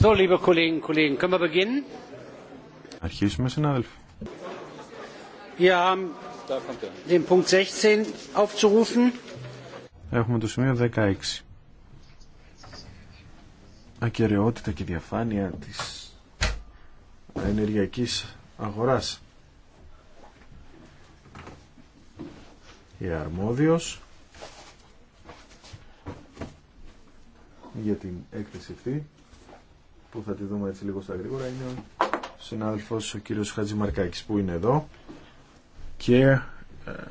So, liebe Kollegen, Kollegen, können wir beginnen? Αρχίσουμε, συνάδελφοι. Wir haben den Punkt 16 aufzurufen. Έχουμε το σημείο 16. Ακαιρεότητα και διαφάνεια της ενεργειακής αγοράς. Η αρμόδιος για την έκθεση αυτή που θα τη δούμε έτσι λίγο στα γρήγορα είναι ο συνάδελφος ο κύριος Χατζημαρκάκης που είναι εδώ και ε,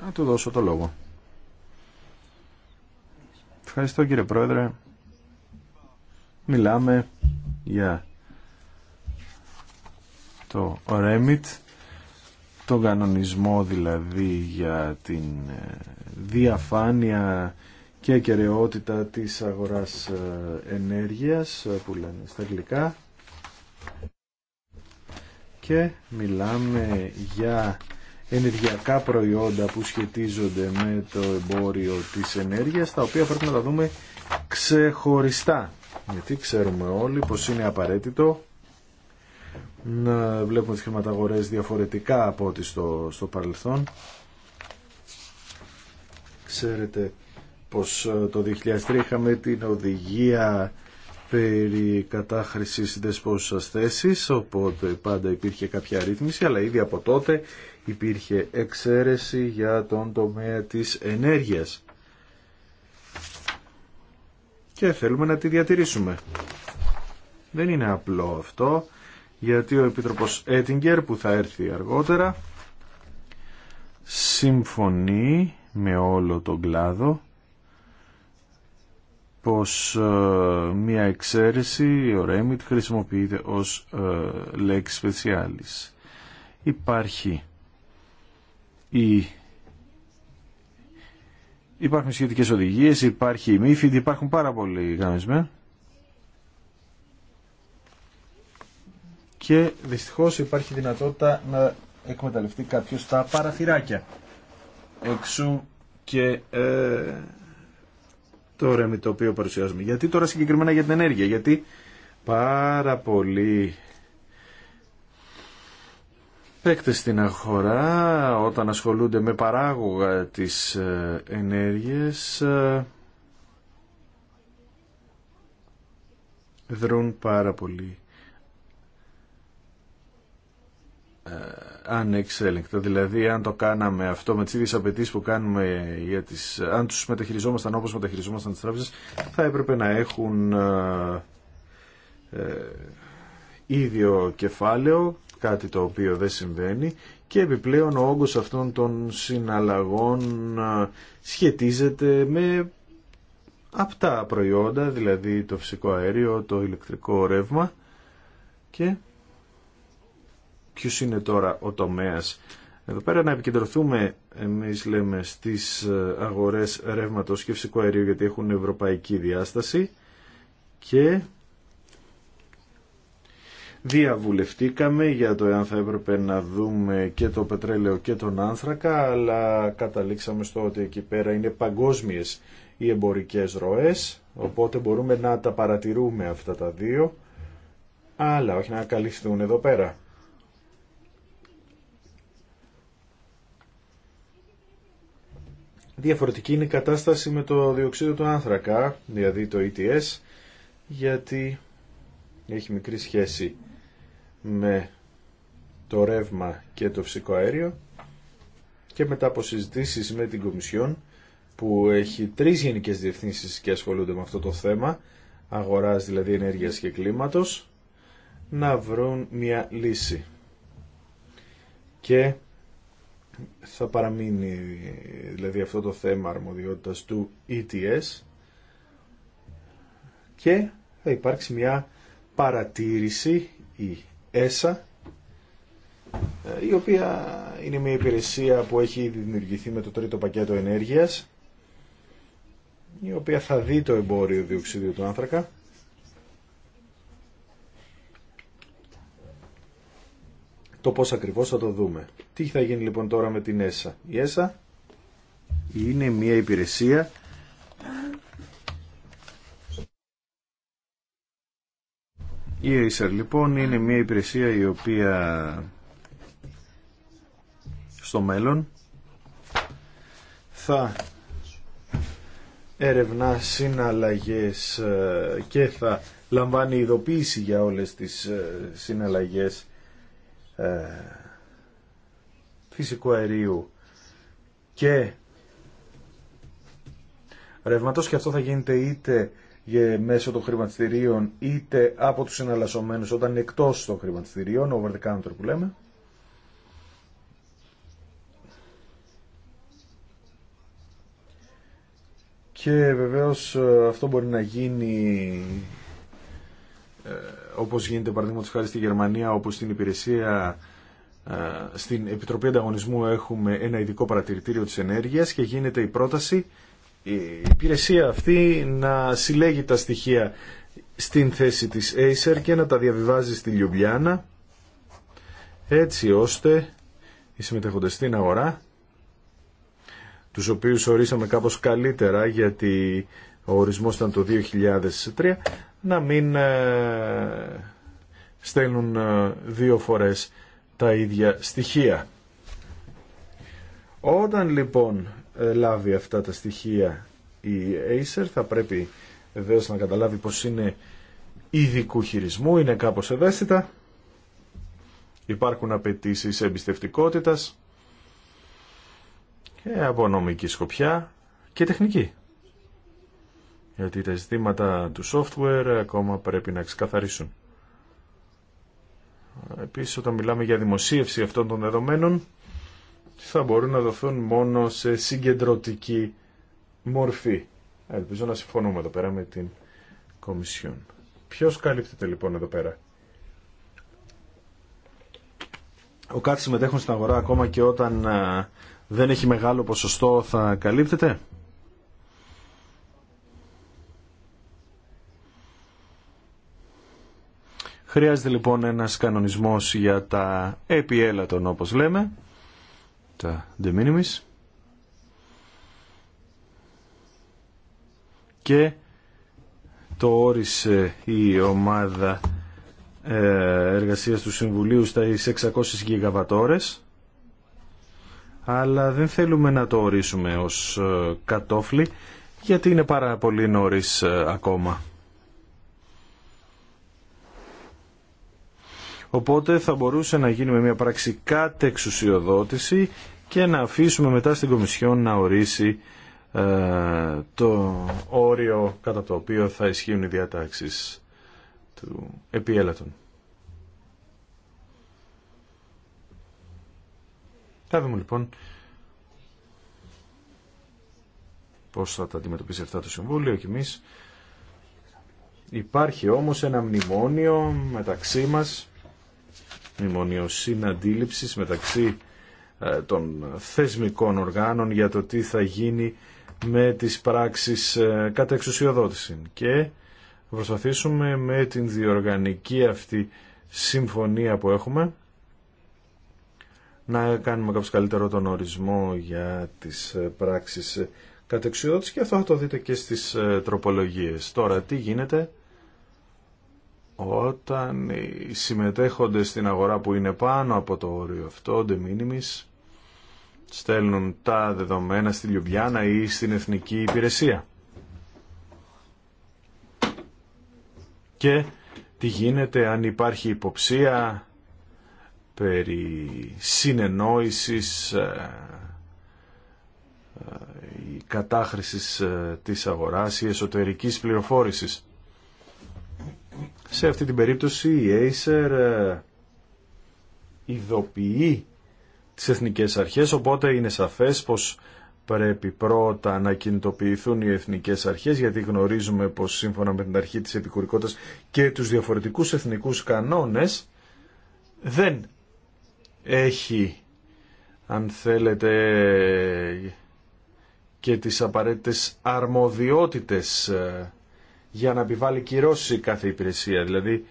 να του δώσω το λόγο. Ευχαριστώ κύριε Πρόεδρε. Μιλάμε για το REMIT, τον κανονισμό δηλαδή για την ε, διαφάνεια και κεραιότητα της αγοράς ε, ενέργειας ε, που λένε στα αγγλικά και μιλάμε για ενεργειακά προϊόντα που σχετίζονται με το εμπόριο της ενέργειας τα οποία πρέπει να τα δούμε ξεχωριστά γιατί ξέρουμε όλοι πως είναι απαραίτητο να βλέπουμε τις χρηματαγορές διαφορετικά από ό,τι στο, στο παρελθόν ξέρετε πως ε, το 2003 είχαμε την οδηγία περί κατάχρησης δεσπόσας θέσης, οπότε πάντα υπήρχε κάποια ρύθμιση, αλλά ήδη από τότε υπήρχε εξαίρεση για τον τομέα της ενέργειας. Και θέλουμε να τη διατηρήσουμε. Δεν είναι απλό αυτό, γιατί ο Επίτροπος Έτιγκερ που θα έρθει αργότερα συμφωνεί με όλο τον κλάδο πως ε, μία εξαίρεση, ο Remit, χρησιμοποιείται ως ε, λέξη specialis. Υπάρχει η... Υπάρχουν σχετικές οδηγίες, υπάρχει η MIFID, υπάρχουν πάρα πολλοί γάμισμε. Και δυστυχώς υπάρχει δυνατότητα να εκμεταλλευτεί κάποιος τα παραθυράκια. Εξού και ε, το ρέμι το οποίο παρουσιάζουμε. Γιατί τώρα συγκεκριμένα για την ενέργεια. Γιατί πάρα πολύ παίκτες στην αγορά όταν ασχολούνται με παράγωγα της ε, ενέργειας ε, δρούν πάρα πολύ Ε, ανεξέλεγκτα. Δηλαδή, αν το κάναμε αυτό με τις ίδιες απαιτήσει που κάνουμε για τις... αν τους μεταχειριζόμασταν όπως μεταχειριζόμασταν τι τράπεζε, θα έπρεπε να έχουν ε, ε, ίδιο κεφάλαιο, κάτι το οποίο δεν συμβαίνει, και επιπλέον ο όγκος αυτών των συναλλαγών σχετίζεται με απτά προϊόντα, δηλαδή το φυσικό αέριο, το ηλεκτρικό ρεύμα και Ποιο είναι τώρα ο τομέας. Εδώ πέρα να επικεντρωθούμε, εμεί λέμε, στις ε, αγορές ρεύματο και φυσικού αερίου γιατί έχουν ευρωπαϊκή διάσταση και διαβουλευτήκαμε για το εάν θα έπρεπε να δούμε και το πετρέλαιο και τον άνθρακα αλλά καταλήξαμε στο ότι εκεί πέρα είναι παγκόσμιες οι εμπορικές ροές οπότε μπορούμε να τα παρατηρούμε αυτά τα δύο αλλά όχι να καλυφθούν εδώ πέρα. Διαφορετική είναι η κατάσταση με το διοξείδιο του άνθρακα, δηλαδή το ETS, γιατί έχει μικρή σχέση με το ρεύμα και το φυσικό αέριο και μετά από συζητήσει με την Κομισιόν που έχει τρεις γενικές διευθύνσεις και ασχολούνται με αυτό το θέμα, αγοράς δηλαδή ενέργειας και κλίματος, να βρουν μια λύση. Και θα παραμείνει δηλαδή αυτό το θέμα αρμοδιότητας του ETS και θα υπάρξει μια παρατήρηση η ΕΣΑ η οποία είναι μια υπηρεσία που έχει δημιουργηθεί με το τρίτο πακέτο ενέργειας η οποία θα δει το εμπόριο διοξίδιου του άνθρακα Το πώς ακριβώς θα το δούμε. Τι θα γίνει λοιπόν τώρα με την ΕΣΑ. Η ΕΣΑ είναι μια υπηρεσία Η ΕΣΑ λοιπόν είναι μια υπηρεσία η οποία στο μέλλον θα ερευνά συναλλαγές ε, και θα λαμβάνει ειδοποίηση για όλες τις ε, συναλλαγές ε, φυσικού αερίου και ρευματο και αυτό θα γίνεται είτε μέσω των χρηματιστηρίων είτε από τους εναλλασσομένους όταν είναι εκτός των χρηματιστηρίων, over the counter που λέμε. Και βεβαίως ε, αυτό μπορεί να γίνει ε, όπως γίνεται παραδείγματος χάρη στη Γερμανία όπως στην υπηρεσία ε, στην Επιτροπή Ανταγωνισμού έχουμε ένα ειδικό παρατηρητήριο της ενέργειας και γίνεται η πρόταση η υπηρεσία αυτή να συλλέγει τα στοιχεία στην θέση της Acer και να τα διαβιβάζει στη Λιουμπλιάνα έτσι ώστε οι συμμετέχοντες στην αγορά τους οποίους ορίσαμε κάπως καλύτερα γιατί ο ορισμός ήταν το 2003 να μην ε, στέλνουν ε, δύο φορές τα ίδια στοιχεία. Όταν λοιπόν ε, λάβει αυτά τα στοιχεία η Acer θα πρέπει βεβαίω να καταλάβει πως είναι ειδικού χειρισμού, είναι κάπως ευαίσθητα, υπάρχουν απαιτήσει εμπιστευτικότητας και από νομική σκοπιά και τεχνική γιατί τα ζητήματα του software ακόμα πρέπει να ξεκαθαρίσουν. Επίσης όταν μιλάμε για δημοσίευση αυτών των δεδομένων θα μπορούν να δοθούν μόνο σε συγκεντρωτική μορφή. Ελπίζω να συμφωνούμε εδώ πέρα με την Κομισιόν. Ποιος καλύπτεται λοιπόν εδώ πέρα. Ο κάθε συμμετέχον στην αγορά ακόμα και όταν ε, δεν έχει μεγάλο ποσοστό θα καλύπτεται. Χρειάζεται λοιπόν ένας κανονισμός για τα επιέλατον όπως λέμε, τα de minimis, και το όρισε η ομάδα ε, εργασίας του Συμβουλίου στα 600 γιγαβατόρες αλλά δεν θέλουμε να το ορίσουμε ως ε, κατόφλι γιατί είναι πάρα πολύ νωρίς ε, ακόμα. Οπότε θα μπορούσε να γίνει με μια πράξη εξουσιοδότηση και να αφήσουμε μετά στην Κομισιόν να ορίσει ε, το όριο κατά το οποίο θα ισχύουν οι διατάξεις του επιέλατων. Θα δούμε λοιπόν πώς θα τα αντιμετωπίσει αυτά το Συμβούλιο και εμείς. Υπάρχει όμως ένα μνημόνιο μεταξύ μας μνημονιοσύνη αντίληψης μεταξύ ε, των θεσμικών οργάνων για το τι θα γίνει με τις πράξεις ε, κατά εξουσιοδότηση και θα προσπαθήσουμε με την διοργανική αυτή συμφωνία που έχουμε να κάνουμε κάποιο καλύτερο τον ορισμό για τις ε, πράξεις κατεξιότητας και αυτό θα το δείτε και στις τροπολογίες. Τώρα τι γίνεται όταν οι συμμετέχοντες στην αγορά που είναι πάνω από το όριο αυτό, de minimis, στέλνουν τα δεδομένα στη Λιουμπιάνα ή στην Εθνική Υπηρεσία. Και τι γίνεται αν υπάρχει υποψία περί συνεννόησης ε, ε, η κατάχρησης ε, της αγοράς ή εσωτερικής πληροφόρησης. Σε αυτή την περίπτωση η Acer ε, ειδοποιεί τις εθνικές αρχές, οπότε είναι σαφές πως πρέπει πρώτα να κινητοποιηθούν οι εθνικές αρχές, γιατί γνωρίζουμε πως σύμφωνα με την αρχή της επικουρικότητας και τους διαφορετικούς εθνικούς κανόνες, δεν έχει, αν θέλετε, και τις απαραίτητες αρμοδιότητες ε, για να επιβάλλει κυρώσει κάθε υπηρεσία. Δηλαδή,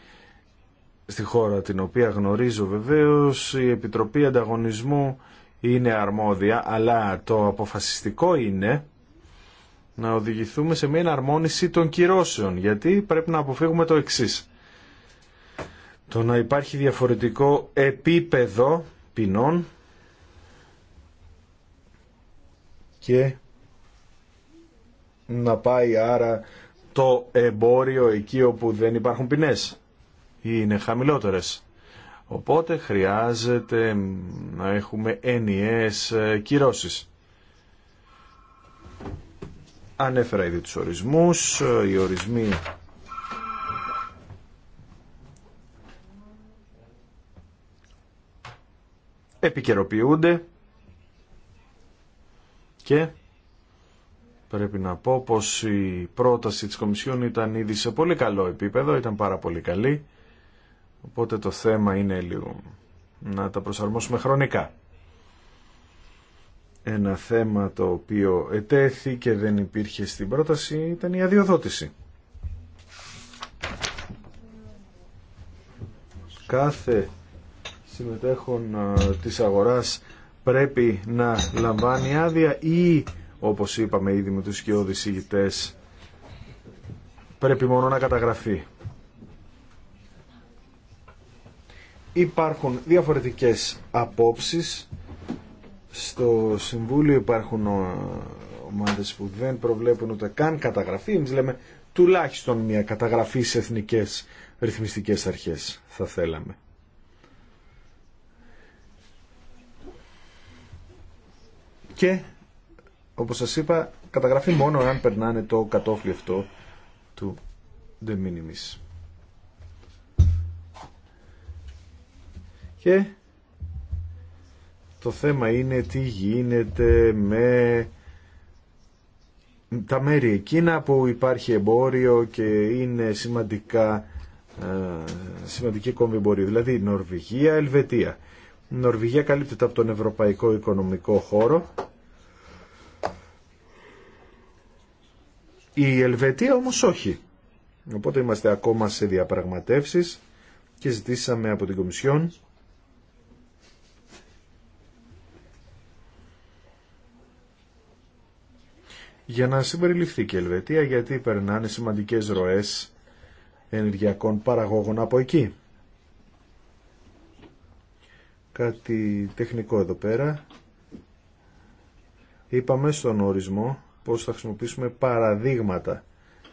στη χώρα την οποία γνωρίζω βεβαίως, η Επιτροπή Ανταγωνισμού είναι αρμόδια, αλλά το αποφασιστικό είναι να οδηγηθούμε σε μια εναρμόνιση των κυρώσεων, γιατί πρέπει να αποφύγουμε το εξής. Το να υπάρχει διαφορετικό επίπεδο ποινών και να πάει άρα το εμπόριο εκεί όπου δεν υπάρχουν ποινές ή είναι χαμηλότερες. Οπότε χρειάζεται να έχουμε ενιαίες ε, κυρώσεις. Ανέφερα ήδη τους ορισμούς, ε, οι ορισμοί επικαιροποιούνται και Πρέπει να πω πως η πρόταση της Κομισιόν ήταν ήδη σε πολύ καλό επίπεδο, ήταν πάρα πολύ καλή. Οπότε το θέμα είναι λίγο να τα προσαρμόσουμε χρονικά. Ένα θέμα το οποίο ετέθη και δεν υπήρχε στην πρόταση ήταν η αδειοδότηση. Κάθε συμμετέχον ε, της αγοράς πρέπει να λαμβάνει άδεια ή όπως είπαμε ήδη με τους σκιώδεις ηγητές, πρέπει μόνο να καταγραφεί. Υπάρχουν διαφορετικές απόψεις. Στο Συμβούλιο υπάρχουν ομάδες που δεν προβλέπουν ούτε καν καταγραφή. Εμείς λέμε τουλάχιστον μια καταγραφή σε εθνικές ρυθμιστικές αρχές θα θέλαμε. Και όπως σας είπα, καταγραφεί μόνο αν περνάνε το κατόφλι αυτό του de minimis. Και το θέμα είναι τι γίνεται με τα μέρη εκείνα που υπάρχει εμπόριο και είναι σημαντικά ε, σημαντική κόμβη εμπόριο, δηλαδή Νορβηγία, Ελβετία. Η Νορβηγία καλύπτεται από τον Ευρωπαϊκό Οικονομικό Χώρο Η Ελβετία όμως όχι. Οπότε είμαστε ακόμα σε διαπραγματεύσεις και ζητήσαμε από την Κομισιόν για να συμπεριληφθεί και η Ελβετία γιατί περνάνε σημαντικές ροές ενεργειακών παραγόγων από εκεί. Κάτι τεχνικό εδώ πέρα. Είπαμε στον ορισμό πώς θα χρησιμοποιήσουμε παραδείγματα,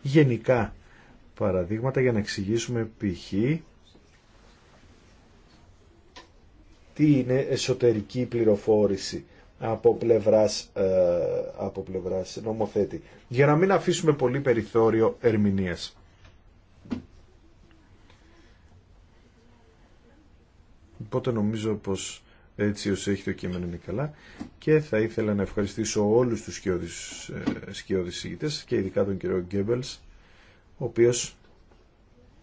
γενικά παραδείγματα για να εξηγήσουμε π.χ. τι είναι εσωτερική πληροφόρηση από πλευράς, ε, από πλευράς νομοθέτη, για να μην αφήσουμε πολύ περιθώριο ερμηνείας. Οπότε νομίζω πως έτσι όσο έχει το κείμενο είναι καλά και θα ήθελα να ευχαριστήσω όλους τους σκιώδεις ε, συγητές και ειδικά τον κύριο Γκέμπελς ο οποίος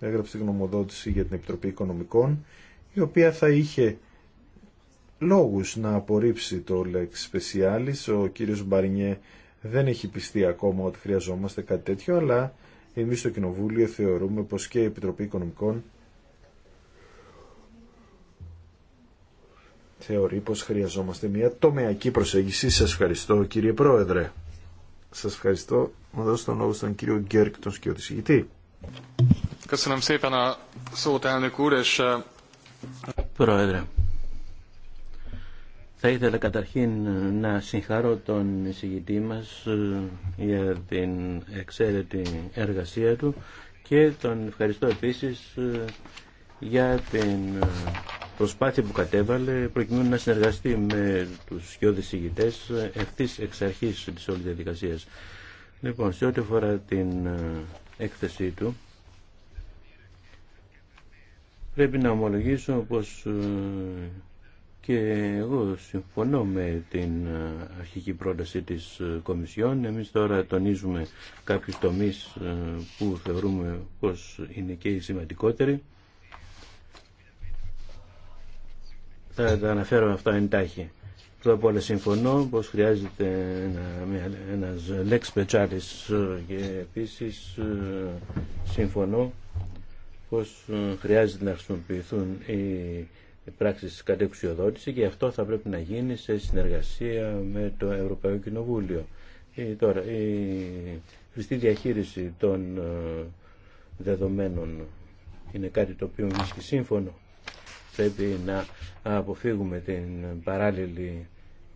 έγραψε γνωμοδότηση για την Επιτροπή Οικονομικών η οποία θα είχε λόγους να απορρίψει το Lex Specialis ο κύριος Μπαρινιέ δεν έχει πιστεί ακόμα ότι χρειαζόμαστε κάτι τέτοιο αλλά εμείς στο Κοινοβούλιο θεωρούμε πως και η Επιτροπή Οικονομικών θεωρεί πως χρειαζόμαστε μια τομεακή προσέγγιση. Σας ευχαριστώ κύριε Πρόεδρε. Σας ευχαριστώ. Να δώσω τον λόγο στον κύριο Γκέρκ, τον Συγητή. Πρόεδρε, θα ήθελα καταρχήν ε, να συγχαρώ τον εισηγητή μας ε, για την εξαίρετη εργασία του και τον ευχαριστώ επίσης ε, για την προσπάθεια που κατέβαλε προκειμένου να συνεργαστεί με τους σιώδης ηγητές ευθύς εξ αρχής της όλης διαδικασίας. Λοιπόν, σε ό,τι αφορά την ε, έκθεσή του, πρέπει να ομολογήσω πως ε, και εγώ συμφωνώ με την ε, αρχική πρόταση της Κομισιόν. Εμείς τώρα τονίζουμε κάποιους τομείς που θεωρούμε πως είναι και οι σημαντικότεροι. θα τα αναφέρω αυτά εντάχει. Πρώτα απ' όλα συμφωνώ πως χρειάζεται ένα, ένας λέξ πετσάλης και επίσης ε, συμφωνώ πως ε, χρειάζεται να χρησιμοποιηθούν οι πράξεις κατεξιοδότηση και αυτό θα πρέπει να γίνει σε συνεργασία με το Ευρωπαϊκό Κοινοβούλιο. Η, τώρα, η χρηστή διαχείριση των ε, δεδομένων είναι κάτι το οποίο βρίσκει σύμφωνο πρέπει να αποφύγουμε την παράλληλη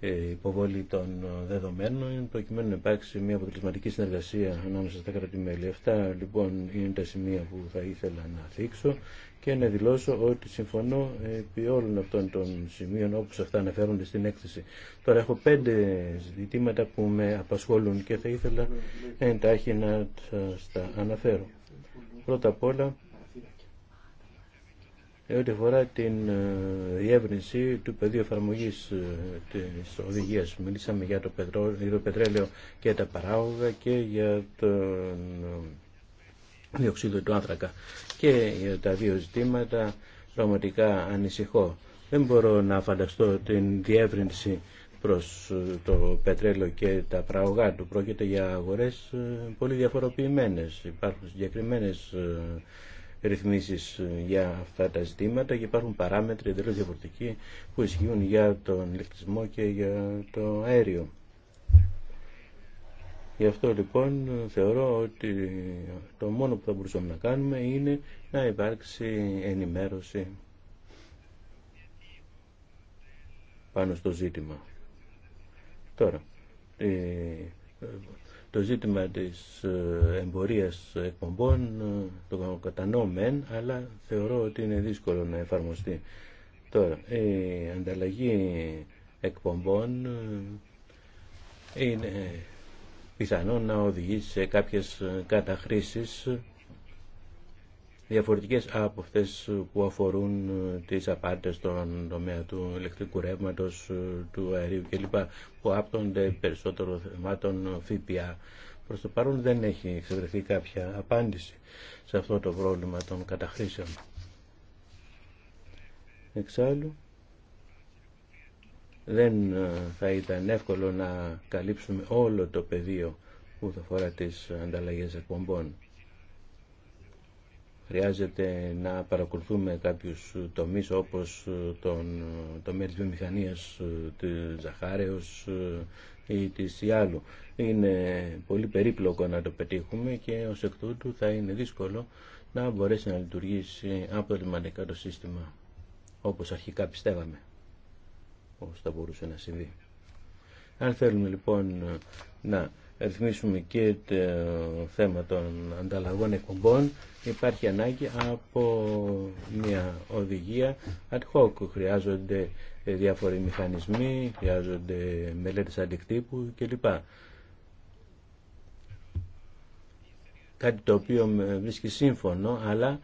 ε, υποβολή των δεδομένων προκειμένου να υπάρξει μια αποτελεσματική συνεργασία ανάμεσα στα κρατημέλη. Αυτά λοιπόν είναι τα σημεία που θα ήθελα να θίξω και να δηλώσω ότι συμφωνώ επί όλων αυτών των σημείων όπως αυτά αναφέρονται στην έκθεση. Τώρα έχω πέντε ζητήματα που με απασχολούν και θα ήθελα εντάχει να τα αναφέρω. Πρώτα απ' όλα ε, ό,τι αφορά την ε, διεύρυνση του πεδίου εφαρμογή ε, τη οδηγία. Μιλήσαμε για το, πετρό, πετρέλαιο και τα παράγωγα και για το διοξείδιο του άνθρακα. Και για τα δύο ζητήματα πραγματικά ανησυχώ. Δεν μπορώ να φανταστώ την διεύρυνση προς το πετρέλαιο και τα παραγωγά του. Πρόκειται για αγορές πολύ διαφοροποιημένες. Υπάρχουν συγκεκριμένες για αυτά τα ζητήματα και υπάρχουν παράμετροι εντελώς διαφορετικοί που ισχύουν για τον ηλεκτρισμό και για το αέριο. Γι' αυτό λοιπόν θεωρώ ότι το μόνο που θα μπορούσαμε να κάνουμε είναι να υπάρξει ενημέρωση πάνω στο ζήτημα. Τώρα, ε, το ζήτημα της ε, εμπορίας εκπομπών ε, το κατανοώ αλλά θεωρώ ότι είναι δύσκολο να εφαρμοστεί. Τώρα, η ανταλλαγή εκπομπών ε, είναι πιθανό να οδηγήσει σε κάποιες καταχρήσεις διαφορετικές από αυτές που αφορούν ε, τις απάντες στον τομέα του ηλεκτρικού ρεύματος, ε, του αερίου κλπ. που άπτονται περισσότερο θεμάτων ΦΠΑ. Προς το παρόν δεν έχει εξευρεθεί κάποια απάντηση σε αυτό το πρόβλημα των καταχρήσεων. Εξάλλου, δεν ε, θα ήταν εύκολο να καλύψουμε όλο το πεδίο που θα αφορά τις ανταλλαγές εκπομπών. Χρειάζεται να παρακολουθούμε κάποιους τομείς όπως τον τομέα της βιομηχανίας της Ζαχάρεως ή της Ιάλου. Είναι πολύ περίπλοκο να το πετύχουμε και ως εκ τούτου θα είναι δύσκολο να μπορέσει να λειτουργήσει αποτελεσματικά το σύστημα όπως αρχικά πιστεύαμε πως θα μπορούσε να συμβεί. Αν θέλουμε λοιπόν να ρυθμίσουμε και το θέμα των ανταλλαγών εκπομπών υπάρχει ανάγκη από μια οδηγία ad hoc. Χρειάζονται διάφοροι μηχανισμοί, χρειάζονται μελέτες αντικτύπου κλπ. Κάτι το οποίο βρίσκει σύμφωνο, αλλά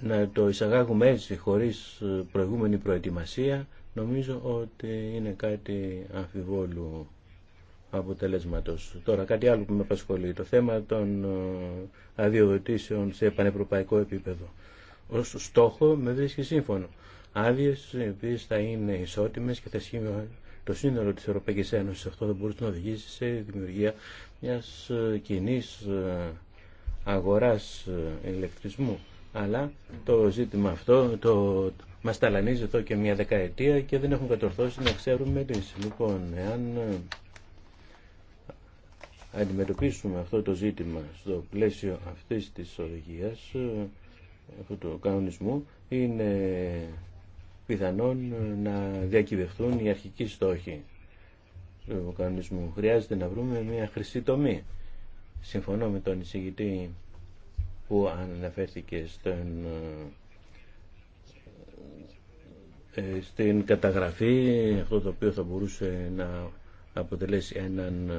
να το εισαγάγουμε έτσι χωρίς προηγούμενη προετοιμασία νομίζω ότι είναι κάτι αμφιβόλου αποτελέσματος. Τώρα κάτι άλλο που με απασχολεί, το θέμα των ε, αδειοδοτήσεων σε πανευρωπαϊκό επίπεδο. Ως στόχο με βρίσκει σύμφωνο. Άδειε οι οποίε θα είναι ισότιμε και θα σχήμα το σύνολο τη Ευρωπαϊκή Ένωση. Αυτό θα μπορούσε να οδηγήσει σε δημιουργία μια ε, κοινή ε, αγορά ηλεκτρισμού. Αλλά το ζήτημα αυτό το μα ταλανίζει εδώ και μια δεκαετία και δεν έχουμε κατορθώσει να ξέρουμε τι Λοιπόν, εάν αντιμετωπίσουμε αυτό το ζήτημα στο πλαίσιο αυτής της οδηγίας, ε, αυτού του κανονισμού, είναι πιθανόν ε, να διακυβευτούν οι αρχικοί στόχοι του κανονισμού. Χρειάζεται να βρούμε μια χρυσή τομή. Συμφωνώ με τον εισηγητή που αναφέρθηκε στον, ε, στην καταγραφή, αυτό το οποίο θα μπορούσε να αποτελέσει έναν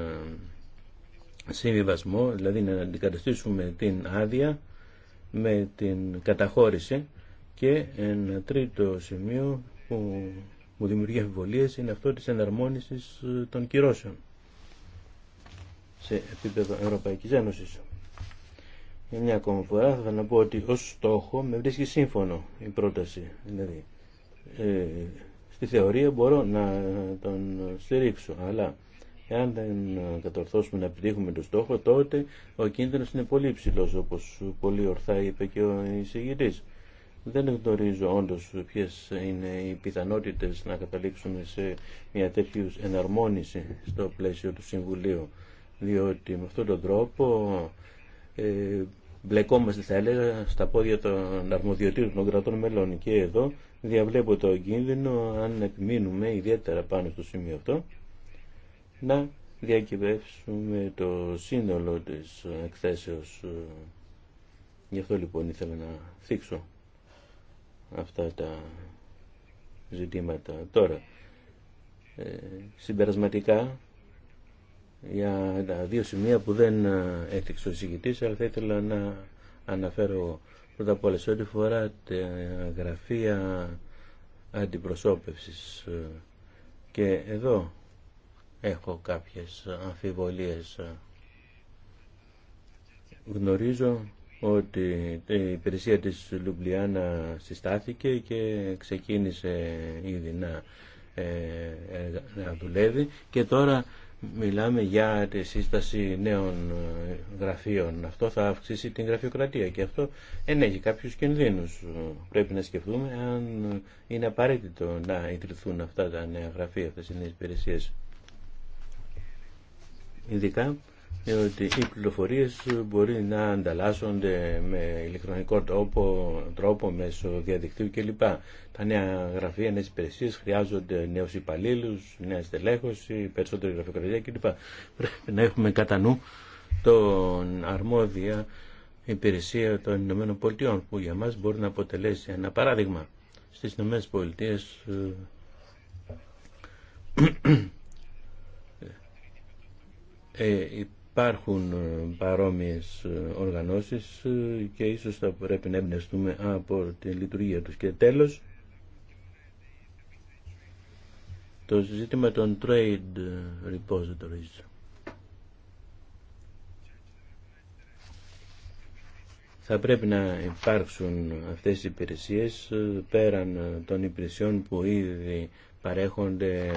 συμβιβασμό, δηλαδή να αντικαταστήσουμε την άδεια με την καταχώρηση και ένα τρίτο σημείο που μου δημιουργεί αμφιβολίες είναι αυτό της εναρμόνισης των κυρώσεων σε επίπεδο Ευρωπαϊκής Ένωσης. Για μια ακόμα φορά θα να πω ότι ως στόχο με βρίσκει σύμφωνο η πρόταση. Δηλαδή, ε, στη θεωρία μπορώ να τον στηρίξω, αλλά Εάν δεν κατορθώσουμε να επιτύχουμε το στόχο, τότε ο κίνδυνος είναι πολύ υψηλός, όπως πολύ ορθά είπε και ο εισηγητής. Δεν γνωρίζω όντω ποιε είναι οι πιθανότητες να καταλήξουμε σε μια τέτοια εναρμόνιση στο πλαίσιο του Συμβουλίου, διότι με αυτόν τον τρόπο ε, μπλεκόμαστε, θα έλεγα, στα πόδια των αρμοδιοτήτων των κρατών μελών και εδώ διαβλέπω το κίνδυνο αν επιμείνουμε ιδιαίτερα πάνω στο σημείο αυτό να διακυβεύσουμε το σύνολο της εκθέσεως. Γι' αυτό λοιπόν ήθελα να θίξω αυτά τα ζητήματα. Τώρα, ε, συμπερασματικά, για τα δύο σημεία που δεν έθιξε ο συγκητής, αλλά θα ήθελα να αναφέρω πρώτα απ' όλα σε ό,τι φορά τα γραφεία αντιπροσώπευσης. Ε, και εδώ έχω κάποιες αμφιβολίες. Γνωρίζω ότι η υπηρεσία της Λουμπλιάνα συστάθηκε και ξεκίνησε ήδη να, ε, ε, να δουλεύει και τώρα μιλάμε για τη σύσταση νέων ε, γραφείων. Αυτό θα αυξήσει την γραφειοκρατία και αυτό ενέχει κάποιους κινδύνους. Πρέπει να σκεφτούμε αν είναι απαραίτητο να ιδρυθούν αυτά τα νέα γραφεία, αυτές οι νέες υπηρεσίες ειδικά ε, ότι οι πληροφορίες μπορεί να ανταλλάσσονται με ηλεκτρονικό τρόπο, τρόπο μέσω διαδικτύου κλπ. Τα νέα γραφεία, νέε υπηρεσίε χρειάζονται νέου υπαλλήλου, νέα στελέχωση, περισσότερη γραφειοκρατία κλπ. Πρέπει να έχουμε κατά νου τον αρμόδια υπηρεσία των Ηνωμένων Πολιτειών που για μας μπορεί να αποτελέσει ένα παράδειγμα. Στις Ηνωμένες Πολιτείες ε, ε, υπάρχουν ε, παρόμοιες ε, οργανώσεις και ίσως θα πρέπει να εμπνευστούμε από τη λειτουργία τους. Και τέλος, το ζήτημα των trade repositories. Θα πρέπει να υπάρξουν αυτές οι υπηρεσίες πέραν των υπηρεσιών που ήδη παρέχονται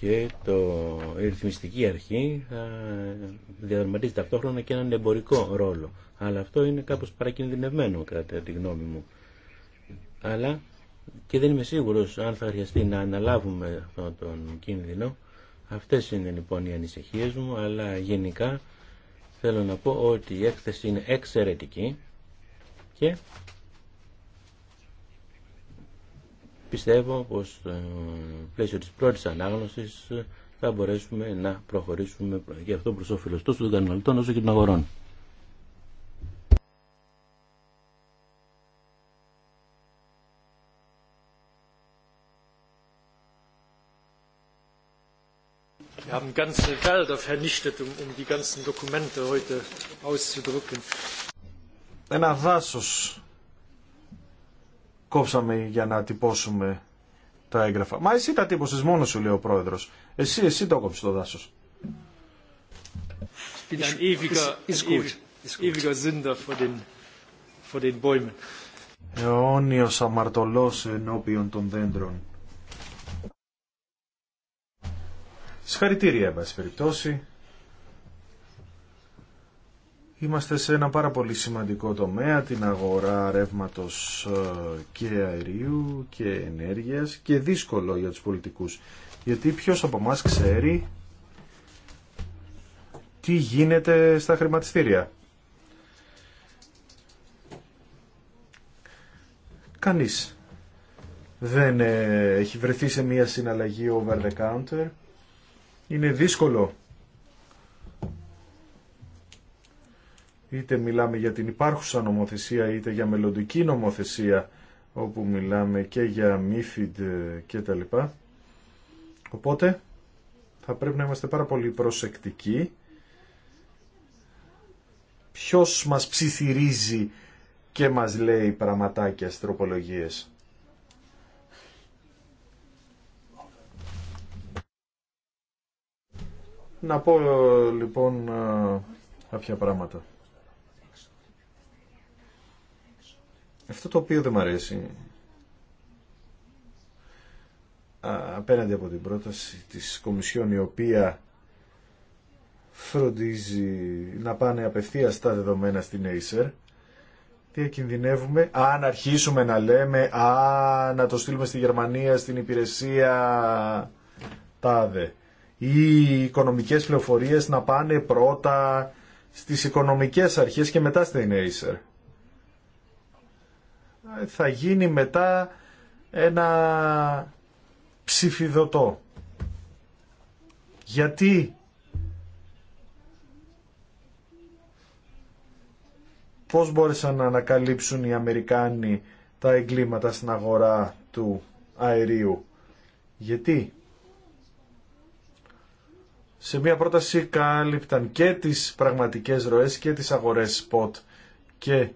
και το, η ρυθμιστική αρχή θα ε, διαδραματίζει ταυτόχρονα και έναν εμπορικό ρόλο. Αλλά αυτό είναι κάπως παρακινδυνευμένο κατά τη γνώμη μου. Αλλά και δεν είμαι σίγουρος αν θα χρειαστεί να αναλάβουμε αυτόν τον κίνδυνο. Αυτές είναι λοιπόν οι ανησυχίες μου, αλλά γενικά θέλω να πω ότι η έκθεση είναι εξαιρετική και πιστεύω πως στο ε, πλαίσιο της πρώτης ανάγνωσης ε, θα μπορέσουμε να προχωρήσουμε για αυτό προς όφελος τόσο των καταναλωτών όσο και των αγορών. Wir haben ganze Wälder vernichtet, um, um die ganzen Dokumente heute auszudrucken. Ένα δάσος κόψαμε για να τυπώσουμε τα έγγραφα. Μα εσύ τα τύπωσες μόνος σου, λέει ο πρόεδρος. Εσύ, εσύ το κόψεις το δάσος. Αιώνιος αμαρτωλός ενώπιον των δέντρων. Συγχαρητήρια, εν περιπτώσει. Είμαστε σε ένα πάρα πολύ σημαντικό τομέα, την αγορά ρεύματος ε, και αερίου και ενέργειας και δύσκολο για τους πολιτικούς. Γιατί ποιος από μας ξέρει τι γίνεται στα χρηματιστήρια. Κανείς δεν ε, έχει βρεθεί σε μια συναλλαγή over the counter. Είναι δύσκολο είτε μιλάμε για την υπάρχουσα νομοθεσία είτε για μελλοντική νομοθεσία όπου μιλάμε και για μύφιντ και τα λοιπά. Οπότε θα πρέπει να είμαστε πάρα πολύ προσεκτικοί ποιος μας ψιθυρίζει και μας λέει πραγματάκια στροπολογίες. Να πω λοιπόν κάποια πράγματα. Αυτό το οποίο δεν μου αρέσει απέναντι από την πρόταση της Κομισιόν η οποία φροντίζει να πάνε απευθείας τα δεδομένα στην Acer διακινδυνεύουμε αν αρχίσουμε να λέμε α, να το στείλουμε στη Γερμανία στην υπηρεσία τάδε ή οι οικονομικές πληροφορίες να πάνε πρώτα στις οικονομικές αρχές και μετά στην Acer θα γίνει μετά ένα ψηφιδωτό. Γιατί πώς μπόρεσαν να ανακαλύψουν οι Αμερικάνοι τα εγκλήματα στην αγορά του αερίου. Γιατί σε μια πρόταση κάλυπταν και τις πραγματικές ροές και τις αγορές spot και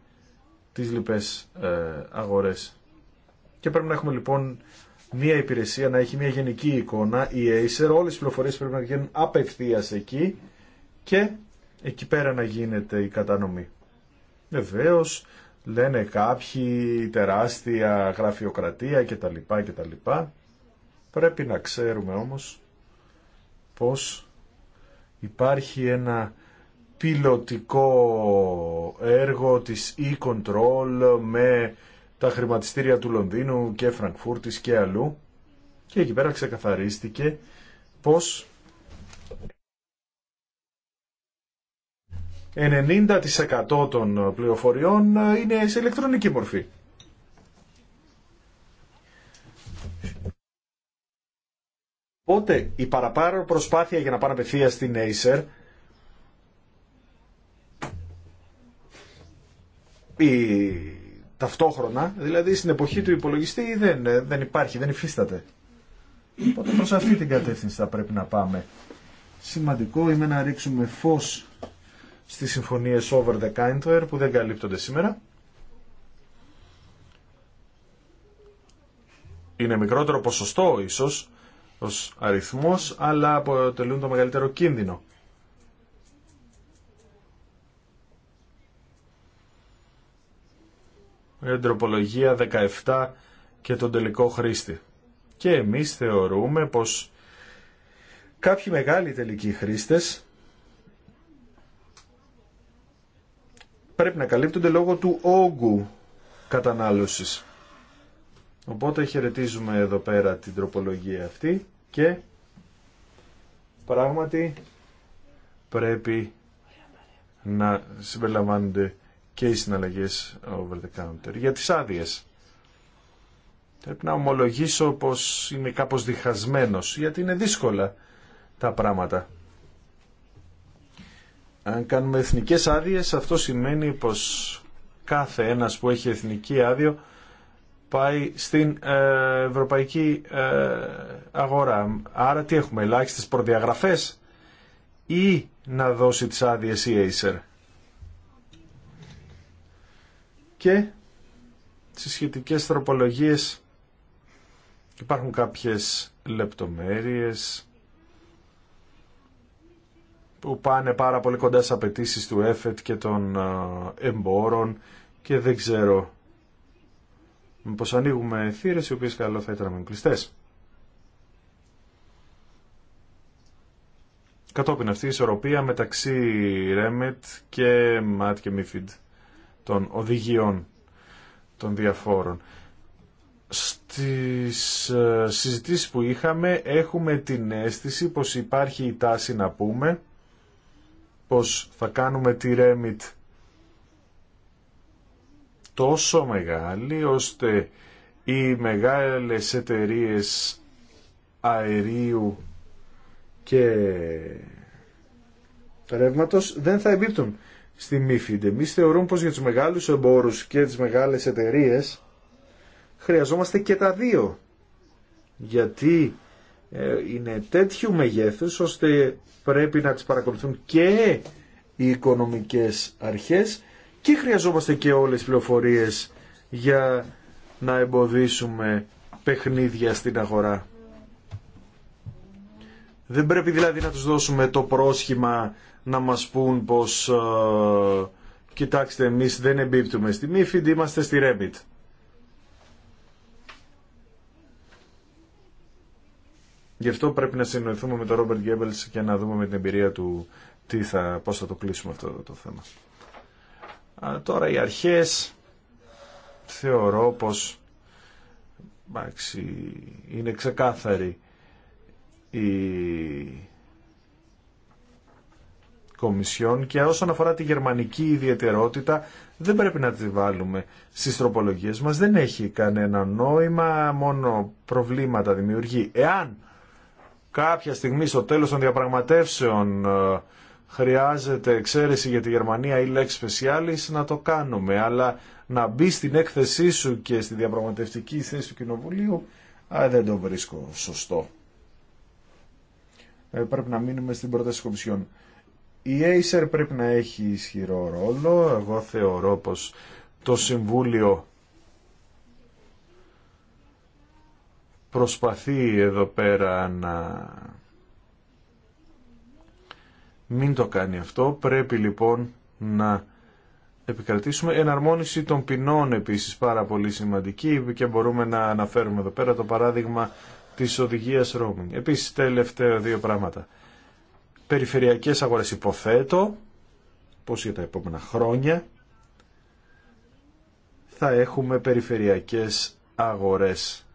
τις λοιπές ε, αγορές. Και πρέπει να έχουμε λοιπόν μία υπηρεσία, να έχει μία γενική εικόνα, η Acer, όλες οι πληροφορίες πρέπει να γίνουν απευθεία εκεί και εκεί πέρα να γίνεται η κατανομή. Βεβαίω, λένε κάποιοι τεράστια γραφειοκρατία κτλ. κτλ. Πρέπει να ξέρουμε όμως πως υπάρχει ένα πιλωτικό έργο της e-control με τα χρηματιστήρια του Λονδίνου και Φραγκφούρτης και αλλού και εκεί πέρα ξεκαθαρίστηκε πως 90% των πληροφοριών είναι σε ηλεκτρονική μορφή. Οπότε η παραπάνω προσπάθεια για να πάνε απευθεία στην Acer ταυτόχρονα, δηλαδή στην εποχή του υπολογιστή δεν, δεν υπάρχει, δεν υφίσταται. Οπότε προς αυτή την κατεύθυνση θα πρέπει να πάμε. Σημαντικό είναι να ρίξουμε φως στις συμφωνίες over the counter που δεν καλύπτονται σήμερα. Είναι μικρότερο ποσοστό ίσως ως αριθμός, αλλά αποτελούν το μεγαλύτερο κίνδυνο. την ε, τροπολογία 17 και τον τελικό χρήστη. Και εμείς θεωρούμε πως κάποιοι μεγάλοι τελικοί χρήστες πρέπει να καλύπτονται λόγω του όγκου κατανάλωσης. Οπότε χαιρετίζουμε εδώ πέρα την τροπολογία αυτή και πράγματι πρέπει να συμπεριλαμβάνονται και οι συναλλαγές over the counter. Για τις άδειε. Πρέπει να ομολογήσω πως είμαι κάπως διχασμένος, γιατί είναι δύσκολα τα πράγματα. Αν κάνουμε εθνικές άδειε, αυτό σημαίνει πως κάθε ένας που έχει εθνική άδειο πάει στην ε, ευρωπαϊκή ε, αγορά. Άρα τι έχουμε, ελάχιστες προδιαγραφές ή να δώσει τις άδειες η Acer και στις σχετικές τροπολογίες υπάρχουν κάποιες λεπτομέρειες που πάνε πάρα πολύ κοντά στις απαιτήσει του ΕΦΕΤ και των ε, εμπόρων και δεν ξέρω πως ανοίγουμε θύρες οι οποίες καλό θα ήταν να Κατόπιν αυτή η ισορροπία μεταξύ Ρέμετ και Ματ και Μίφιντ των οδηγιών των διαφόρων. Στις ε, συζητήσεις που είχαμε έχουμε την αίσθηση πως υπάρχει η τάση να πούμε πως θα κάνουμε τη Remit τόσο μεγάλη ώστε οι μεγάλες εταιρείες αερίου και ρεύματος δεν θα εμπίπτουν στη MIFID. Εμεί θεωρούμε πω για του μεγάλους εμπόρους και τις μεγάλες εταιρείε χρειαζόμαστε και τα δύο. Γιατί ε, είναι τέτοιου μεγέθους ώστε πρέπει να τις παρακολουθούν και οι οικονομικές αρχές και χρειαζόμαστε και όλες τις πληροφορίες για να εμποδίσουμε παιχνίδια στην αγορά. Δεν πρέπει δηλαδή να τους δώσουμε το πρόσχημα να μας πούν πως ε, κοιτάξτε εμείς δεν εμπίπτουμε στη MIFID, είμαστε στη REBIT. Γι' αυτό πρέπει να συνοηθούμε με τον Ρόμπερτ Γκέμπελς και να δούμε με την εμπειρία του τι θα, πώς θα το κλείσουμε αυτό το θέμα. τώρα οι αρχές θεωρώ πως είναι ξεκάθαρη η Κομισιόν και όσον αφορά τη γερμανική ιδιαιτερότητα δεν πρέπει να τη βάλουμε στις τροπολογίες μας. Δεν έχει κανένα νόημα, μόνο προβλήματα δημιουργεί. Εάν κάποια στιγμή στο τέλος των διαπραγματεύσεων ε, χρειάζεται εξαίρεση για τη Γερμανία ή λέξη specialis να το κάνουμε, αλλά να μπει στην έκθεσή σου και στη διαπραγματευτική θέση του Κοινοβουλίου δεν το βρίσκω σωστό. Ε, πρέπει να μείνουμε στην πρόταση Κομισιόν. Η Acer πρέπει να έχει ισχυρό ρόλο. Εγώ θεωρώ πως το Συμβούλιο προσπαθεί εδώ πέρα να μην το κάνει αυτό. Πρέπει λοιπόν να επικρατήσουμε εναρμόνιση των ποινών επίσης πάρα πολύ σημαντική και μπορούμε να αναφέρουμε εδώ πέρα το παράδειγμα της οδηγίας roaming. Επίσης τελευταία δύο πράγματα περιφερειακές αγορές υποθέτω πως για τα επόμενα χρόνια θα έχουμε περιφερειακές αγορές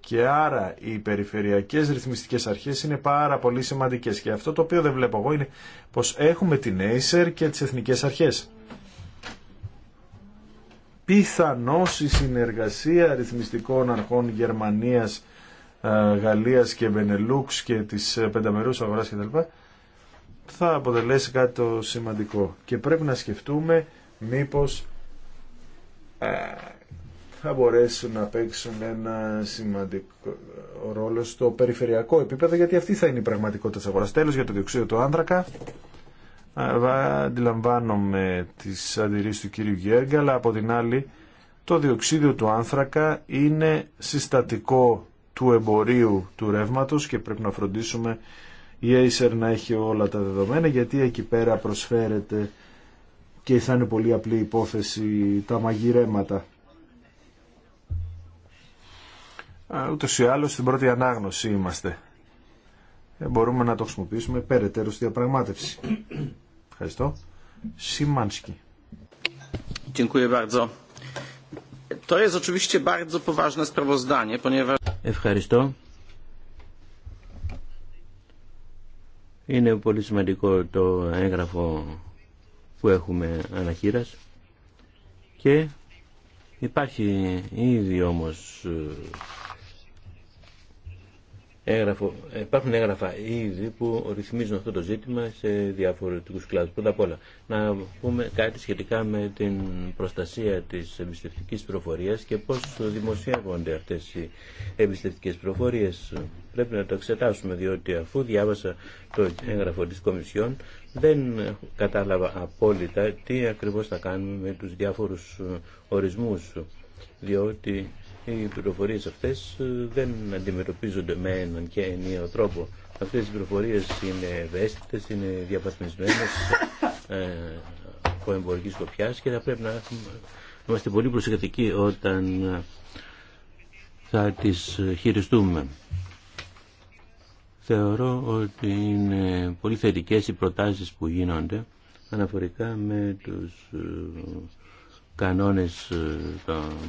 και άρα οι περιφερειακές ρυθμιστικές αρχές είναι πάρα πολύ σημαντικές και αυτό το οποίο δεν βλέπω εγώ είναι πως έχουμε την Acer και τις εθνικές αρχές πιθανώς η συνεργασία ρυθμιστικών αρχών Γερμανίας Γαλλίας και Μπενελούξ και της ε, πενταμερούς αγοράς κτλ. θα αποτελέσει κάτι το σημαντικό. Και πρέπει να σκεφτούμε μήπως ε, θα μπορέσουν να παίξουν ένα σημαντικό ρόλο στο περιφερειακό επίπεδο γιατί αυτή θα είναι η πραγματικότητα της αγοράς. Τέλος για το διοξείδιο του άνθρακα. Αντιλαμβάνομαι τις αντιρρήσεις του κύριου Γιέργα, αλλά από την άλλη το διοξίδιο του άνθρακα είναι συστατικό του εμπορίου του ρεύματος και πρέπει να φροντίσουμε η Acer να έχει όλα τα δεδομένα γιατί εκεί πέρα προσφέρεται και θα είναι πολύ απλή υπόθεση τα μαγειρέματα. Ούτως ή άλλως στην πρώτη ανάγνωση είμαστε. Ε, μπορούμε να το χρησιμοποιήσουμε περαιτέρω στη διαπραγμάτευση. Ευχαριστώ. Σιμάνσκι. Ευχαριστώ To jest oczywiście bardzo poważne sprawozdanie, ponieważ... Ευχαριστώ. Είναι πολύ σημαντικό το έγγραφο που έχουμε αναχείρας και υπάρχει ήδη όμως ε, έγραφο, ε, υπάρχουν έγγραφα ήδη που ρυθμίζουν αυτό το ζήτημα σε διαφορετικούς κλάδους. Πρώτα απ' όλα, να πούμε κάτι σχετικά με την προστασία της εμπιστευτικής προφορίας και πώς δημοσιεύονται αυτές οι εμπιστευτικές προφορίες. Πρέπει να το εξετάσουμε, διότι αφού διάβασα το έγγραφο της Κομισιόν, δεν κατάλαβα απόλυτα τι ακριβώς θα κάνουμε με τους διάφορους ορισμούς, διότι οι πληροφορίε αυτέ ε, δεν αντιμετωπίζονται με έναν και ενίο τρόπο. Αυτέ οι πληροφορίε είναι ευαίσθητε, είναι ε, από εμπορική σκοπιά και θα πρέπει να είμαστε πολύ προσεκτικοί όταν θα τι χειριστούμε. Θεωρώ ότι είναι πολύ θετικές οι προτάσεις που γίνονται αναφορικά με τους ε, κανόνες ε,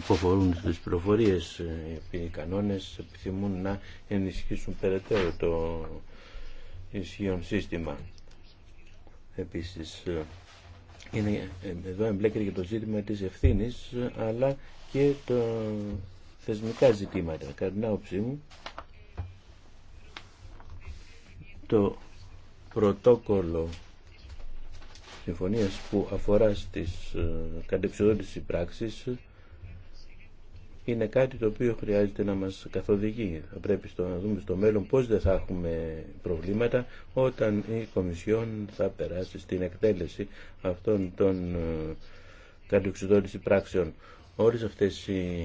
που αφορούν στις πληροφορίες. Ε, οι κανόνες επιθυμούν να ενισχύσουν περαιτέρω το ισχύον σύστημα. Επίσης, ε, είναι, εδώ εμπλέκεται και το ζήτημα της ευθύνης, αλλά και το θεσμικά ζητήματα. Κατά την άποψή μου, το πρωτόκολλο συμφωνίας που αφορά στις ε, κατεξοδότηση πράξεις είναι κάτι το οποίο χρειάζεται να μας καθοδηγεί. Θα πρέπει στο, να δούμε στο μέλλον πώς δεν θα έχουμε προβλήματα όταν η Κομισιόν θα περάσει στην εκτέλεση αυτών των ε, κατεξοδότηση πράξεων. Όλες αυτές οι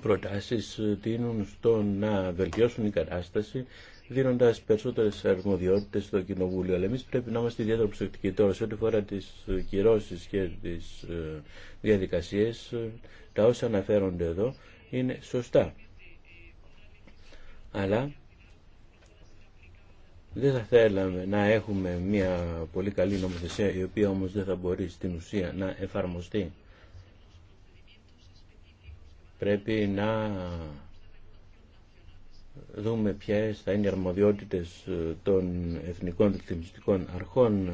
προτάσεις ε, τείνουν στο να βελτιώσουν η κατάσταση δίνοντα περισσότερε αρμοδιότητε στο Κοινοβούλιο. Αλλά εμεί πρέπει να είμαστε ιδιαίτερα προσεκτικοί τώρα σε ό,τι φορά τι ε, κυρώσει και τι ε, διαδικασίε. Ε, τα όσα αναφέρονται εδώ είναι σωστά. Αλλά δεν θα θέλαμε να έχουμε μια πολύ καλή νομοθεσία η οποία όμως δεν θα μπορεί στην ουσία να εφαρμοστεί. Πρέπει να δούμε ποιες θα είναι οι αρμοδιότητες ε, των εθνικών Διεθνιστικών αρχών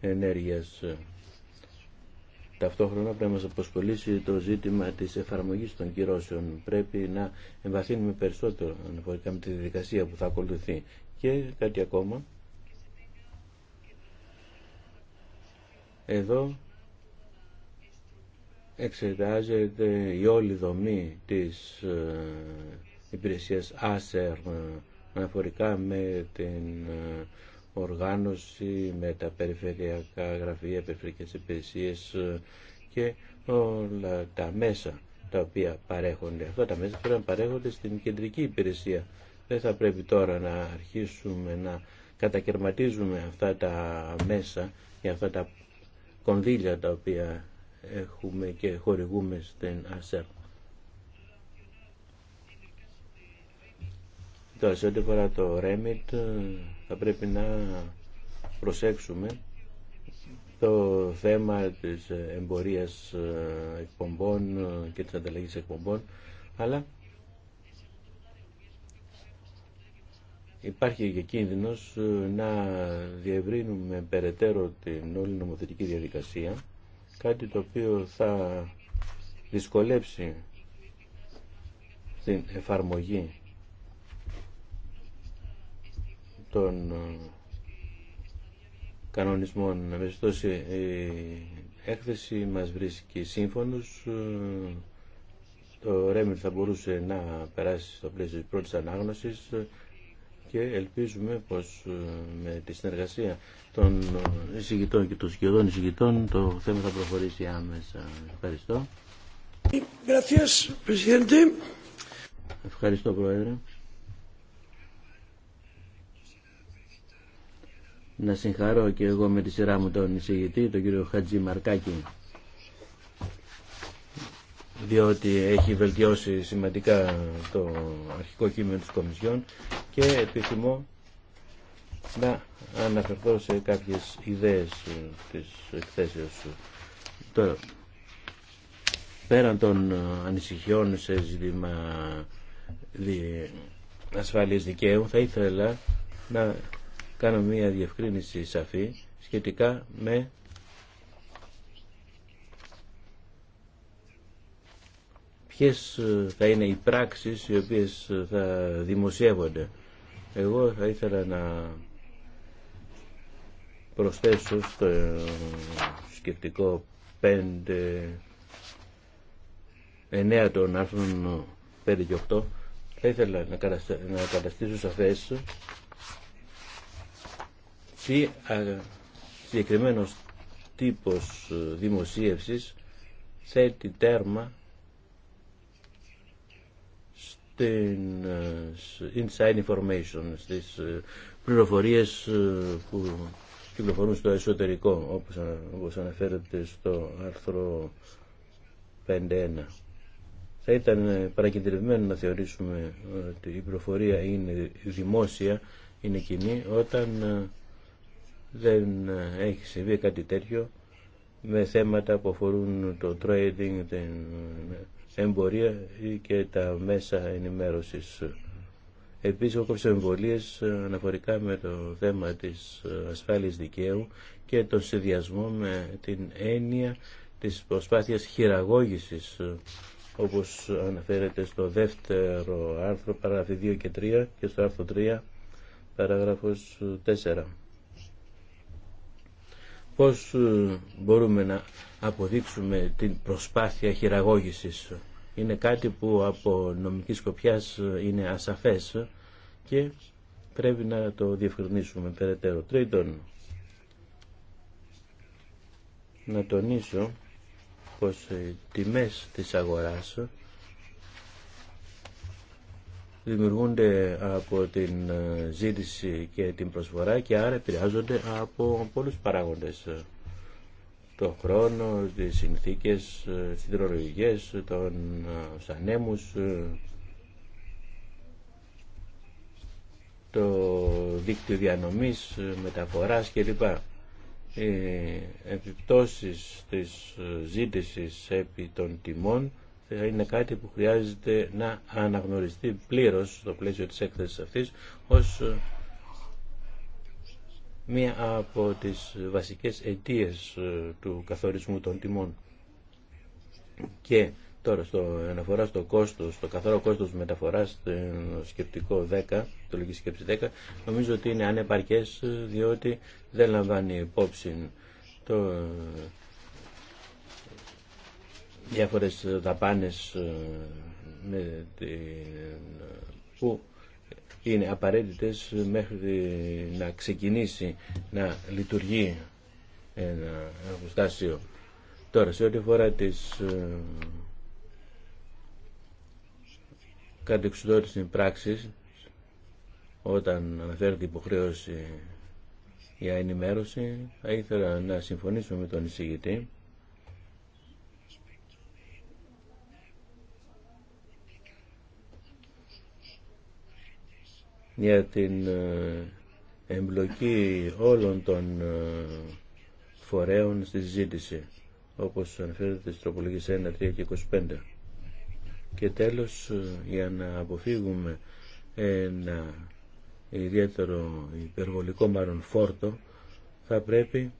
ενέργειας. Ταυτόχρονα πρέπει να μας αποσχολήσει το ζήτημα της εφαρμογής των κυρώσεων. Πρέπει να εμβαθύνουμε περισσότερο αναφορικά με τη διαδικασία που θα ακολουθεί. Και κάτι ακόμα. Εδώ εξετάζεται η όλη δομή της ε, υπηρεσίας ΑΣΕΡ ε, αναφορικά με την ε, οργάνωση, με τα περιφερειακά γραφεία, περιφερειακές υπηρεσίες ε, και όλα τα μέσα τα οποία παρέχονται. Αυτά τα μέσα πρέπει να παρέχονται στην κεντρική υπηρεσία. Δεν θα πρέπει τώρα να αρχίσουμε να κατακαιρματίζουμε αυτά τα μέσα και αυτά τα κονδύλια τα οποία έχουμε και χορηγούμε στην ΑΣΕΡ. Τώρα σε ό,τι το REMIT ε, θα πρέπει να προσέξουμε το θέμα της ε, εμπορίας ε, εκπομπών και της ανταλλαγής εκπομπών αλλά υπάρχει και κίνδυνος να διευρύνουμε περαιτέρω την όλη νομοθετική διαδικασία κάτι το οποίο θα δυσκολέψει την εφαρμογή των ε, κανονισμών. Να η έκθεση μας βρίσκει σύμφωνος. Ε, το Ρέμιλ θα μπορούσε να περάσει στο πλαίσιο της πρώτης ανάγνωσης ε, και ελπίζουμε πως με τη συνεργασία των εισηγητών και των σχεδόν εισηγητών το θέμα θα προχωρήσει άμεσα. Ευχαριστώ. Ευχαριστώ, Πρόεδρε. να συγχαρώ και εγώ με τη σειρά μου τον εισηγητή, τον κύριο Χατζή Μαρκάκη, διότι έχει βελτιώσει σημαντικά το αρχικό κείμενο της Κομισιόν και επιθυμώ να αναφερθώ σε κάποιες ιδέες της εκθέσεως Τώρα, πέραν των ανησυχιών σε ζήτημα ασφάλειας δικαίου, θα ήθελα να κάνω μια διευκρίνηση σαφή σχετικά με ποιες θα είναι οι πράξεις οι οποίες θα δημοσιεύονται. Εγώ θα ήθελα να προσθέσω στο σκεπτικό 5, 9 των άρθρων 5 και 8 θα ήθελα να καταστήσω σαφές ή συγκεκριμένος τύπος ε, δημοσίευσης θέτει τέρμα στην ε, inside information, στις ε, πληροφορίες που κυκλοφορούν στο εσωτερικό, όπως, όπως αναφέρεται στο άρθρο 5.1. Θα ήταν παρακεντρευμένο να θεωρήσουμε ότι η πληροφορία είναι δημόσια, είναι κοινή, όταν δεν έχει συμβεί κάτι τέτοιο με θέματα που αφορούν το trading, την εμπορία και τα μέσα ενημέρωσης. Επίσης, έχω εμβολίες αναφορικά με το θέμα της ασφάλειας δικαίου και τον συνδυασμό με την έννοια της προσπάθειας χειραγώγησης όπως αναφέρεται στο δεύτερο άρθρο, παράγραφοι 2 και 3 και στο άρθρο 3, παράγραφος 4 πώς ε, μπορούμε να αποδείξουμε την προσπάθεια χειραγώγησης. Είναι κάτι που από νομική σκοπιάς ε, είναι ασαφές και πρέπει να το διευκρινίσουμε περαιτέρω. Τρίτον, να τονίσω πως ε, οι τιμές της αγοράς δημιουργούνται από την ε, ζήτηση και την προσφορά και άρα επηρεάζονται από πολλούς παράγοντες. Το χρόνο, τις συνθήκες συντρολογικές, ε, τον ε, ανέμους, το δίκτυο διανομής, μεταφοράς κλπ. Οι επιπτώσεις της ζήτησης επί των τιμών ε, είναι κάτι που χρειάζεται να αναγνωριστεί πλήρως στο πλαίσιο της έκθεσης αυτής ως ε, μία από τις βασικές αιτίες ε, του καθορισμού των τιμών. Και τώρα στο αναφορά στο κόστος, το καθαρό κόστος μεταφοράς στο σκεπτικό 10, το λογική σκέψη 10, νομίζω ότι είναι ανεπαρκές διότι δεν λαμβάνει υπόψη το διάφορες ε, δαπάνες ε, με που είναι απαραίτητες μέχρι να ξεκινήσει να λειτουργεί ένα εργοστάσιο. Τώρα, σε ό,τι αφορά τις στην ε, πράξης, όταν αναφέρεται υποχρέωση για ενημέρωση, θα ήθελα να συμφωνήσω με τον εισηγητή για την ε, εμπλοκή όλων των ε, φορέων στη συζήτηση, όπως αναφέρεται στις τροπολογίες 1, 3 και 25. Και τέλος, ε, για να αποφύγουμε ένα ιδιαίτερο υπερβολικό μάλλον φόρτο, θα πρέπει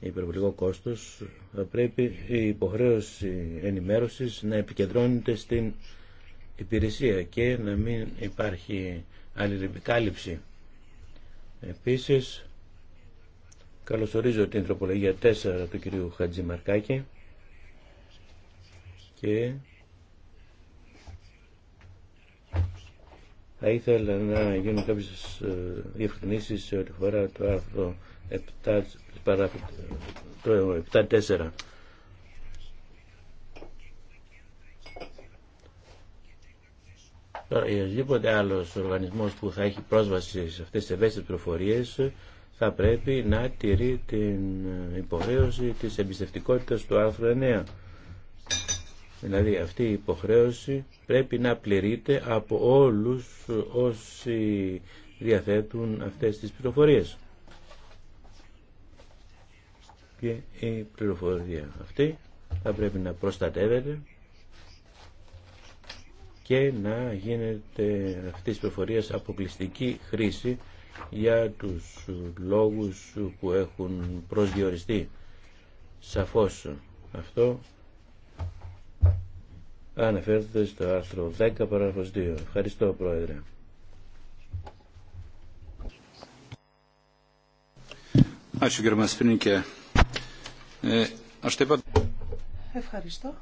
υπερβολικό κόστος, θα πρέπει η υποχρέωση ενημέρωσης να επικεντρώνεται στην υπηρεσία και να μην υπάρχει επικάλυψη. Επίσης, καλωσορίζω την τροπολογία 4 του κυρίου Χατζημαρκάκη και θα ήθελα να γίνουν κάποιες ε, διευκρινήσεις σε ό,τι φορά το άρθρο 7, το Τώρα, οποιοδήποτε άλλο οργανισμό που θα έχει πρόσβαση σε αυτέ τι ευαίσθητε πληροφορίε θα πρέπει να τηρεί την υποχρέωση τη εμπιστευτικότητα του άρθρου 9. Δηλαδή αυτή η υποχρέωση πρέπει να πληρείται από όλους όσοι διαθέτουν αυτές τις πληροφορίες. Και η πληροφορία αυτή θα πρέπει να προστατεύεται και να γίνεται αυτής της πληροφορίας αποκλειστική χρήση για τους λόγους που έχουν προσδιοριστεί. Σαφώς αυτό αναφέρεται στο άρθρο 10 παράγραφος 2. Ευχαριστώ Πρόεδρε. Ε, Ευχαριστώ.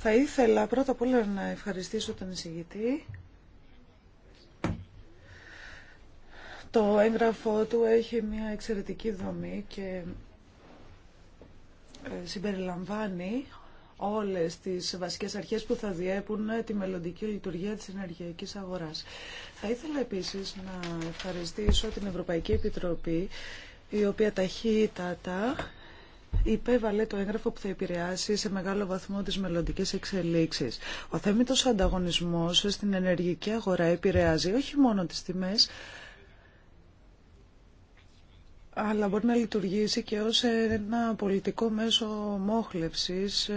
Θα ήθελα πρώτα απ' όλα να ευχαριστήσω τον εισηγητή. Το έγγραφό του έχει μια εξαιρετική δομή και ε, συμπεριλαμβάνει όλες τις βασικές αρχές που θα διέπουν τη μελλοντική λειτουργία της ενεργειακής αγοράς. Θα ήθελα επίσης να ευχαριστήσω την Ευρωπαϊκή Επιτροπή η οποία ταχύτατα υπέβαλε το έγγραφο που θα επηρεάσει σε μεγάλο βαθμό τις μελλοντικέ εξελίξεις. Ο θέμητος ανταγωνισμός στην ενεργική αγορά επηρεάζει όχι μόνο τις τιμές, αλλά μπορεί να λειτουργήσει και ως ένα πολιτικό μέσο μόχλευσης,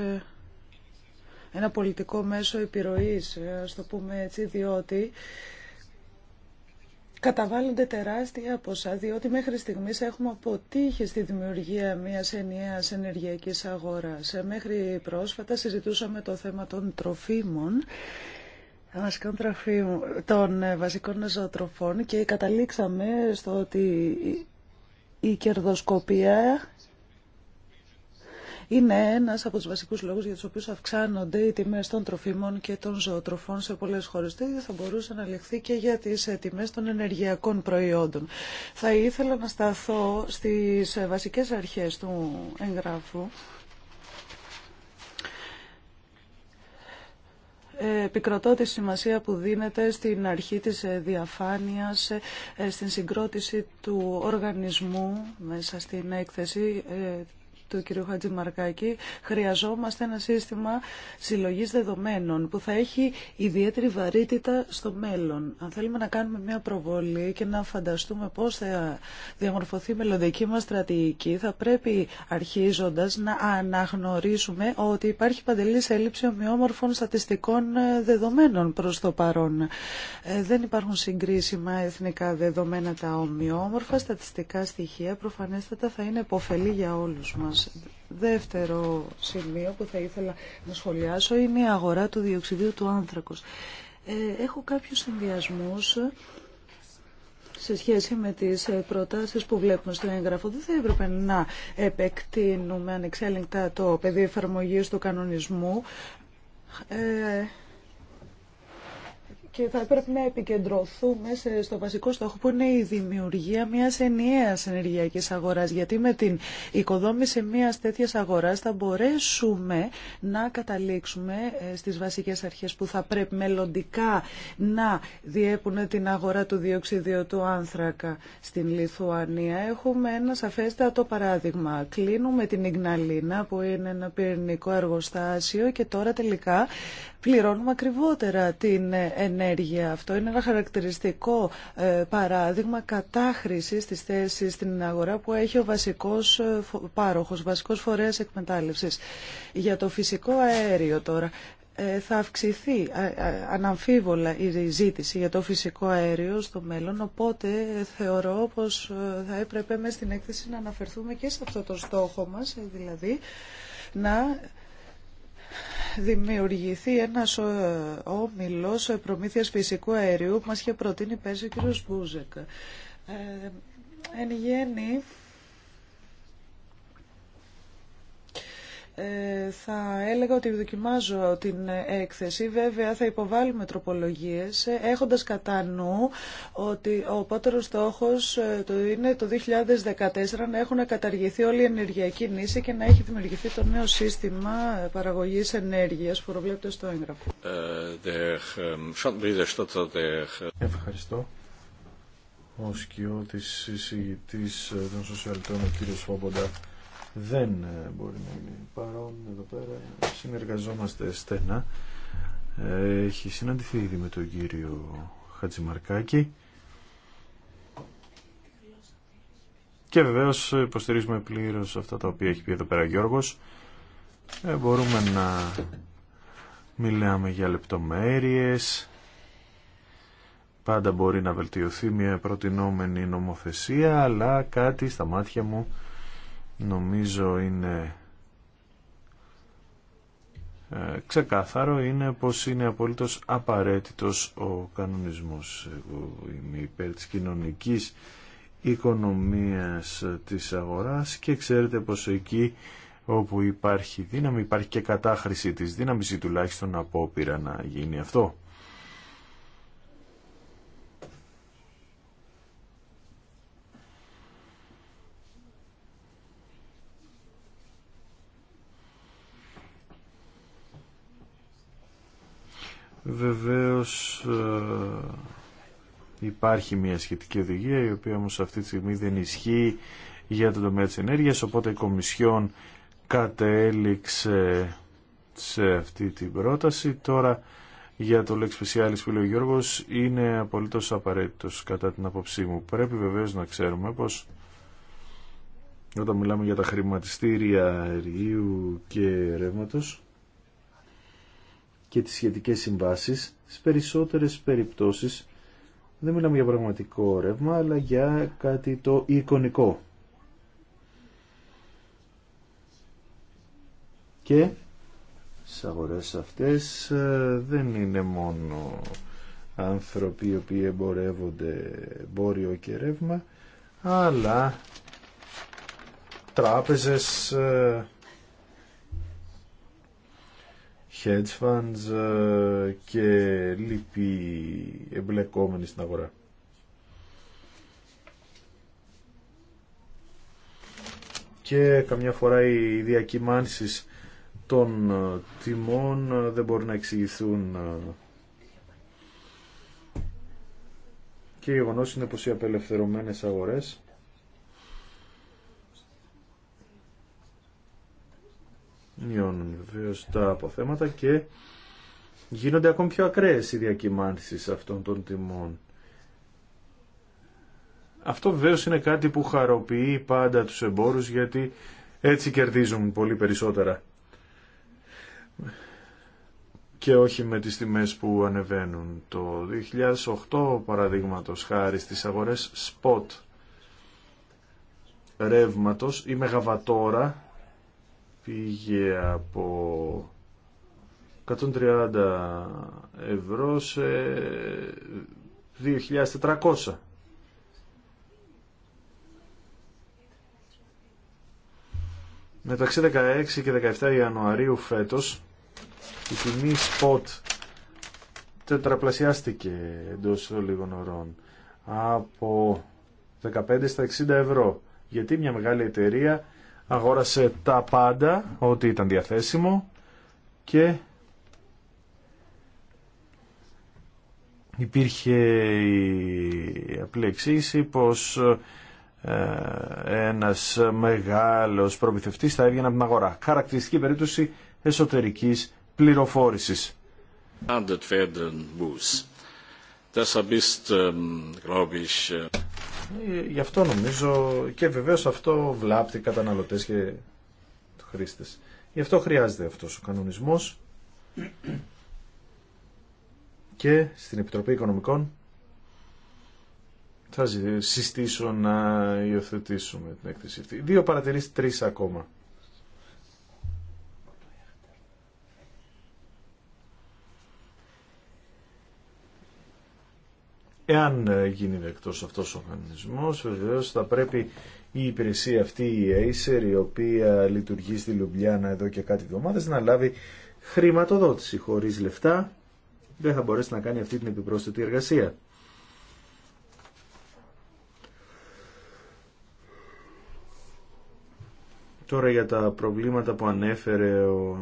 ένα πολιτικό μέσο επιρροής, ας το πούμε έτσι, διότι καταβάλλονται τεράστια ποσά, διότι μέχρι στιγμής έχουμε αποτύχει στη δημιουργία μιας ενιαίας ενεργειακής αγοράς. Ε, μέχρι πρόσφατα συζητούσαμε το θέμα των τροφίμων, των ε, βασικών ζωοτροφών και καταλήξαμε στο ότι η κερδοσκοπία είναι ένα από του βασικού λόγου για του οποίου αυξάνονται οι τιμέ των τροφίμων και των ζωοτροφών σε πολλέ χώρε Το θα μπορούσε να λεχθεί και για τι ε, τιμέ των ενεργειακών προϊόντων. Θα ήθελα να σταθώ στι ε, βασικέ αρχέ του εγγράφου. Ε, επικροτώ τη σημασία που δίνεται στην αρχή της διαφάνειας, στην συγκρότηση του οργανισμού μέσα στην έκθεση του κ. Χατζημαρκάκη, χρειαζόμαστε ένα σύστημα συλλογής δεδομένων που θα έχει ιδιαίτερη βαρύτητα στο μέλλον. Αν θέλουμε να κάνουμε μια προβολή και να φανταστούμε πώς θα διαμορφωθεί η μελλοντική μας στρατηγική, θα πρέπει αρχίζοντας να αναγνωρίσουμε ότι υπάρχει παντελής έλλειψη ομοιόμορφων στατιστικών ε, δεδομένων προς το παρόν. Ε, δεν υπάρχουν συγκρίσιμα εθνικά δεδομένα τα ομοιόμορφα, στατιστικά στοιχεία προφανέστατα θα είναι υποφελή για όλους μας. Δεύτερο σημείο που θα ήθελα να σχολιάσω είναι η αγορά του διοξιδίου του άνθρακος. Ε, έχω κάποιους συνδυασμούς σε σχέση με τις ε, προτάσεις που βλέπουμε στο έγγραφο. Δεν θα έπρεπε να επεκτείνουμε ανεξέλεγκτα το πεδίο εφαρμογής του κανονισμού. Ε, και θα πρέπει να επικεντρωθούμε στο βασικό στόχο που είναι η δημιουργία μιας ενιαίας ενεργειακής αγοράς γιατί με την οικοδόμηση μιας τέτοιας αγοράς θα μπορέσουμε να καταλήξουμε ε, στις βασικές αρχές που θα πρέπει μελλοντικά να διέπουν την αγορά του διοξιδίου του άνθρακα στην Λιθουανία. Έχουμε ένα σαφέστατο παράδειγμα. Κλείνουμε την Ιγναλίνα που είναι ένα πυρηνικό εργοστάσιο και τώρα τελικά πληρώνουμε ακριβότερα την ενέργεια ενέργεια. Αυτό είναι ένα χαρακτηριστικό ε, παράδειγμα κατάχρησης της θέσης στην αγορά που έχει ο βασικός ε, πάροχος, βασικός φορέας εκμετάλλευσης. Για το φυσικό αέριο τώρα ε, θα αυξηθεί αναμφίβολα η ζήτηση για το φυσικό αέριο στο μέλλον, οπότε θεωρώ πως θα έπρεπε με στην έκθεση να αναφερθούμε και σε αυτό το στόχο μας, δηλαδή να δημιουργηθεί ένα όμιλο προμήθεια φυσικού αερίου που μα είχε προτείνει πέρσι ο κ. Μπούζεκ. Ε, εν γέννη, Ε, θα έλεγα ότι δοκιμάζω την έκθεση. Βέβαια θα υποβάλουμε τροπολογίες ε, έχοντας κατά νου ότι ο στόχο στόχος ε, είναι το 2014 να έχουν καταργηθεί όλοι οι ενεργειακοί νήσοι και να έχει δημιουργηθεί το νέο σύστημα παραγωγής ενέργειας που προβλέπεται στο έγγραφο. Ευχαριστώ. Ο σκιώτης συζητητής των κύριος Φόμποντα δεν ε, μπορεί να είναι παρόν εδώ πέρα. Συνεργαζόμαστε στενά. Ε, έχει συναντηθεί ήδη με τον κύριο Χατζημαρκάκη. Και βεβαίως υποστηρίζουμε πλήρως αυτά τα οποία έχει πει εδώ πέρα ο Γιώργος. Ε, μπορούμε να μιλάμε για λεπτομέρειες. Πάντα μπορεί να βελτιωθεί μια προτινόμενη νομοθεσία, αλλά κάτι στα μάτια μου νομίζω είναι ε, ξεκάθαρο είναι πως είναι απολύτως απαραίτητος ο κανονισμός. Εγώ είμαι υπέρ της κοινωνικής οικονομίας της αγοράς και ξέρετε πως εκεί όπου υπάρχει δύναμη υπάρχει και κατάχρηση της δύναμης ή τουλάχιστον απόπειρα να γίνει αυτό. Βεβαίως ε, υπάρχει μια σχετική οδηγία η οποία όμως αυτή τη στιγμή δεν ισχύει για το τομέα της ενέργειας οπότε η Κομισιόν κατέληξε σε αυτή την πρόταση. Τώρα για το λέξη Specialis που λέει ο Γιώργος είναι απολύτως απαραίτητος κατά την απόψή μου. Πρέπει βεβαίως να ξέρουμε πως όταν μιλάμε για τα χρηματιστήρια αερίου και ρεύματος και τις σχετικές συμβάσεις, στις περισσότερες περιπτώσεις δεν μιλάμε για πραγματικό ρεύμα, αλλά για κάτι το εικονικό. Και στις αγορές αυτές ε, δεν είναι μόνο άνθρωποι οι οποίοι εμπορεύονται εμπόριο και ρεύμα, αλλά τράπεζες, ε, hedge funds ε, και λοιποί εμπλεκόμενοι στην αγορά. Και καμιά φορά οι διακυμάνσεις των ε, τιμών ε, δεν μπορούν να εξηγηθούν και η γεγονός είναι πως οι απελευθερωμένες αγορές μειώνουν βεβαίω τα αποθέματα και γίνονται ακόμη πιο ακραίες οι διακυμάνσεις αυτών των τιμών. Αυτό βεβαίω είναι κάτι που χαροποιεί πάντα τους εμπόρους γιατί έτσι κερδίζουν πολύ περισσότερα και όχι με τις τιμές που ανεβαίνουν. Το 2008 παραδείγματος χάρη στις αγορές spot ρεύματος η μεγαβατόρα πήγε από 130 ευρώ σε 2.400. Μεταξύ 16 και 17 Ιανουαρίου φέτος η τιμή spot τετραπλασιάστηκε εντός λίγων ωρών από 15 στα 60 ευρώ γιατί μια μεγάλη εταιρεία αγόρασε τα πάντα, ό,τι ήταν διαθέσιμο και υπήρχε η απλή εξήγηση πως ε, ένας μεγάλος προμηθευτής θα έβγαινε από την αγορά. Χαρακτηριστική περίπτωση εσωτερικής πληροφόρησης. Ε, γι' αυτό νομίζω και βεβαίω αυτό βλάπτει καταναλωτέ και χρήστες. Γι' αυτό χρειάζεται αυτό ο κανονισμός και στην Επιτροπή Οικονομικών θα συστήσω να υιοθετήσουμε την έκθεση αυτή. Δύο παρατηρήσει τρει ακόμα. Εάν ε, γίνει δεκτός αυτός ο οργανισμός, βεβαίως θα πρέπει η υπηρεσία αυτή, η Acer, η οποία λειτουργεί στη Λουμπλιάνα εδώ και κάτι εβδομάδες, να λάβει χρηματοδότηση. Χωρίς λεφτά δεν θα μπορέσει να κάνει αυτή την επιπρόσθετη εργασία. Τώρα για τα προβλήματα που ανέφερε ο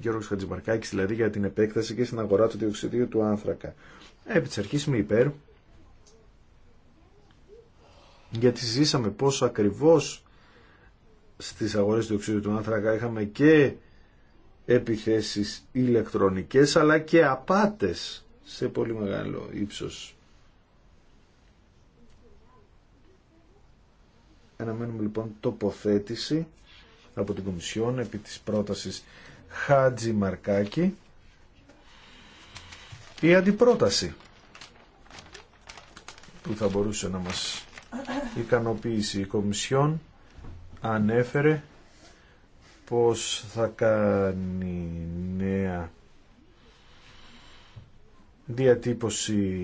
Γιώργος Χατζημαρκάκης, δηλαδή για την επέκταση και στην αγορά του διοξιδίου του άνθρακα. Επί της αρχής είμαι υπέρ γιατί ζήσαμε πόσο ακριβώς στις αγορές του οξύδου του άνθρακα είχαμε και επιθέσεις ηλεκτρονικές αλλά και απάτες σε πολύ μεγάλο ύψος. Αναμένουμε λοιπόν τοποθέτηση από την Κομισιόν επί της πρότασης Χάτζη Μαρκάκη η αντιπρόταση που θα μπορούσε να μας ικανοποίηση. Η Κομισιόν ανέφερε πως θα κάνει νέα διατύπωση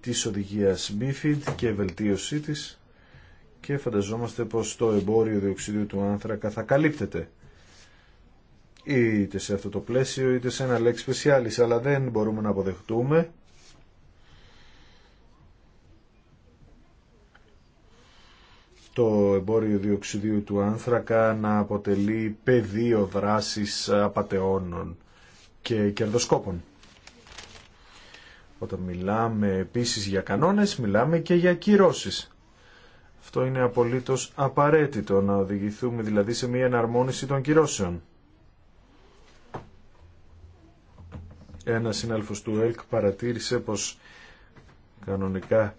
της οδηγίας BFID και βελτίωσή της και φανταζόμαστε πως το εμπόριο διοξιδίου του άνθρακα θα καλύπτεται είτε σε αυτό το πλαίσιο είτε σε ένα λέξη σπεσιάλης αλλά δεν μπορούμε να αποδεχτούμε το εμπόριο διοξιδίου του άνθρακα να αποτελεί πεδίο δράσης απαταιώνων και κερδοσκόπων. Όταν μιλάμε επίσης για κανόνες, μιλάμε και για κυρώσεις. Αυτό είναι απολύτως απαραίτητο, να οδηγηθούμε δηλαδή σε μια εναρμόνιση των κυρώσεων. Ένα συνάλφος του ΕΛΚ παρατήρησε πως κανονικά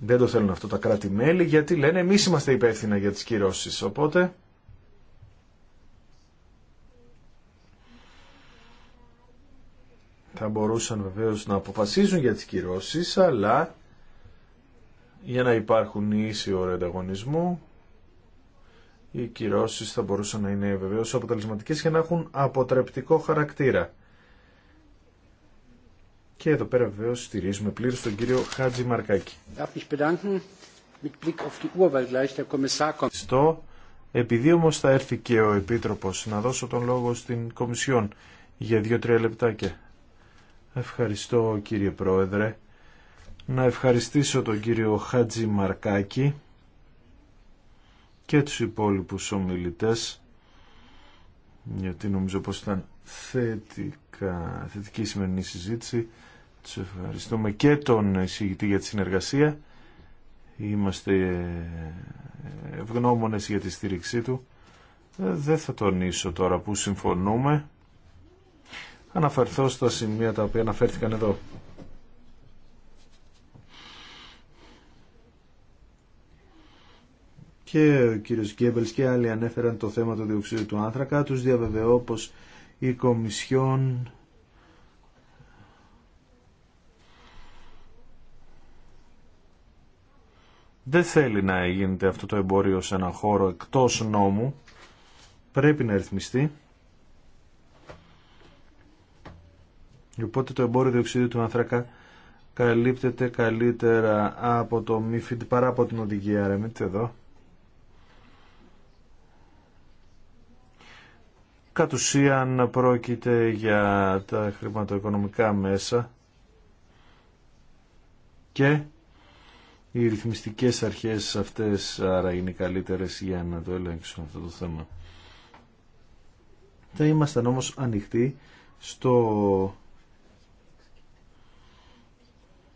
Δεν το θέλουν αυτό τα κράτη-μέλη γιατί λένε εμείς είμαστε υπεύθυνα για τις κυρώσεις. Οπότε θα μπορούσαν βεβαίως να αποφασίζουν για τις κυρώσεις αλλά για να υπάρχουν ίσοι όροι ανταγωνισμού οι κυρώσεις θα μπορούσαν να είναι βεβαίως αποτελεσματικές και να έχουν αποτρεπτικό χαρακτήρα. Και εδώ πέρα βεβαίω στηρίζουμε πλήρω τον κύριο Χάτζη Μαρκάκη. Ευχαριστώ, επειδή όμω θα έρθει και ο Επίτροπο, να δώσω τον λόγο στην Κομισιόν για δύο-τρία λεπτάκια. Ευχαριστώ κύριε Πρόεδρε. Να ευχαριστήσω τον κύριο Χάτζη Μαρκάκη και τους υπόλοιπους ομιλητές γιατί νομίζω πως ήταν θετικά, θετική η σημερινή συζήτηση τους ευχαριστούμε και τον εισηγητή για τη συνεργασία. Είμαστε ευγνώμονες για τη στήριξή του. Ε, δεν θα τονίσω τώρα που συμφωνούμε. Αναφερθώ στα σημεία τα οποία αναφέρθηκαν εδώ. και ο κύριος Γκέμπελς και άλλοι ανέφεραν το θέμα του διοξείδου του άνθρακα. Τους διαβεβαιώ πως η Κομισιόν δεν θέλει να γίνεται αυτό το εμπόριο σε έναν χώρο εκτός νόμου. Πρέπει να ρυθμιστεί. Οπότε το εμπόριο διοξιδίου του ανθράκα καλύπτεται καλύτερα από το MIFID παρά από την οδηγία. μείτε εδώ. Κατ' ουσίαν πρόκειται για τα χρηματοοικονομικά μέσα και οι ρυθμιστικές αρχές αυτές άρα είναι καλύτερες για να το ελέγξουν αυτό το θέμα. Θα ήμασταν όμως ανοιχτοί στο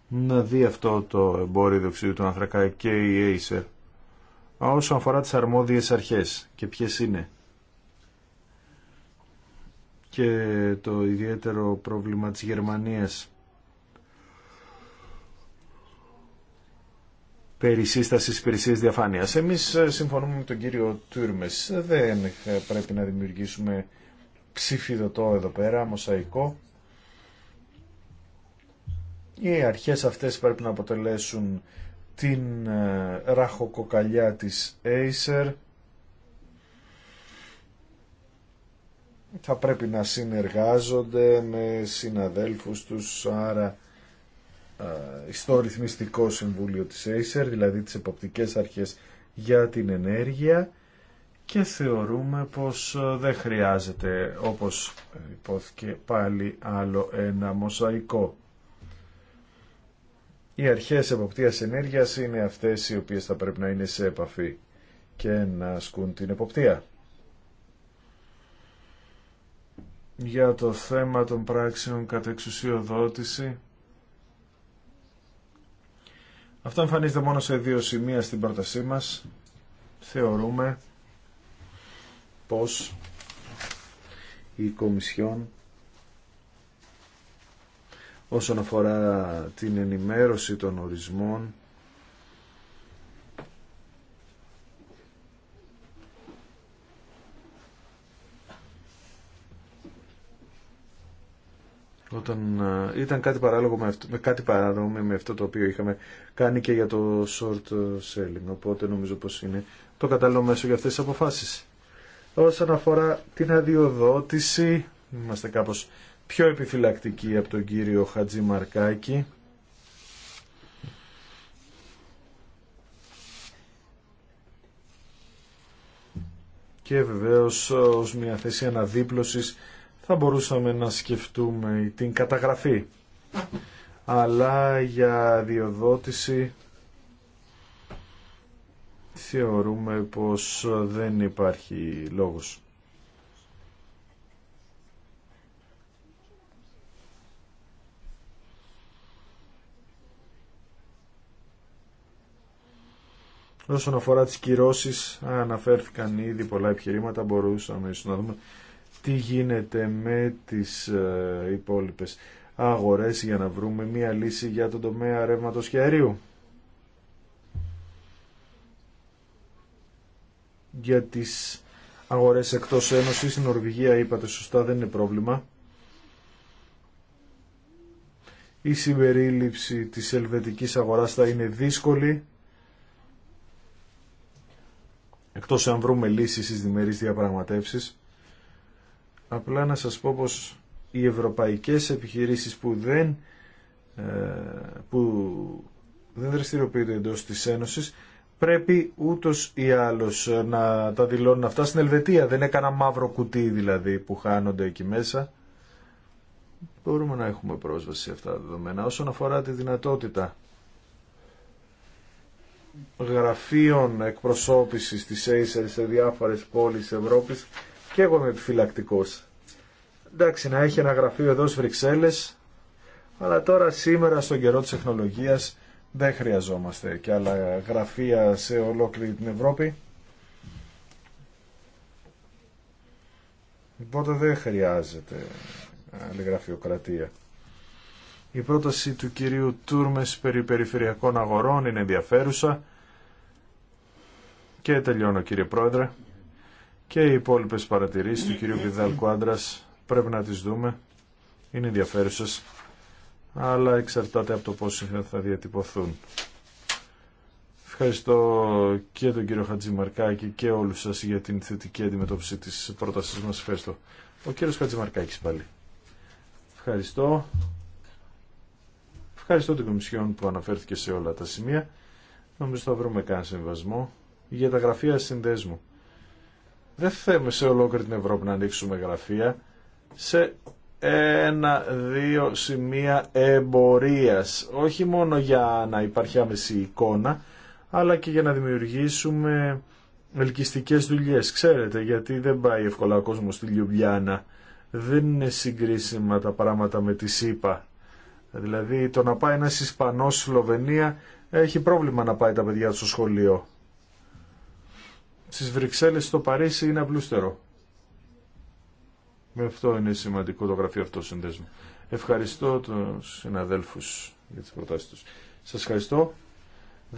να δει αυτό το εμπόριο διοξιδίου του ανθρακά και η Acer όσον αφορά τις αρμόδιες αρχές και ποιες είναι. Και το ιδιαίτερο πρόβλημα της Γερμανίας περί σύστασης υπηρεσίας διαφάνειας. Εμείς ε, συμφωνούμε με τον κύριο Τούρμες. Δεν ε, πρέπει να δημιουργήσουμε ψηφιδωτό εδώ πέρα, μοσαϊκό. Οι αρχές αυτές πρέπει να αποτελέσουν την ε, ραχοκοκαλιά της Acer. Θα πρέπει να συνεργάζονται με συναδέλφους τους, άρα ε, στο ρυθμιστικό συμβούλιο της Acer, δηλαδή τις εποπτικές αρχές για την ενέργεια και θεωρούμε πως ε, δεν χρειάζεται, όπως υπόθηκε πάλι άλλο ένα μοσαϊκό. Οι αρχές εποπτείας ενέργειας είναι αυτές οι οποίες θα πρέπει να είναι σε επαφή και να ασκούν την εποπτεία. Για το θέμα των πράξεων κατά εξουσιοδότηση, αυτό εμφανίζεται μόνο σε δύο σημεία στην πρότασή μας. Θεωρούμε πως η Κομισιόν όσον αφορά την ενημέρωση των ορισμών Όταν ε, ήταν κάτι παράλογο με, αυτό, με κάτι με αυτό το οποίο είχαμε κάνει και για το short selling. Οπότε νομίζω πως είναι το κατάλληλο μέσο για αυτές τις αποφάσεις. Όσον αφορά την αδειοδότηση, είμαστε κάπως πιο επιφυλακτικοί από τον κύριο Χατζή Μαρκάκη. Και βεβαίως ως μια θέση αναδίπλωσης θα μπορούσαμε να σκεφτούμε την καταγραφή. Αλλά για διοδότηση θεωρούμε πως δεν υπάρχει λόγος. Όσον αφορά τις κυρώσεις, αναφέρθηκαν ήδη πολλά επιχειρήματα, μπορούσαμε να δούμε τι γίνεται με τις ε, υπόλοιπες αγορές για να βρούμε μία λύση για τον τομέα ρεύματος και αερίου. Για τις αγορές εκτός Ένωσης, η Νορβηγία είπατε σωστά δεν είναι πρόβλημα. Η συμπερίληψη της ελβετικής αγοράς θα είναι δύσκολη. Εκτός αν βρούμε λύσεις στις διμερείς διαπραγματεύσεις. Απλά να σας πω πως οι ευρωπαϊκές επιχειρήσεις που δεν, ε, που δεν δραστηριοποιούνται εντός της Ένωσης πρέπει ούτως ή άλλως να τα δηλώνουν αυτά στην Ελβετία. Δεν έκανα μαύρο κουτί δηλαδή που χάνονται εκεί μέσα. Μπορούμε να έχουμε πρόσβαση σε αυτά τα δεδομένα. Όσον αφορά τη δυνατότητα γραφείων εκπροσώπησης της Acer σε διάφορες πόλεις Ευρώπης, και εγώ είμαι επιφυλακτικό. Εντάξει, να έχει ένα γραφείο εδώ στι Βρυξέλλε, αλλά τώρα σήμερα στον καιρό τη τεχνολογία δεν χρειαζόμαστε και άλλα γραφεία σε ολόκληρη την Ευρώπη. Οπότε δεν χρειάζεται ε, άλλη γραφειοκρατία. Η πρόταση του κυρίου Τούρμες περί περιφερειακών αγορών είναι ενδιαφέρουσα. Και τελειώνω κύριε Πρόεδρε και οι υπόλοιπε παρατηρήσει του κυρίου Βιδάλ Κουάντρα πρέπει να τις δούμε. Είναι ενδιαφέρουσε. αλλά εξαρτάται από το πώ θα διατυπωθούν. Ευχαριστώ και τον κύριο Χατζημαρκάκη και όλους σας για την θετική αντιμετώπιση της πρότασης μας. Ευχαριστώ. Ο κύριος Χατζημαρκάκης πάλι. Ευχαριστώ. Ευχαριστώ την Κομισιόν που αναφέρθηκε σε όλα τα σημεία. Νομίζω θα βρούμε κανένα συμβασμό για τα γραφεία συνδέσμου. Δεν θέλουμε σε ολόκληρη την Ευρώπη να ανοίξουμε γραφεία σε ένα-δύο σημεία εμπορίας. Όχι μόνο για να υπάρχει άμεση εικόνα, αλλά και για να δημιουργήσουμε ελκυστικές δουλειές. Ξέρετε, γιατί δεν πάει εύκολα ο κόσμος στη Λιουμπλιάνα. Δεν είναι συγκρίσιμα τα πράγματα με τη ΣΥΠΑ. Δηλαδή, το να πάει ένας Ισπανός Σλοβενία έχει πρόβλημα να πάει τα παιδιά του στο σχολείο στις Βρυξέλλες στο Παρίσι είναι απλούστερο. Με αυτό είναι σημαντικό το γραφείο αυτό συνδέσμου. Ευχαριστώ τους συναδέλφους για τις προτάσεις τους. Σας ευχαριστώ.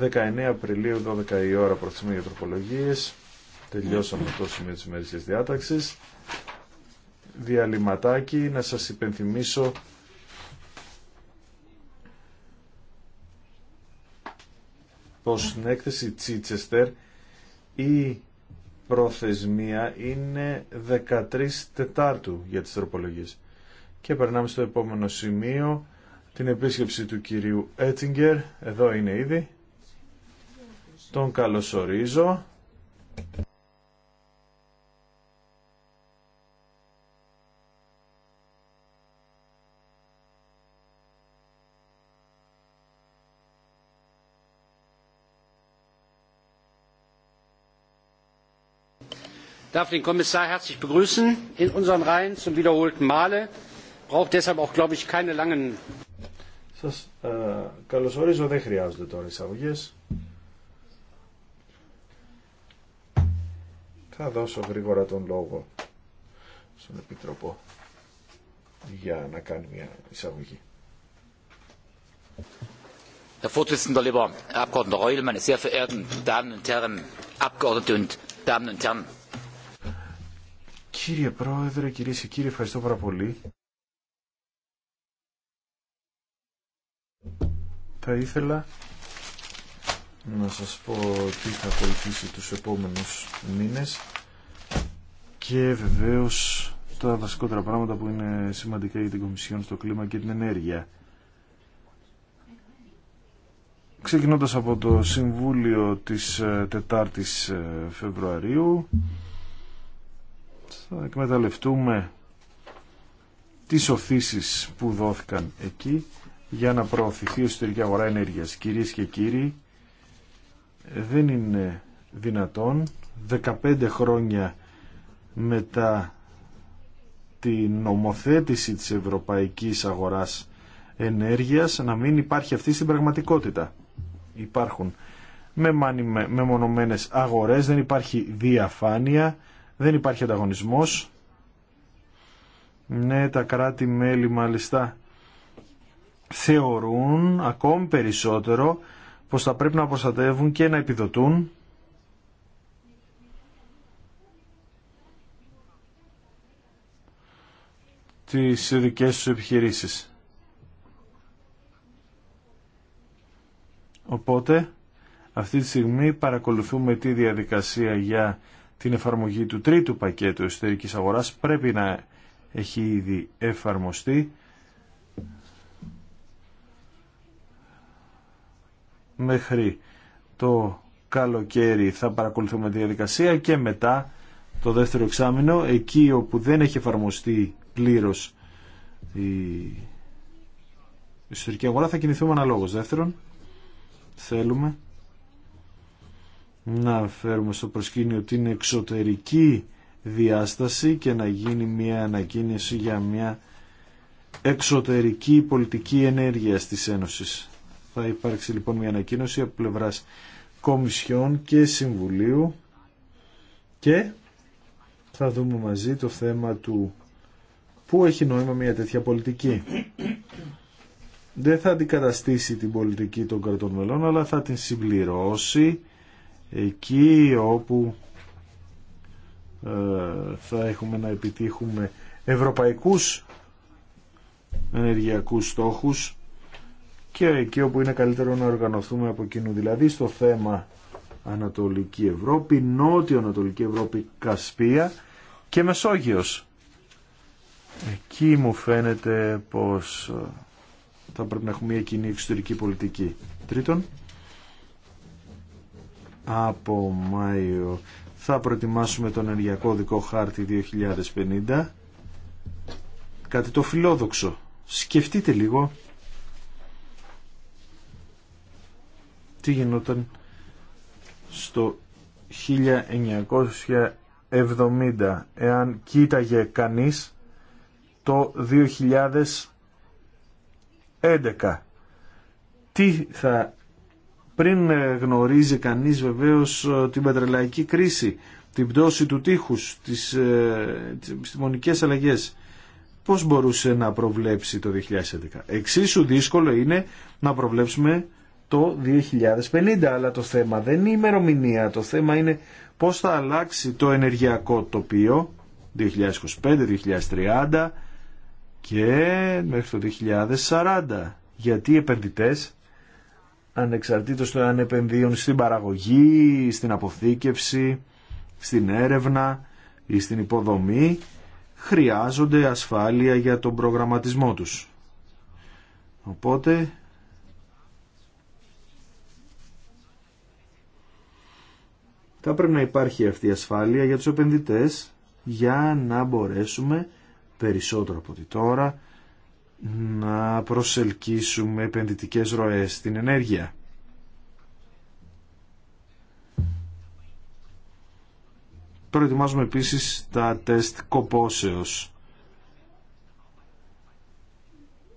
19 Απριλίου, 12 η ώρα προθυμία για τροπολογίες. Τελειώσαμε το σημείο της ημερήσιας διάταξης. Διαλυματάκι, να σας υπενθυμίσω πως στην έκθεση Τσίτσεστερ η προθεσμία είναι 13 Τετάρτου για τις τροπολογίες. Και περνάμε στο επόμενο σημείο, την επίσκεψη του κυρίου Έτσιγκερ, εδώ είναι ήδη. Τον καλωσορίζω. darf den kommissar herzlich begrüßen in unseren reihen zum wiederholten male braucht deshalb auch glaube ich keine langen Σας ε, καλωσορίζω, δεν χρειάζονται τώρα εισαγωγέ. Θα δώσω γρήγορα τον λόγο στον Επιτροπό για να κάνει μια εισαγωγή. Herr Vorsitzender, lieber Herr Abgeordneter Reul, meine sehr verehrten Damen und Herren Abgeordnete und Damen und Herren Κύριε Πρόεδρε, κυρίες και κύριοι, ευχαριστώ πάρα πολύ. Θα ήθελα να σας πω τι θα ακολουθήσει τους επόμενους μήνες και βεβαίως τα βασικότερα πράγματα που είναι σημαντικά για την Κομισιόν στο κλίμα και την ενέργεια. Ξεκινώντας από το Συμβούλιο της 4ης ε, ε, Φεβρουαρίου, θα εκμεταλλευτούμε τις οθήσεις που δόθηκαν εκεί για να προωθηθεί η εσωτερική αγορά ενέργειας. Κυρίες και κύριοι, δεν είναι δυνατόν 15 χρόνια μετά την νομοθέτηση της ευρωπαϊκής αγοράς ενέργειας να μην υπάρχει αυτή στην πραγματικότητα. Υπάρχουν με μεμονωμένες αγορές, δεν υπάρχει διαφάνεια, δεν υπάρχει ανταγωνισμός. Ναι, τα κράτη-μέλη μάλιστα θεωρούν ακόμη περισσότερο πως θα πρέπει να προστατεύουν και να επιδοτούν τις δικές τους επιχειρήσεις. Οπότε, αυτή τη στιγμή παρακολουθούμε τη διαδικασία για την εφαρμογή του τρίτου πακέτου εσωτερικής αγοράς πρέπει να έχει ήδη εφαρμοστεί μέχρι το καλοκαίρι θα παρακολουθούμε τη διαδικασία και μετά το δεύτερο εξάμεινο εκεί όπου δεν έχει εφαρμοστεί πλήρως η εσωτερική αγορά θα κινηθούμε αναλόγως. Δεύτερον, θέλουμε να φέρουμε στο προσκήνιο την εξωτερική διάσταση και να γίνει μια ανακοίνωση για μια εξωτερική πολιτική ενέργεια της Ένωσης. Θα υπάρξει λοιπόν μια ανακοίνωση από πλευράς Κομισιόν και Συμβουλίου και θα δούμε μαζί το θέμα του πού έχει νόημα μια τέτοια πολιτική. Δεν θα αντικαταστήσει την πολιτική των κρατών μελών, αλλά θα την συμπληρώσει εκεί όπου ε, θα έχουμε να επιτύχουμε ευρωπαϊκούς ενεργειακούς στόχους και εκεί όπου είναι καλύτερο να οργανωθούμε από κοινού. Δηλαδή στο θέμα Ανατολική Ευρώπη, Νότιο Ανατολική Ευρώπη, Κασπία και Μεσόγειος. Εκεί μου φαίνεται πως ε, θα πρέπει να έχουμε μια κοινή εξωτερική πολιτική. Τρίτον, από Μάιο θα προετοιμάσουμε τον ενεργειακό δικό χάρτη 2050 κάτι το φιλόδοξο σκεφτείτε λίγο τι γινόταν στο 1970 εάν κοίταγε κανείς το 2011 τι θα πριν ε, γνωρίζει κανείς βεβαίως ε, την πετρελαϊκή κρίση, την πτώση του τείχους, τις, ε, τις επιστημονικές αλλαγές, πώς μπορούσε να προβλέψει το 2011. Εξίσου δύσκολο είναι να προβλέψουμε το 2050, αλλά το θέμα δεν είναι η ημερομηνία, το θέμα είναι πώς θα αλλάξει το ενεργειακό τοπίο 2025-2030 και μέχρι το 2040, γιατί οι επενδυτές ανεξαρτήτως των ανεπενδύων επενδύουν στην παραγωγή, στην αποθήκευση, στην έρευνα ή στην υποδομή, χρειάζονται ασφάλεια για τον προγραμματισμό τους. Οπότε θα πρέπει να υπάρχει αυτή η ασφάλεια για τους επενδυτές για να μπορέσουμε περισσότερο από τη τώρα να προσελκύσουμε επενδυτικές ροές στην ενέργεια. Προετοιμάζουμε επίσης τα τεστ κοπόσεως.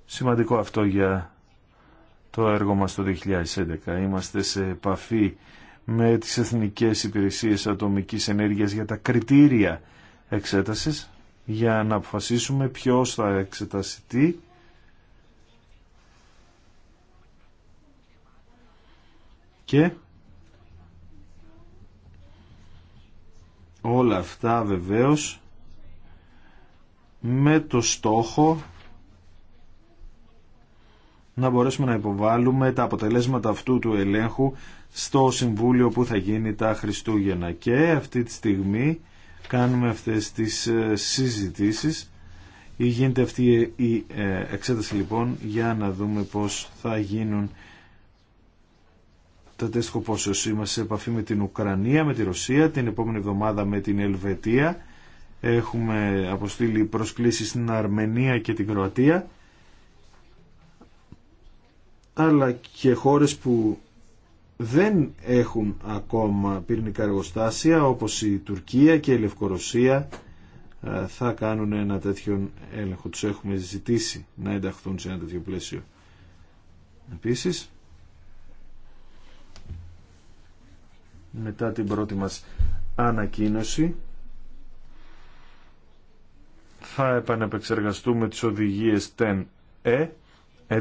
Σημαντικό αυτό για το έργο μας το 2011. Είμαστε σε επαφή με τις Εθνικές Υπηρεσίες Ατομικής Ενέργειας για τα κριτήρια εξέτασης για να αποφασίσουμε ποιος θα εξεταστεί Και όλα αυτά βεβαίως με το στόχο να μπορέσουμε να υποβάλουμε τα αποτελέσματα αυτού του ελέγχου στο Συμβούλιο που θα γίνει τα Χριστούγεννα. Και αυτή τη στιγμή κάνουμε αυτές τις ε, συζητήσεις ή γίνεται αυτή η ε, εξέταση λοιπόν για να δούμε πώς θα γίνουν τέσσερα ποσό είμαστε σε επαφή με την Ουκρανία, με τη Ρωσία, την επόμενη εβδομάδα με την Ελβετία. Έχουμε αποστείλει προσκλήσεις στην Αρμενία και την Κροατία αλλά και χώρες που δεν έχουν ακόμα πυρηνικά εργοστάσια όπως η Τουρκία και η Λευκορωσία ε, θα κάνουν ένα τέτοιο έλεγχο. Τους έχουμε ζητήσει να ενταχθούν σε ένα τέτοιο πλαίσιο. Επίσης, μετά την πρώτη μας ανακοίνωση. Θα επανεπεξεργαστούμε τις οδηγίες TEN E,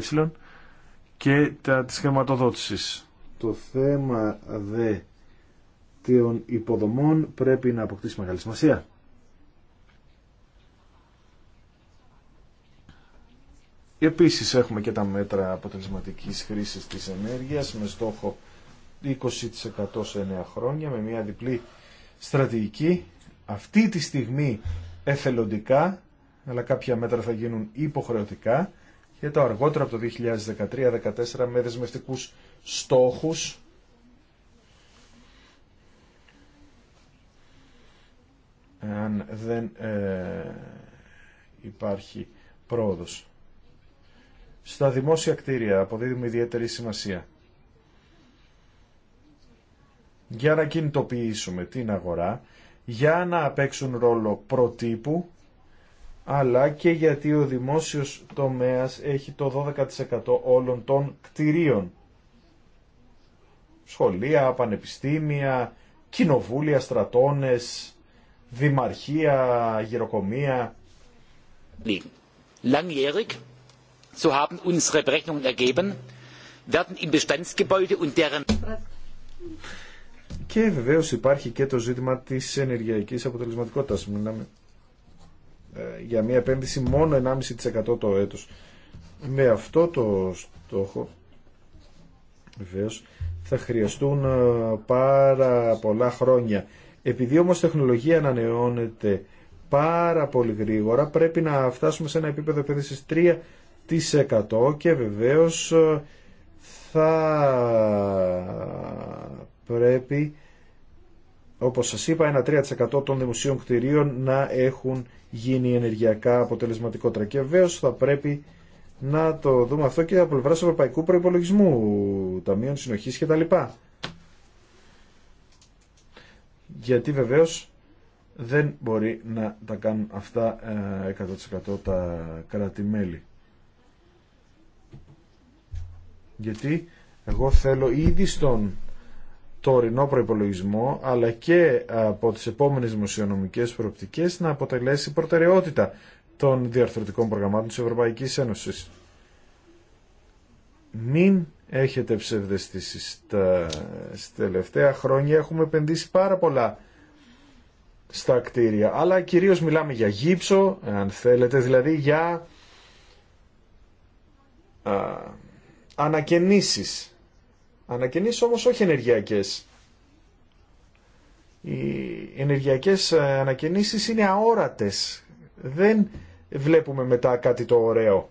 ε, και τα της χρηματοδότησης. Το θέμα δε των υποδομών πρέπει να αποκτήσει μεγάλη σημασία. Επίσης έχουμε και τα μέτρα αποτελεσματικής χρήσης της ενέργειας με στόχο 20% σε 9 χρόνια με μια διπλή στρατηγική. Αυτή τη στιγμή εθελοντικά, αλλά κάποια μέτρα θα γίνουν υποχρεωτικά και το αργότερο από το 2013-2014 με δεσμευτικούς στόχους αν δεν ε, υπάρχει πρόοδος. Στα δημόσια κτίρια αποδίδουμε ιδιαίτερη σημασία για να κινητοποιήσουμε την αγορά, για να παίξουν ρόλο προτύπου, αλλά και γιατί ο δημόσιος τομέας έχει το 12% όλων των κτηρίων. Σχολεία, πανεπιστήμια, κοινοβούλια, στρατώνες, δημαρχία, γυροκομεία. Και βεβαίω υπάρχει και το ζήτημα της ενεργειακής αποτελεσματικότητα. Μιλάμε ε, για μια επένδυση μόνο 1,5% το έτος. Με αυτό το στόχο βεβαίω θα χρειαστούν ε, πάρα πολλά χρόνια. Επειδή όμως η τεχνολογία ανανεώνεται πάρα πολύ γρήγορα πρέπει να φτάσουμε σε ένα επίπεδο επένδυσης 3% και βεβαίως ε, θα πρέπει όπως σας είπα ένα 3% των δημοσίων κτηρίων να έχουν γίνει ενεργειακά αποτελεσματικότερα και βεβαίω θα πρέπει να το δούμε αυτό και από πλευρά ευρωπαϊκού προπολογισμού, ταμείων συνοχής κτλ. Γιατί βεβαίω δεν μπορεί να τα κάνουν αυτά 100% ε, τα κράτη-μέλη. Γιατί εγώ θέλω ήδη στον ορεινό προϋπολογισμό αλλά και από τις επόμενες δημοσιονομικές προοπτικές να αποτελέσει προτεραιότητα των διαρθρωτικών προγραμμάτων της Ευρωπαϊκής Ένωσης. Μην έχετε ψευδεστήσεις. Στα τελευταία χρόνια έχουμε επενδύσει πάρα πολλά στα κτίρια, αλλά κυρίως μιλάμε για γύψο, αν θέλετε, δηλαδή για α, ανακαινήσεις Ανακαινήσεις όμως όχι ενεργειακές. Οι ενεργειακές ε, ανακαινήσεις είναι αόρατες. Δεν βλέπουμε μετά κάτι το ωραίο.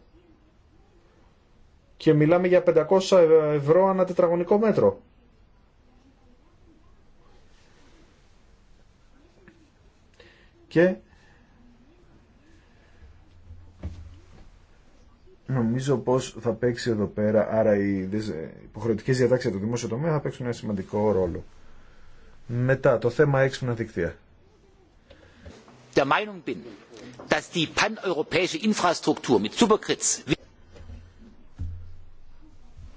Και μιλάμε για 500 ευρώ ανά τετραγωνικό μέτρο. Και Νομίζω πω θα παίξει εδώ πέρα, άρα οι υποχρεωτικές διατάξει για το δημόσιο τομέα θα παίξουν ένα σημαντικό ρόλο. Μετά, το θέμα έξυπνα δικτύα.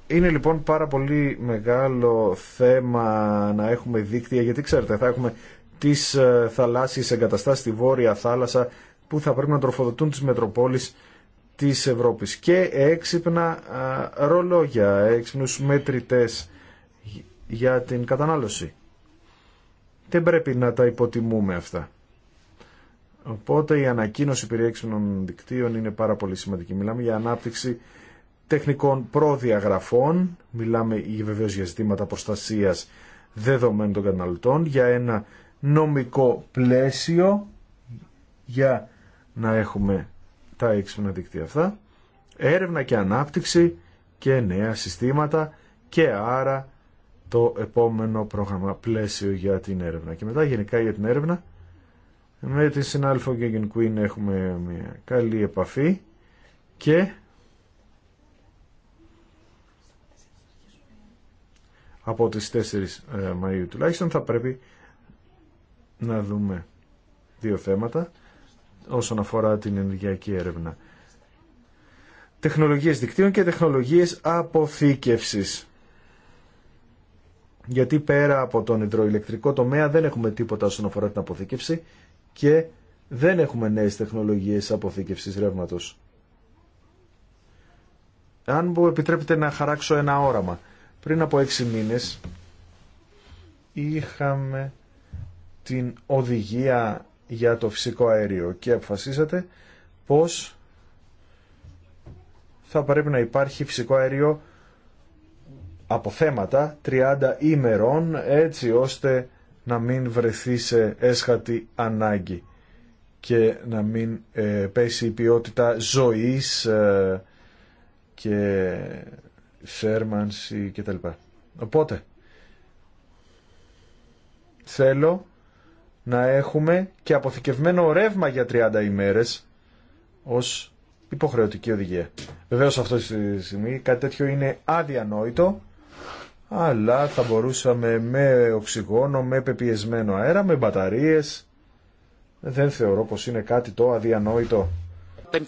είναι λοιπόν πάρα πολύ μεγάλο θέμα να έχουμε δίκτυα, γιατί ξέρετε θα έχουμε τις ε, θαλάσσιες εγκαταστάσεις στη Βόρεια Θάλασσα που θα πρέπει να τροφοδοτούν τις Μετροπόλεις της Ευρώπης και έξυπνα ρολόγια, έξυπνους μετρητές για την κατανάλωση. Δεν πρέπει να τα υποτιμούμε αυτά. Οπότε η ανακοίνωση περί έξυπνων δικτύων είναι πάρα πολύ σημαντική. Μιλάμε για ανάπτυξη τεχνικών προδιαγραφών, μιλάμε βεβαίως για ζητήματα προστασίας δεδομένων των καταναλωτών, για ένα νομικό πλαίσιο για να έχουμε τα έξυπνα δίκτυα αυτά, έρευνα και ανάπτυξη και νέα συστήματα και άρα το επόμενο πρόγραμμα πλαίσιο για την έρευνα. Και μετά γενικά για την έρευνα, με τη συνάλφο Γκέγγεν Κουίν έχουμε μια καλή επαφή και από τις 4 ε, Μαΐου τουλάχιστον θα πρέπει να δούμε δύο θέματα όσον αφορά την ενεργειακή έρευνα. Τεχνολογίες δικτύων και τεχνολογίες αποθήκευσης. Γιατί πέρα από τον υδροηλεκτρικό τομέα δεν έχουμε τίποτα όσον αφορά την αποθήκευση και δεν έχουμε νέες τεχνολογίες αποθήκευσης ρεύματος. Αν μου επιτρέπετε να χαράξω ένα όραμα. Πριν από έξι μήνες είχαμε την οδηγία για το φυσικό αέριο και αποφασίσατε πως θα πρέπει να υπάρχει φυσικό αέριο από θέματα 30 ημερών έτσι ώστε να μην βρεθεί σε έσχατη ανάγκη και να μην ε, πέσει η ποιότητα ζωής ε, και θέρμανση κτλ. Οπότε θέλω να έχουμε και αποθηκευμένο ρεύμα για 30 ημέρες ως υποχρεωτική οδηγία. Βεβαίως αυτό στη στιγμή κάτι τέτοιο είναι αδιανόητο, αλλά θα μπορούσαμε με οξυγόνο, με πεπιεσμένο αέρα, με μπαταρίες. Δεν θεωρώ πως είναι κάτι το αδιανόητο. Äh,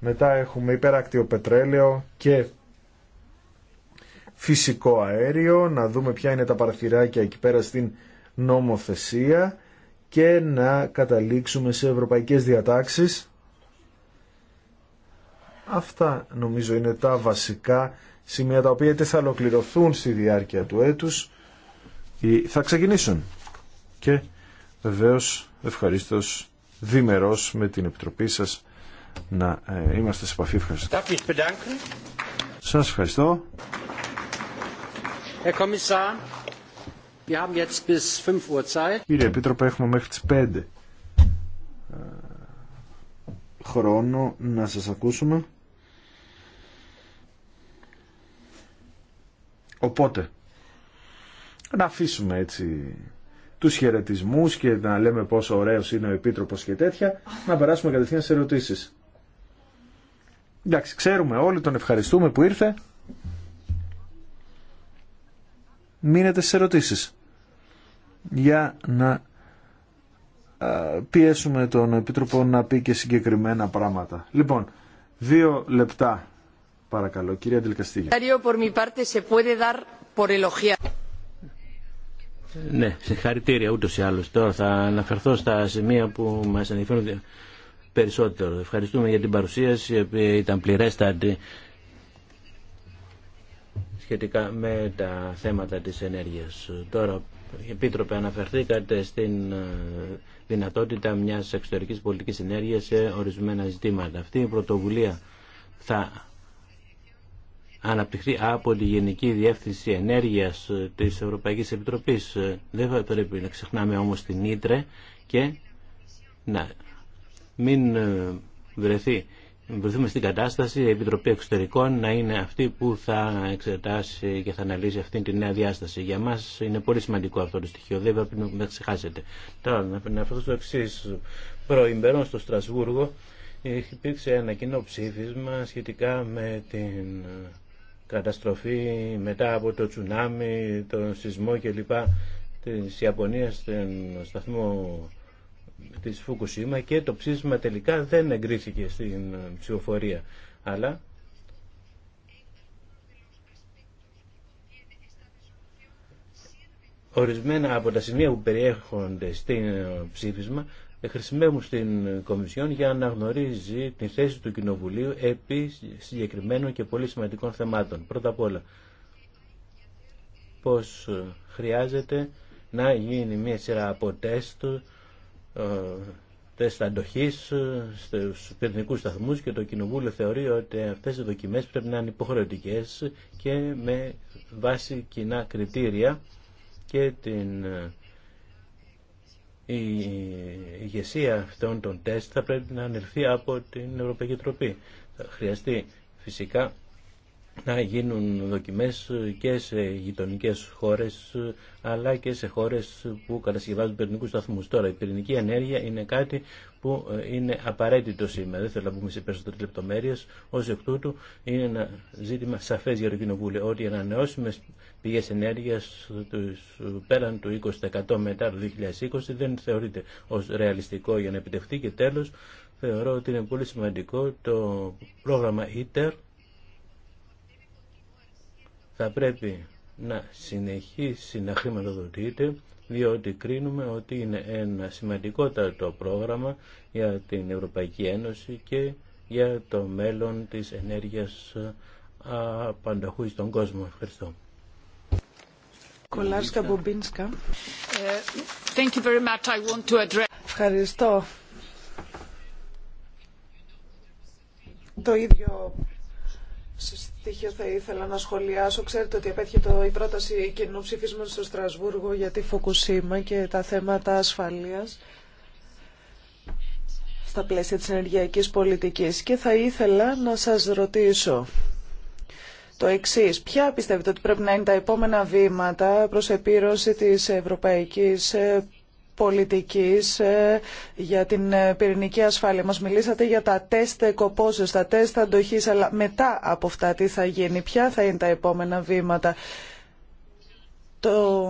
Μετά έχουμε υπερακτιο πετρέλαιο και φυσικό αέριο, να δούμε ποια είναι τα παραθυράκια εκεί πέρα στην νομοθεσία και να καταλήξουμε σε ευρωπαϊκές διατάξεις. Αυτά νομίζω είναι τα βασικά σημεία τα οποία θα ολοκληρωθούν στη διάρκεια του έτους ή θα ξεκινήσουν. Και βεβαίως ευχαρίστως διμερός με την Επιτροπή σας να ε, είμαστε σε επαφή. Ευχαριστώ. Σας ευχαριστώ. Κύριε Επίτροπε, έχουμε μέχρι τις 5 ε, χρόνο να σας ακούσουμε. Οπότε, να αφήσουμε έτσι τους χαιρετισμού και να λέμε πόσο ωραίος είναι ο Επίτροπος και τέτοια, να περάσουμε κατευθείαν σε ερωτήσεις. Εντάξει, ξέρουμε όλοι, τον ευχαριστούμε που ήρθε μείνετε σε ερωτήσεις για να πιέσουμε τον Επίτροπο να πει και συγκεκριμένα πράγματα. Λοιπόν, δύο λεπτά παρακαλώ. Κυρία Αντελκαστήγια. Ναι, συγχαρητήρια ούτω ή άλλω. Τώρα θα αναφερθώ στα σημεία που μα ενδιαφέρουν περισσότερο. Ευχαριστούμε για την παρουσίαση, η οποία ήταν πληρέστατη σχετικά με τα θέματα της ενέργειας. Τώρα, Επίτροπε, αναφερθήκατε στην ε, δυνατότητα μιας εξωτερικής πολιτικής ενέργειας σε ορισμένα ζητήματα. Αυτή η πρωτοβουλία θα αναπτυχθεί από τη Γενική Διεύθυνση Ενέργειας της Ευρωπαϊκής Επιτροπής. Ε, δεν θα πρέπει να ξεχνάμε όμως την Ήτρε και να μην ε, βρεθεί βρεθούμε στην κατάσταση η Επιτροπή Εξωτερικών να είναι αυτή που θα εξετάσει και θα αναλύσει αυτή τη νέα διάσταση. Για μα είναι πολύ σημαντικό αυτό το στοιχείο, δεν πρέπει να ξεχάσετε. Τώρα, να αυτό το εξή. Προημερών στο Στρασβούργο υπήρξε ένα κοινό ψήφισμα σχετικά με την καταστροφή μετά από το τσουνάμι, τον σεισμό κλπ. της Ιαπωνίας, στον σταθμό της Φουκουσίμα και το ψήφισμα τελικά δεν εγκρίθηκε στην ψηφοφορία. Αλλά ορισμένα από τα σημεία που περιέχονται στην ε, ψήφισμα ε, χρησιμεύουν στην Κομισιόν για να γνωρίζει τη θέση του Κοινοβουλίου επί συγκεκριμένων και πολύ σημαντικών θεμάτων. Πρώτα απ' όλα, πώς ε, χρειάζεται να γίνει μια σειρά από τεστ ε, τεστ αντοχής ε, στους πυρηνικούς σταθμούς και το Κοινοβούλιο θεωρεί ότι αυτές οι δοκιμές πρέπει να είναι υποχρεωτικές και με βάση κοινά κριτήρια και την ε, η ηγεσία αυτών των τεστ θα πρέπει να ανελθεί από την Ευρωπαϊκή Τροπή. Θα χρειαστεί φυσικά να γίνουν δοκιμές και σε γειτονικέ χώρες αλλά και σε χώρες που κατασκευάζουν πυρηνικούς σταθμούς. Τώρα η πυρηνική ενέργεια είναι κάτι που ε, είναι απαραίτητο σήμερα. Δεν θέλω να πούμε σε περισσότερες λεπτομέρειες. Ως εκ τούτου είναι ένα ζήτημα σαφές για το Κοινοβούλιο ότι οι ανανεώσιμες πηγές ενέργειας πέραν του 20% μετά το 2020 δεν θεωρείται ως ρεαλιστικό για να επιτευχθεί και τέλος θεωρώ ότι είναι πολύ σημαντικό το πρόγραμμα ITER θα πρέπει να συνεχίσει να χρηματοδοτείται διότι κρίνουμε ότι είναι ένα σημαντικότατο πρόγραμμα για την Ευρωπαϊκή Ένωση και για το μέλλον της ενέργειας πανταχού στον κόσμο. Ευχαριστώ. Μπομπίνσκα. Ευχαριστώ. Το ίδιο στοιχείο θα ήθελα να σχολιάσω. Ξέρετε ότι επέτυχε το, η πρόταση κοινού ψηφίσματος στο Στρασβούργο για τη Φουκουσίμα και τα θέματα ασφαλείας στα πλαίσια τη ενεργειακής πολιτικής. Και θα ήθελα να σας ρωτήσω το εξή. Ποια πιστεύετε ότι πρέπει να είναι τα επόμενα βήματα προς επίρρωση της ευρωπαϊκής πολιτικής ε, για την ε, πυρηνική ασφάλεια. Μας μιλήσατε για τα τεστ κοπόσεως, τα τεστ αντοχής, αλλά μετά από αυτά τι θα γίνει, ποια θα είναι τα επόμενα βήματα. Το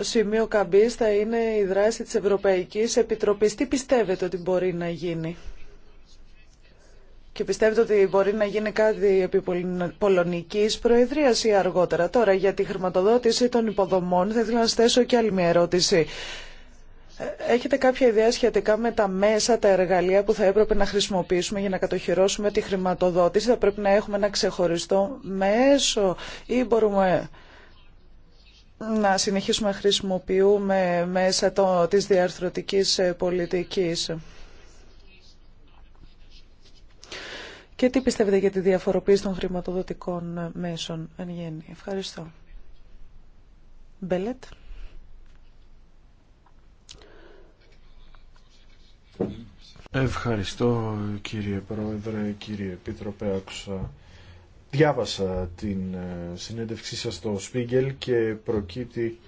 σημείο καμπής θα είναι η δράση της Ευρωπαϊκής Επιτροπής. Τι πιστεύετε ότι μπορεί να γίνει. Και πιστεύετε ότι μπορεί να γίνει κάτι επί πολωνικής προεδρίας ή αργότερα. Τώρα για τη χρηματοδότηση των υποδομών θα ήθελα να στέσω και άλλη μια ερώτηση. Έχετε κάποια ιδέα σχετικά με τα μέσα, τα εργαλεία που θα έπρεπε να χρησιμοποιήσουμε για να κατοχυρώσουμε τη χρηματοδότηση. Θα πρέπει να έχουμε ένα ξεχωριστό μέσο ή μπορούμε να συνεχίσουμε να χρησιμοποιούμε μέσα το, της διαρθρωτικής ε, πολιτικής. Και τι πιστεύετε για τη διαφοροποίηση των χρηματοδοτικών ε, μέσων εν Ευχαριστώ. Μπέλετ. Ευχαριστώ κύριε Πρόεδρε, κύριε Επίτροπε, άκουσα. Διάβασα την ε, συνέντευξή σας στο Σπίγγελ και προκύπτει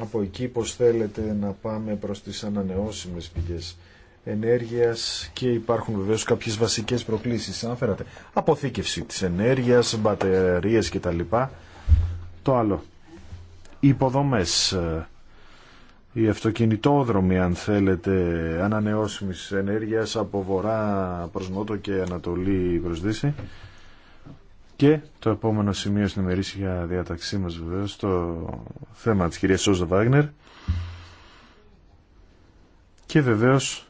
από εκεί πως θέλετε να πάμε προς τις ανανεώσιμες πηγές ενέργειας και υπάρχουν βεβαίως κάποιες βασικές προκλήσεις. Αναφέρατε αποθήκευση της ενέργειας, μπαταρίες κτλ. Το άλλο, υποδομές, οι αυτοκινητόδρομοι αν θέλετε ανανεώσιμης ενέργειας από βορρά προς νότο και ανατολή προς δύση και το επόμενο σημείο στην για διαταξή μας βεβαίως το θέμα της κυρίας Σόζα Βάγνερ και βεβαίως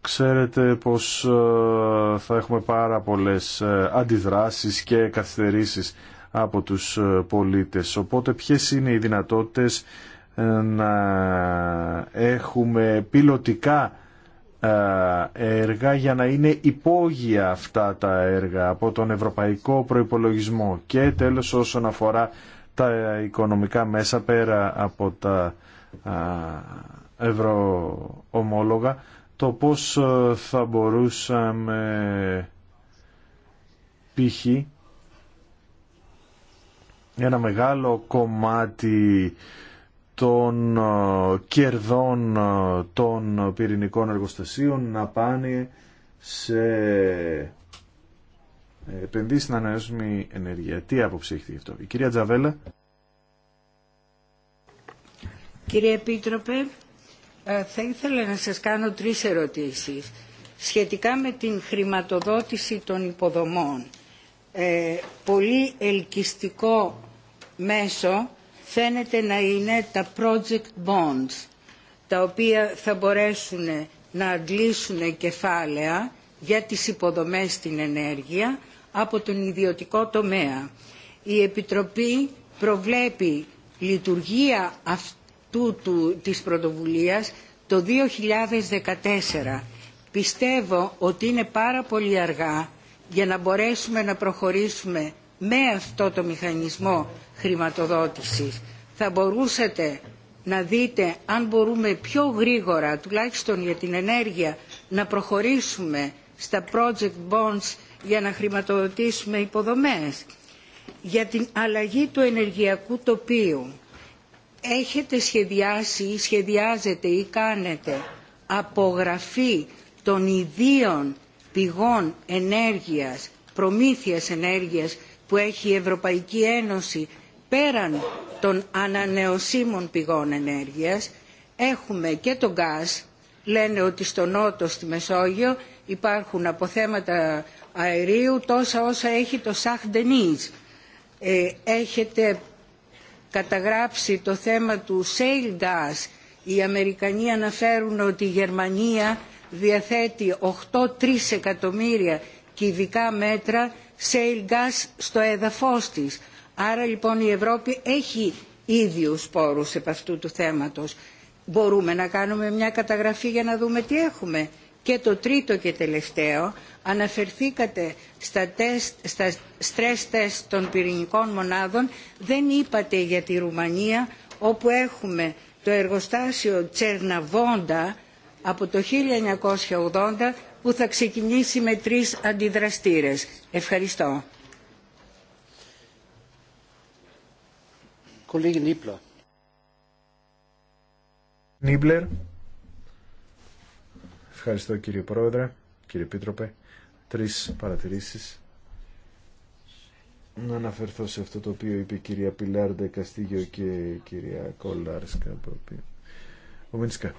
ξέρετε πως ε, θα έχουμε πάρα πολλές ε, αντιδράσεις και καθυστερήσεις από τους ε, πολίτες. Οπότε ποιες είναι οι δυνατότητες ε, να έχουμε πιλωτικά ε, έργα για να είναι υπόγεια αυτά τα έργα από τον ευρωπαϊκό προϋπολογισμό και τέλος όσον αφορά τα οικονομικά μέσα πέρα από τα ευρωομόλογα το πώς θα μπορούσαμε π.χ ένα μεγάλο κομμάτι των ε, κερδών ε, των πυρηνικών εργοστασίων να πάνε σε ε, επενδύσεις στην ανανεώσιμη ενέργεια. Τι άποψη έχετε αυτό. Η κυρία Τζαβέλα. Κύριε Επίτροπε, θα ήθελα να σας κάνω τρεις ερωτήσεις σχετικά με την χρηματοδότηση των υποδομών. πολύ ελκυστικό μέσο φαίνεται να είναι τα project bonds, τα οποία θα μπορέσουν να αντλήσουν κεφάλαια για τις υποδομές στην ενέργεια από τον ιδιωτικό τομέα. Η Επιτροπή προβλέπει λειτουργία αυτού του, της πρωτοβουλίας το 2014. Πιστεύω ότι είναι πάρα πολύ αργά για να μπορέσουμε να προχωρήσουμε με αυτό το μηχανισμό χρηματοδότησης. Θα μπορούσατε να δείτε αν μπορούμε πιο γρήγορα, τουλάχιστον για την ενέργεια, να προχωρήσουμε στα project bonds για να χρηματοδοτήσουμε υποδομές. Για την αλλαγή του ενεργειακού τοπίου, έχετε σχεδιάσει ή σχεδιάζετε ή κάνετε απογραφή των ιδίων πηγών ενέργειας, προμήθειας ενέργειας που έχει η Ευρωπαϊκή Ένωση πέραν των ανανεωσίμων πηγών ενέργειας έχουμε και το γκάζ λένε ότι στο νότο στη Μεσόγειο υπάρχουν αποθέματα αερίου τόσα όσα έχει το ΣΑΧΔΕΝΗΣ. Ε, έχετε καταγράψει το θέμα του shale gas. Οι Αμερικανοί αναφέρουν ότι η Γερμανία διαθέτει 8-3 εκατομμύρια κυβικά μέτρα shale gas στο έδαφος της. Άρα λοιπόν η Ευρώπη έχει ίδιους πόρους επ' αυτού του θέματος. Μπορούμε να κάνουμε μια καταγραφή για να δούμε τι έχουμε. Και το τρίτο και τελευταίο, αναφερθήκατε στα, τεστ, στα stress test των πυρηνικών μονάδων, δεν είπατε για τη Ρουμανία όπου έχουμε το εργοστάσιο Τσερναβόντα από το 1980 που θα ξεκινήσει με τρεις αντιδραστήρες. Ευχαριστώ. Kollegin Niebler. Νίμπλερ. Ευχαριστώ κύριε Πρόεδρε, κύριε Πίτροπε. Τρεις παρατηρήσεις. Να αναφερθώ σε αυτό το οποίο είπε η κυρία Πιλάρντε Καστίγιο και η κυρία Κολάρσκα. Ο Μινσκά.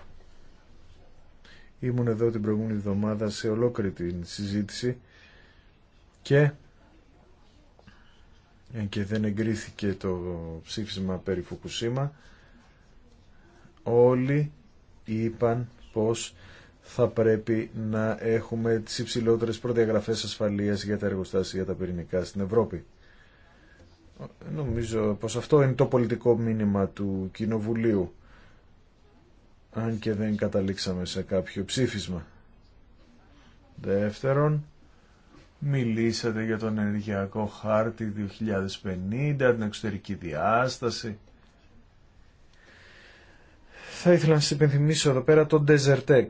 Ήμουν εδώ την προηγούμενη εβδομάδα σε ολόκληρη την συζήτηση και ε, και δεν εγκρίθηκε το ψήφισμα περί Φουκουσίμα, όλοι είπαν πως θα πρέπει να έχουμε τις υψηλότερες προδιαγραφές ασφαλείας για τα εργοστάσια για τα πυρηνικά στην Ευρώπη. Νομίζω πως αυτό είναι το πολιτικό μήνυμα του Κοινοβουλίου, αν και δεν καταλήξαμε σε κάποιο ψήφισμα. Δεύτερον, Μιλήσατε για τον ενεργειακό χάρτη 2050, την εξωτερική διάσταση. Θα ήθελα να σας υπενθυμίσω εδώ πέρα το Desert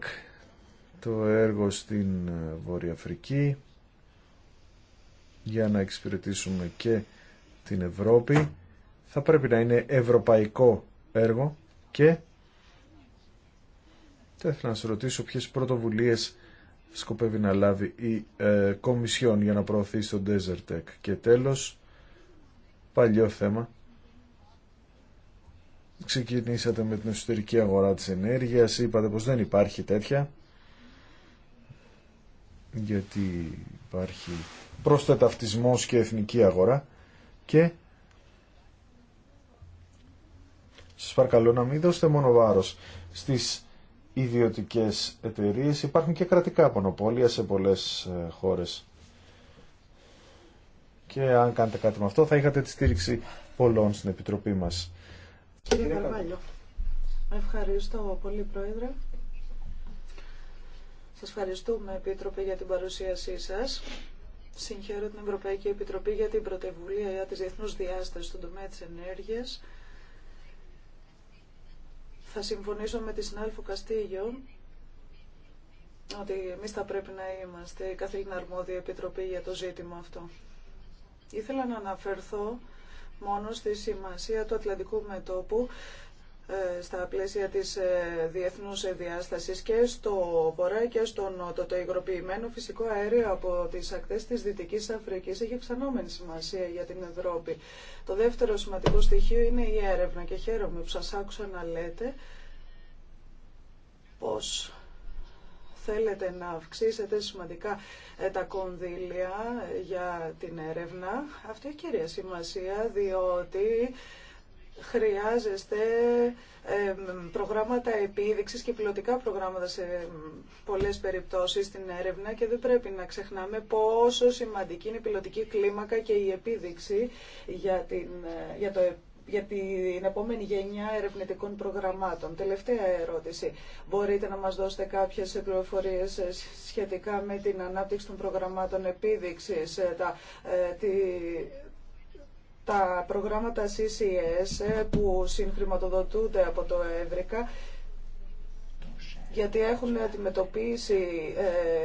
το έργο στην ε, Βόρεια Αφρική, για να εξυπηρετήσουμε και την Ευρώπη. Θα πρέπει να είναι ευρωπαϊκό έργο και θα ήθελα να σας ρωτήσω ποιες πρωτοβουλίες σκοπεύει να λάβει η ε, Κομισιόν για να προωθήσει το Desert Tech. Και τέλος, παλιό θέμα, ξεκινήσατε με την εσωτερική αγορά της ενέργειας, είπατε πως δεν υπάρχει τέτοια, γιατί υπάρχει προσταταυτισμός και εθνική αγορά και σας παρακαλώ να μην δώσετε μόνο βάρος στις ιδιωτικές εταιρείες, υπάρχουν και κρατικά μονοπόλια σε πολλές ε, χώρες. Και αν κάνετε κάτι με αυτό θα είχατε τη στήριξη πολλών στην Επιτροπή μας. Κύριε Καρβάλιο, ευχαριστώ πολύ Πρόεδρε. Σας ευχαριστούμε Επίτροπε για την παρουσίασή σας. Συγχαίρω την Ευρωπαϊκή Επιτροπή για την πρωτευουλία για τις διεθνούς διάστασεις στον τομέα της ενέργειας θα συμφωνήσω με τη συνάδελφο Καστίγιο ότι εμείς θα πρέπει να είμαστε η καθήλυνα αρμόδια επιτροπή για το ζήτημα αυτό. Ήθελα να αναφερθώ μόνο στη σημασία του Ατλαντικού μετώπου. Ε, στα πλαίσια της ε, διεθνούς διάστασης και στο Βορρά και στο Νότο. Το υγροποιημένο φυσικό αέριο από τις ακτές της Δυτικής Αφρικής έχει ξανόμενη σημασία για την Ευρώπη. Το δεύτερο σημαντικό στοιχείο είναι η έρευνα και χαίρομαι που σας άκουσα να λέτε πως θέλετε να αυξήσετε σημαντικά ε, τα κονδύλια για την έρευνα. Αυτή έχει κυρία σημασία διότι Χρειάζεστε προγράμματα επίδειξης και πιλωτικά προγράμματα σε πολλές περιπτώσεις στην έρευνα και δεν πρέπει να ξεχνάμε πόσο σημαντική είναι η πιλωτική κλίμακα και η επίδειξη για, την, ε, για το για την επόμενη γενιά ερευνητικών προγραμμάτων. Τελευταία ερώτηση. Μπορείτε να μας δώσετε κάποιες πληροφορίε ε, σχετικά με την ανάπτυξη των προγραμμάτων επίδειξης, ε, τα προγράμματα CCS ε, που συγχρηματοδοτούνται από το ΕΒΡΙΚΑ γιατί έχουν αντιμετωπίσει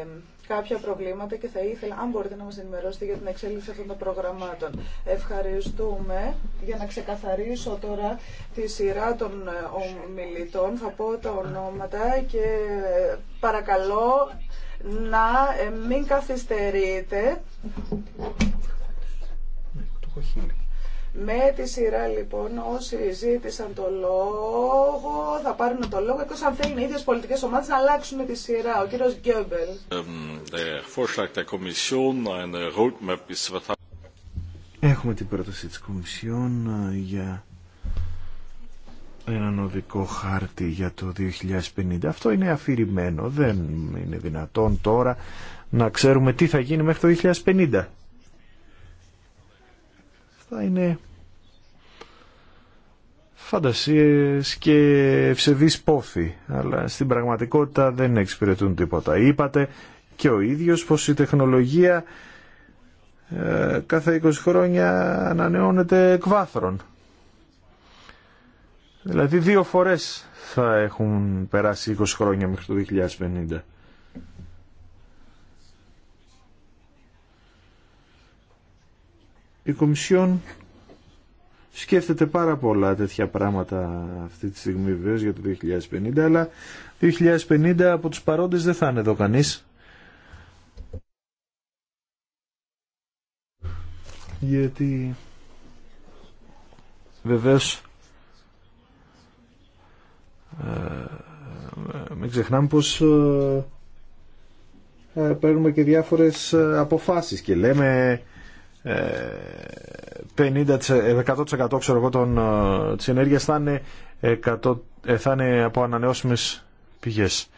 ε, κάποια προβλήματα και θα ήθελα, αν μπορείτε να μας ενημερώσετε για την εξέλιξη αυτών των προγραμμάτων. Ευχαριστούμε. Για να ξεκαθαρίσω τώρα τη σειρά των ε, ομιλητών, θα πω τα ονόματα και ε, παρακαλώ να μην καθυστερείτε. Ναι, το με τη σειρά λοιπόν όσοι ζήτησαν το λόγο θα πάρουν το λόγο εκτός αν θέλουν οι ίδιες πολιτικές ομάδες να αλλάξουν τη σειρά. Ο κύριος Γκέμπελ. Έχουμε την πρόταση της Κομισιόν ε, για έναν οδικό χάρτη για το 2050. Αυτό είναι αφηρημένο. Δεν είναι δυνατόν τώρα να ξέρουμε τι θα γίνει μέχρι το 2050 θα είναι φαντασίες και ευσεβείς πόθη, αλλά στην πραγματικότητα δεν εξυπηρετούν τίποτα. Είπατε και ο ίδιος πως η τεχνολογία ε, κάθε 20 χρόνια ανανεώνεται εκ Δηλαδή δύο φορές θα έχουν περάσει 20 χρόνια μέχρι το 2050. η Κομισιόν σκέφτεται πάρα πολλά τέτοια πράγματα αυτή τη στιγμή βέβαια για το 2050, αλλά 2050 από τους παρόντες δεν θα είναι εδώ κανείς. Γιατί βεβαίως ε, μην ξεχνάμε πως ε, ε, παίρνουμε και διάφορες αποφάσεις και λέμε 50%, ε, 100% ε, ξέρω εγώ των, ε, της ενέργειας θα είναι, από ανανεώσιμες πηγές.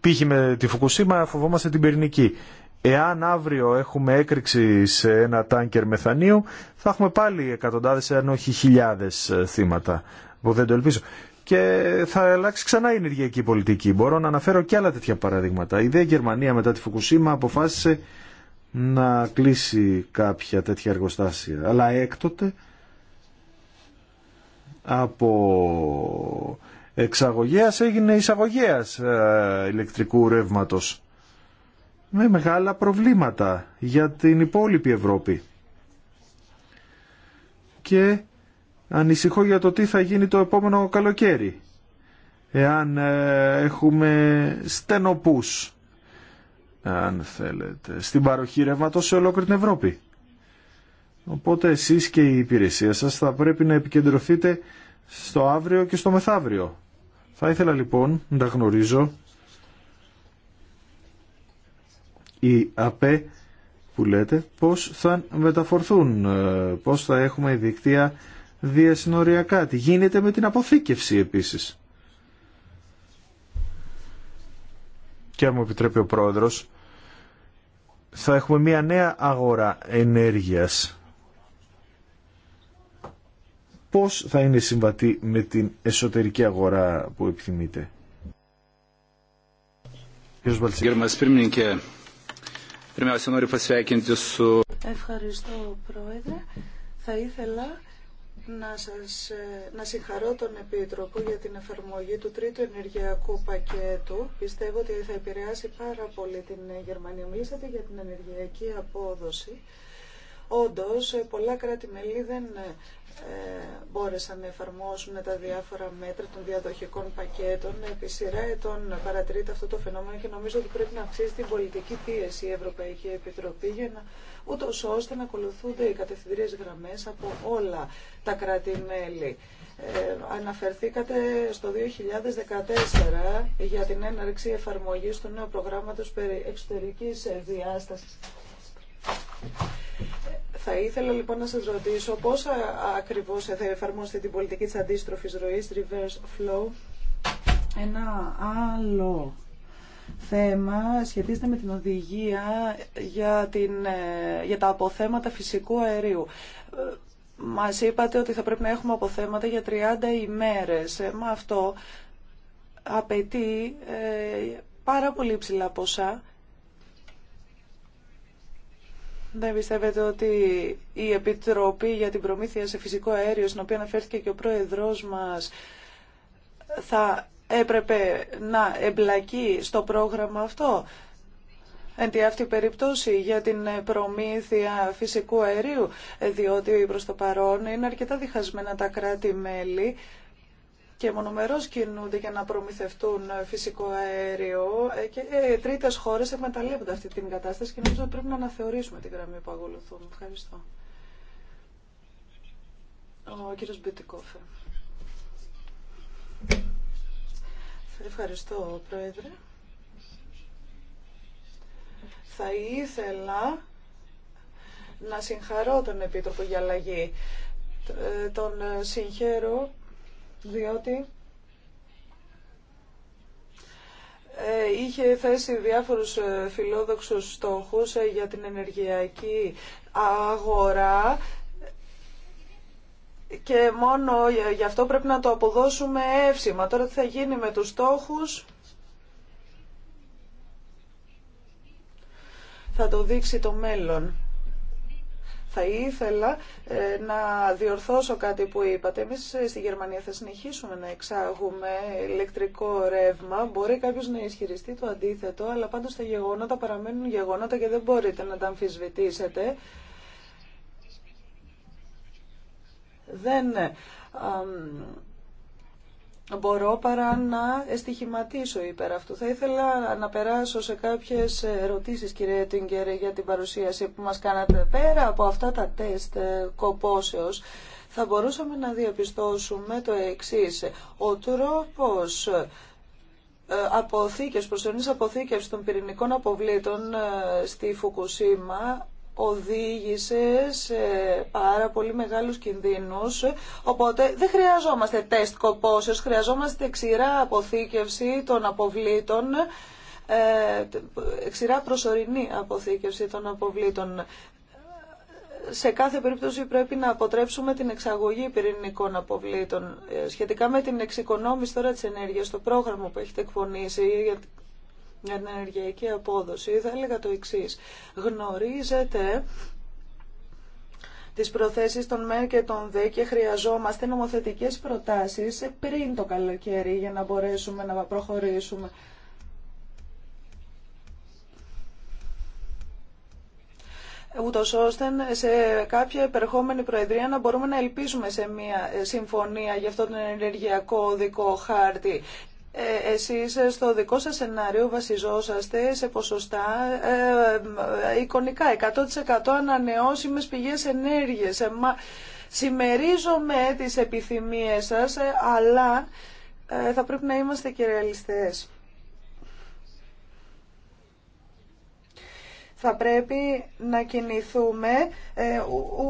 Π.χ. με τη Φουκουσίμα φοβόμαστε την πυρηνική. Εάν αύριο έχουμε έκρηξη σε ένα τάνκερ μεθανίου, θα έχουμε πάλι εκατοντάδες, αν όχι χιλιάδες θύματα, που δεν το ελπίζω. Και θα αλλάξει ξανά η ενεργειακή πολιτική. Μπορώ να αναφέρω και άλλα τέτοια παραδείγματα. Η ΔΕ Γερμανία μετά τη Φουκουσίμα αποφάσισε να κλείσει κάποια τέτοια εργοστάσια. Αλλά έκτοτε από εξαγωγέας έγινε εισαγωγέας ε, ηλεκτρικού ρεύματος με μεγάλα προβλήματα για την υπόλοιπη Ευρώπη. Και ανησυχώ για το τι θα γίνει το επόμενο καλοκαίρι εάν ε, έχουμε στενοπούς αν θέλετε, στην παροχή ρεύματος σε ολόκληρη την Ευρώπη. Οπότε εσείς και η υπηρεσία σας θα πρέπει να επικεντρωθείτε στο αύριο και στο μεθαύριο. Θα ήθελα λοιπόν να τα γνωρίζω η ΑΠΕ που λέτε πώς θα μεταφορθούν, ε, πώς θα έχουμε δικτύα διασυνοριακά. Τι γίνεται με την αποθήκευση επίσης. Και αν μου επιτρέπει ο πρόεδρος, θα έχουμε μια νέα αγορά ενέργειας. Πώς θα είναι συμβατή με την εσωτερική αγορά που επιθυμείτε. Ευχαριστώ Πρόεδρε. Θα ήθελα να, σας, ε, να συγχαρώ τον Επίτροπο για την εφαρμογή του τρίτου ενεργειακού πακέτου. Πιστεύω ότι θα επηρεάσει πάρα πολύ την ε, Γερμανία. Μιλήσατε για την ενεργειακή απόδοση. Όντως, ε, πολλά κράτη-μέλη δεν ε, μπόρεσαν να εφαρμόσουν τα διάφορα μέτρα των διαδοχικών πακέτων. Επί σειρά ετών παρατηρείται αυτό το φαινόμενο και νομίζω ότι πρέπει να αυξήσει την πολιτική πίεση η Ευρωπαϊκή Επιτροπή για να ούτω ώστε να ακολουθούνται οι κατευθυντήριες γραμμές από όλα τα κράτη-μέλη. Ε, αναφερθήκατε στο 2014 για την έναρξη εφαρμογής του νέου προγράμματος περί εξωτερικής διάστασης. Θα ήθελα λοιπόν να σας ρωτήσω πώς ακριβώς θα εφαρμόσετε την πολιτική της αντίστροφης ροής, reverse flow. Ένα άλλο θέμα σχετίζεται με την οδηγία για, την, ε, για τα αποθέματα φυσικού αερίου. Ε, μας είπατε ότι θα πρέπει να έχουμε αποθέματα για 30 ημέρες. Ε, μα αυτό απαιτεί πάρα πολύ ψηλά ποσά δεν πιστεύετε ότι η Επιτροπή για την Προμήθεια σε Φυσικό Αέριο, στην οποία αναφέρθηκε και ο Πρόεδρός μας, θα έπρεπε να εμπλακεί στο πρόγραμμα αυτό. Εν τη αυτή περίπτωση για την προμήθεια φυσικού αερίου, διότι προς το παρόν είναι αρκετά διχασμένα τα κράτη-μέλη και μονομερώς κινούνται για να προμηθευτούν φυσικό αέριο ε, και ε, τρίτες χώρες εκμεταλλεύονται αυτή την κατάσταση και νομίζω πρέπει να αναθεωρήσουμε την γραμμή που ακολουθούμε. Ευχαριστώ. Ο κύριος Μπιτικόφε. Ευχαριστώ, Πρόεδρε. Θα ήθελα να συγχαρώ τον Επίτροπο για αλλαγή. Ε, τον συγχαίρω διότι ε, είχε θέσει διάφορους ε, φιλόδοξους στόχους ε, για την ενεργειακή αγορά και μόνο γι' αυτό πρέπει να το αποδώσουμε εύσημα. Τώρα τι θα γίνει με τους στόχους θα το δείξει το μέλλον. Θα ήθελα ε, να διορθώσω κάτι που είπατε. Εμείς ε, στη Γερμανία θα συνεχίσουμε να εξάγουμε ηλεκτρικό ρεύμα. Μπορεί κάποιο να ισχυριστεί το αντίθετο, αλλά πάντως τα γεγονότα παραμένουν γεγονότα και δεν μπορείτε να τα αμφισβητήσετε. Δεν ε, μπορώ παρά να εστιχηματίσω υπέρ αυτού. Θα ήθελα να περάσω σε κάποιες ερωτήσεις, κύριε Τίνκερε, για την παρουσίαση που μας κάνατε. Πέρα από αυτά τα τεστ ε, κοπόσεως, θα μπορούσαμε να διαπιστώσουμε το εξής. Ο τρόπος ε, αποθήκευση, προσωρινής αποθήκευσης των πυρηνικών αποβλήτων ε, στη Φουκουσίμα οδήγησε σε πάρα πολύ μεγάλους κινδύνους. Οπότε δεν χρειαζόμαστε τεστ κοπόσεως, χρειαζόμαστε ξηρά αποθήκευση των αποβλήτων, ε, ξηρά προσωρινή αποθήκευση των αποβλήτων. Σε κάθε περίπτωση πρέπει να αποτρέψουμε την εξαγωγή πυρηνικών αποβλήτων. Ε, σχετικά με την εξοικονόμηση τώρα της ενέργειας, το πρόγραμμα που έχετε εκφωνήσει ενεργειακή απόδοση, θα έλεγα το εξής. Γνωρίζετε τις προθέσεις των ΜΕΡ και των ΔΕ και χρειαζόμαστε νομοθετικές προτάσεις πριν το καλοκαίρι για να μπορέσουμε να προχωρήσουμε. ούτω ώστε σε κάποια επερχόμενη προεδρία να μπορούμε να ελπίζουμε σε μια συμφωνία για αυτόν τον ενεργειακό οδικό χάρτη. Ε, εσείς στο δικό σας σενάριο βασιζόσαστε σε ποσοστά ε, ε εικονικά 100% ανανεώσιμες πηγές ενέργειας. Ε, συμμερίζομαι τις επιθυμίες σας, ε, αλλά θα πρέπει να είμαστε και ρεαλιστές. θα πρέπει να κινηθούμε ε,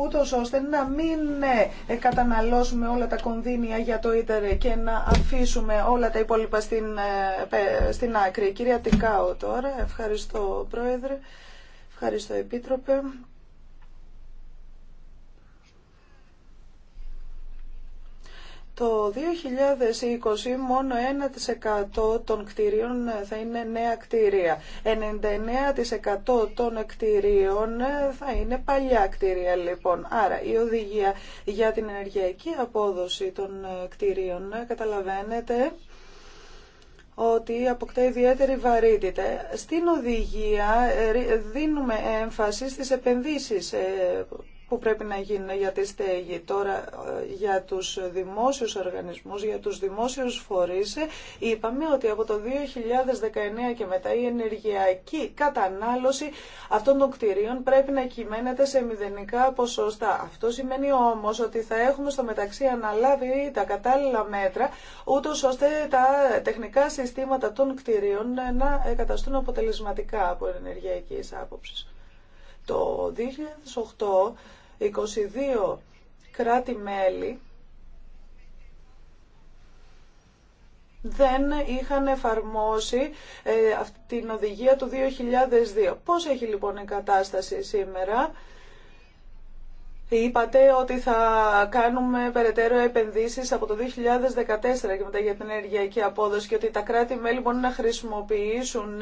ούτως ώστε να μην ε, καταναλώσουμε όλα τα κονδύνια για το ίτερε και να αφήσουμε όλα τα υπόλοιπα στην, ε, στην άκρη. Κυρία Τικάου τώρα, ευχαριστώ Πρόεδρε, ευχαριστώ Επίτροπε. Το 2020 μόνο 1% των κτηρίων θα είναι νέα κτίρια. 99% των κτηρίων θα είναι παλιά κτίρια λοιπόν. Άρα η οδηγία για την ενεργειακή απόδοση των κτηρίων καταλαβαίνετε ότι αποκτά ιδιαίτερη βαρύτητα. Στην οδηγία ε, δίνουμε έμφαση στις επενδύσεις ε, που πρέπει να γίνουν για τη στέγη. Τώρα ε, για τους δημόσιους οργανισμούς, για τους δημόσιους φορείς, ε, είπαμε ότι από το 2019 και μετά η ενεργειακή κατανάλωση αυτών των κτηρίων πρέπει να κυμαίνεται σε μηδενικά ποσοστά. Αυτό σημαίνει όμως ότι θα έχουμε στο μεταξύ αναλάβει τα κατάλληλα μέτρα, ούτω ώστε τα τεχνικά συστήματα των κτηρίων ε, να εγκαταστούν αποτελεσματικά από ενεργειακής άποψης. Το 2008 22 κράτη-μέλη δεν είχαν εφαρμόσει ε, την οδηγία του 2002. Πώς έχει λοιπόν η κατάσταση σήμερα. Είπατε ότι θα κάνουμε περαιτέρω επενδύσεις από το 2014 και μετά για την ενεργειακή απόδοση και ότι τα κράτη-μέλη μπορούν να χρησιμοποιήσουν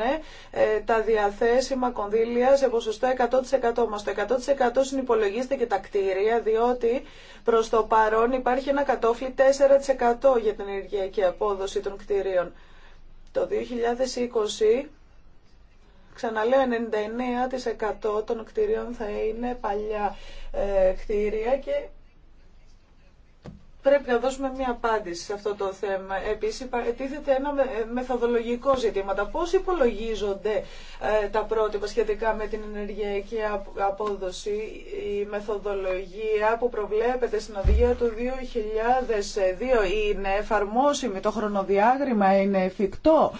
ε, τα διαθέσιμα κονδύλια σε ποσοστό 100%. Μα το 100% συνυπολογίστε και τα κτίρια, διότι προς το παρόν υπάρχει ένα κατόφλι 4% για την ενεργειακή απόδοση των κτίριων. Το 2020 Ξαναλέω, 99% των κτηρίων θα είναι παλιά ε, και πρέπει να δώσουμε μια απάντηση σε αυτό το θέμα. Επίσης, τίθεται ένα ε, μεθοδολογικό ζήτημα. Πώς υπολογίζονται ε, τα πρότυπα σχετικά με την ενεργειακή απόδοση, η μεθοδολογία που προβλέπεται στην οδηγία του 2002 είναι εφαρμόσιμη, το χρονοδιάγρημα, είναι εφικτό.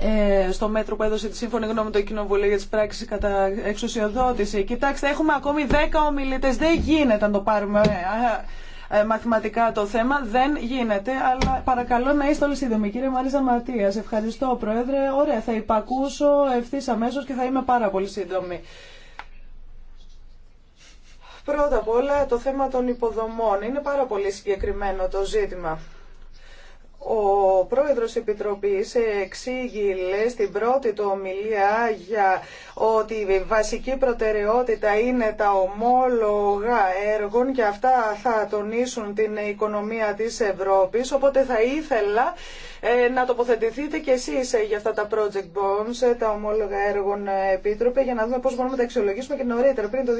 Ε, στο μέτρο που έδωσε τη σύμφωνη γνώμη το Κοινοβουλίο για τι πράξει κατά εξουσιοδότηση. Κοιτάξτε, έχουμε ακόμη 10 ομιλητέ. Δεν γίνεται να το πάρουμε ε, ε, μαθηματικά το θέμα. Δεν γίνεται, αλλά παρακαλώ να είστε όλοι σύντομοι. Κύριε Μαρίζα Ματία, ευχαριστώ Πρόεδρε. Ωραία, θα υπακούσω ευθύ αμέσω και θα είμαι πάρα πολύ σύντομη. Πρώτα απ' όλα το θέμα των υποδομών. Είναι πάρα πολύ συγκεκριμένο το ζήτημα. Ο πρόεδρος Επιτροπής εξήγηλε στην πρώτη του ομιλία για ότι η βασική προτεραιότητα είναι τα ομόλογα έργων και αυτά θα τονίσουν την οικονομία της Ευρώπης, οπότε θα ήθελα ε, να τοποθετηθείτε κι εσείς ε, για αυτά τα project bonds, ε, τα ομόλογα έργων επίτροπε, για να δούμε πώς μπορούμε να τα αξιολογήσουμε και νωρίτερα, πριν το 2014.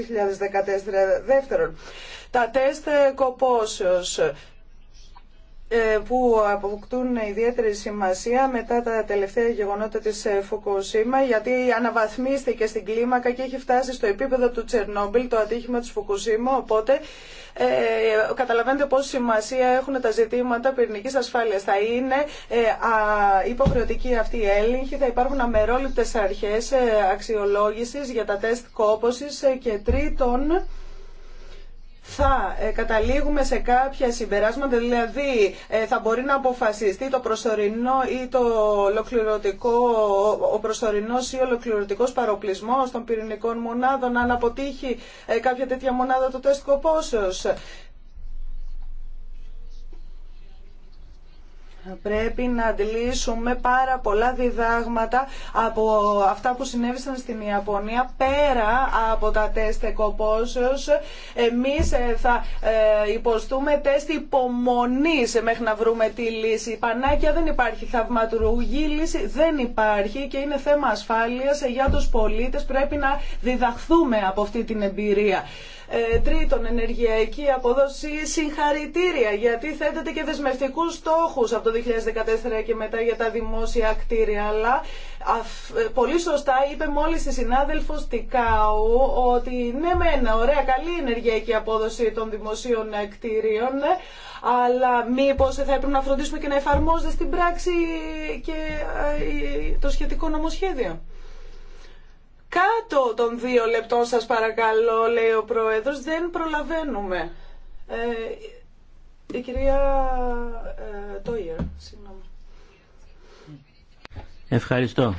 Δεύτερον, τα τεστ κοπόσεως ε, που αποκτούν ιδιαίτερη σημασία μετά τα τελευταία γεγονότα της ε, Φουκουσίμα γιατί αναβαθμίστηκε στην κλίμακα και έχει φτάσει στο επίπεδο του Τσερνόμπιλ το ατύχημα της Φουκουσίμα οπότε ε, καταλαβαίνετε πόση σημασία έχουν τα ζητήματα πυρηνικής ασφάλειας. Θα είναι ε, υποχρεωτική αυτή η έλεγχη, θα υπάρχουν αμερόληπτες αρχές ε, αξιολόγησης για τα τεστ κόπωσης ε, και τρίτον θα ε, καταλήγουμε σε κάποια συμπεράσματα, δηλαδή ε, θα μπορεί να αποφασιστεί το προσωρινό ή το ολοκληρωτικό, ο προσωρινός ή ολοκληρωτικός παροπλισμός των πυρηνικών μονάδων, αν αποτύχει ε, κάποια τέτοια μονάδα το τεστ κοπόσεως. Πρέπει να αντλήσουμε πάρα πολλά διδάγματα από αυτά που συνέβησαν στην Ιαπωνία πέρα από τα τεστ εκοπόσεως. Εμείς ε, θα ε, υποστούμε τεστ υπομονής μέχρι να βρούμε τη λύση. Η πανάκια δεν υπάρχει, θαυματουργή λύση δεν υπάρχει και είναι θέμα ασφάλειας για τους πολίτες. Πρέπει να διδαχθούμε από αυτή την εμπειρία. Ε, τρίτον, ενεργειακή αποδόση συγχαρητήρια γιατί θέτεται και δεσμευτικούς στόχους από το 2014 και μετά για τα δημόσια κτίρια. Αλλά ε, πολύ σωστά είπε μόλις η συνάδελφος Τικάου ότι ναι μεν, ωραία, καλή ενεργειακή απόδοση των δημοσίων κτίριων ε, αλλά μήπως θα έπρεπε να φροντίσουμε και να εφαρμόζεται στην πράξη και το σχετικό νομοσχέδιο. Κάτω των δύο λεπτών σας παρακαλώ, λέει ο Πρόεδρος, δεν προλαβαίνουμε. Ε, η κυρία ε, Τόιερ, Ευχαριστώ.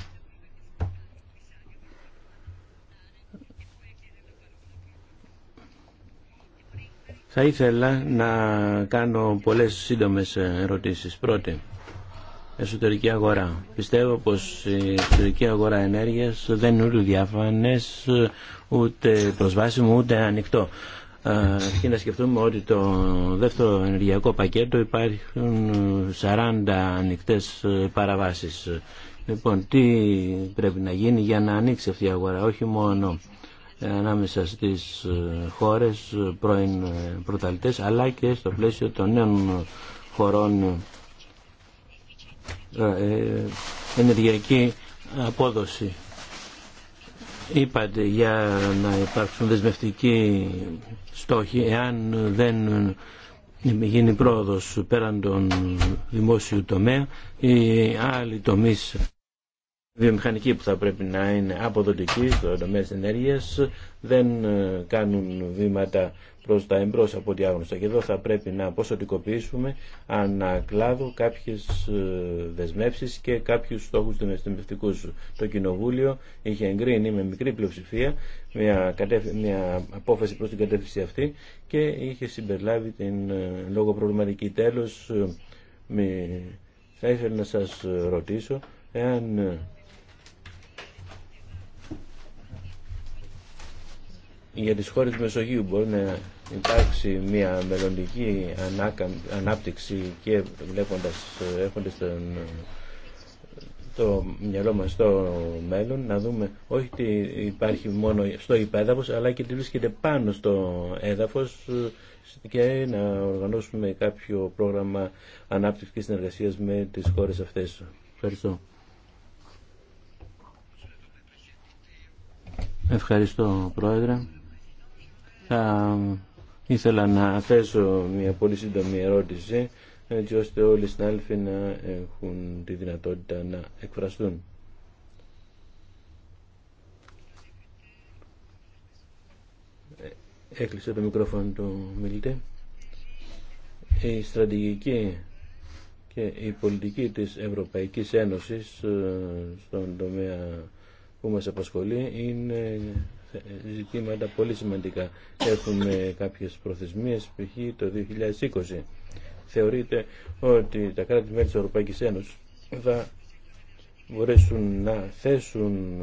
Θα ήθελα να κάνω πολλές σύντομες ερωτήσεις. Πρώτη, εσωτερική αγορά. Πιστεύω πως η εσωτερική αγορά ενέργειας δεν είναι ούτε διάφανες, ούτε προσβάσιμο, ούτε ανοιχτό. Και να σκεφτούμε ότι το δεύτερο ενεργειακό πακέτο υπάρχουν 40 ανοιχτές παραβάσεις. Λοιπόν, τι πρέπει να γίνει για να ανοίξει αυτή η αγορά, όχι μόνο ε, ανάμεσα στις ε, χώρες ε, πρώην πρωταλτές, αλλά και στο πλαίσιο των νέων χωρών ε, ε, ενεργειακή απόδοση. Είπατε για να υπάρξουν δεσμευτικοί στόχοι εάν δεν γίνει πρόοδος πέραν των δημόσιων τομέα ή άλλοι τομείς βιομηχανική που θα πρέπει να είναι αποδοτική στο τομέα της ενέργειας δεν ε, κάνουν βήματα προς τα εμπρός από ό,τι άγνωστα. Και εδώ θα πρέπει να ποσοτικοποιήσουμε ανακλάδο κάποιες ε, δεσμεύσεις και κάποιους στόχους δημιουργικούς. Το Κοινοβούλιο είχε εγκρίνει με μικρή πλειοψηφία μια, μια απόφαση προς την κατεύθυνση αυτή και είχε συμπεριλάβει την ε, λόγο προβληματική τέλος. Θα ήθελα να σας ρωτήσω εάν για τις χώρες του Μεσογείου μπορεί να υπάρξει μια μελλοντική ανάπτυξη και βλέποντας, έχοντας τον, το μυαλό μας στο μέλλον, να δούμε όχι τι υπάρχει μόνο στο υπέδαφος, αλλά και τι βρίσκεται πάνω στο έδαφος και να οργανώσουμε κάποιο πρόγραμμα ανάπτυξης και συνεργασίας με τις χώρες αυτές. Ευχαριστώ. Ευχαριστώ Πρόεδρε. Θα ήθελα να θέσω μια πολύ σύντομη ερώτηση έτσι ώστε όλοι οι συνάδελφοι να έχουν τη δυνατότητα να εκφραστούν. Ε, έκλεισε το μικρόφωνο του μιλητή. Η στρατηγική και η πολιτική της Ευρωπαϊκής Ένωσης ε, στον τομέα που μας απασχολεί είναι ζητήματα πολύ σημαντικά. Έχουμε κάποιες προθεσμίες, π.χ. το 2020. Θεωρείται ότι τα κράτη-μέλη της Ευρωπαϊκής Ένωσης θα μπορέσουν να θέσουν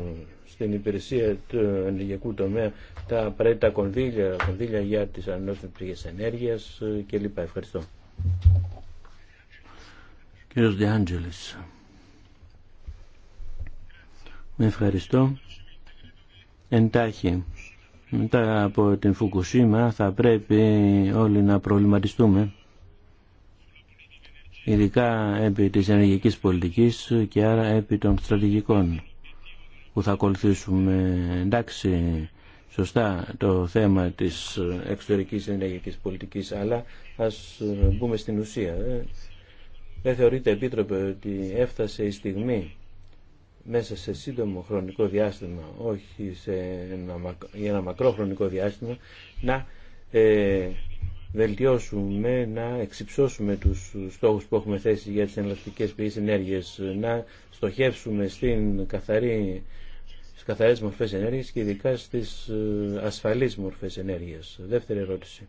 στην υπηρεσία του ενεργειακού τομέα τα απαραίτητα κονδύλια, κονδύλια για τις ανανεώσιμες πηγές ενέργειας κλπ. Ευχαριστώ. Κύριος Διάντζελης. Με ευχαριστώ εντάχει. Μετά από την Φουκουσίμα θα πρέπει όλοι να προβληματιστούμε ειδικά επί της ενεργικής πολιτικής και άρα επί των στρατηγικών που θα ακολουθήσουμε. Εντάξει, σωστά το θέμα της εξωτερικής ενεργικής πολιτικής, αλλά ας μπούμε στην ουσία. Ε, δεν θεωρείται Επίτροπε, ότι έφτασε η στιγμή μέσα σε σύντομο χρονικό διάστημα, όχι σε ένα, ένα μακρό χρονικό διάστημα, να ε, βελτιώσουμε, να εξυψώσουμε τους στόχους που έχουμε θέσει για τις εναλλακτικές πηγές ενέργειας, να στοχεύσουμε στην καθαρή, στις καθαρές μορφές ενέργειας και ειδικά στις ε, ασφαλείς μορφές ενέργειας. Δεύτερη ερώτηση.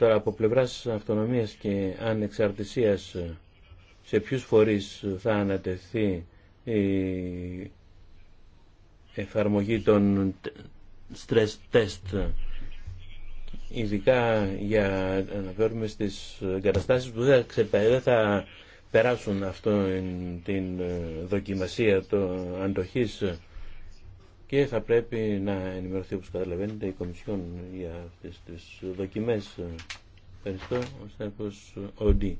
Τώρα από πλευράς αυτονομίας και ανεξαρτησίας σε ποιους φορείς θα ανατεθεί η εφαρμογή των stress test ειδικά για να φέρουμε στις καταστάσεις που δεν θα περάσουν αυτό την δοκιμασία το αντοχής και θα πρέπει να ενημερωθεί όπως καταλαβαίνετε η Κομισιόν για αυτές τις δοκιμές. Ευχαριστώ, ο Οντί.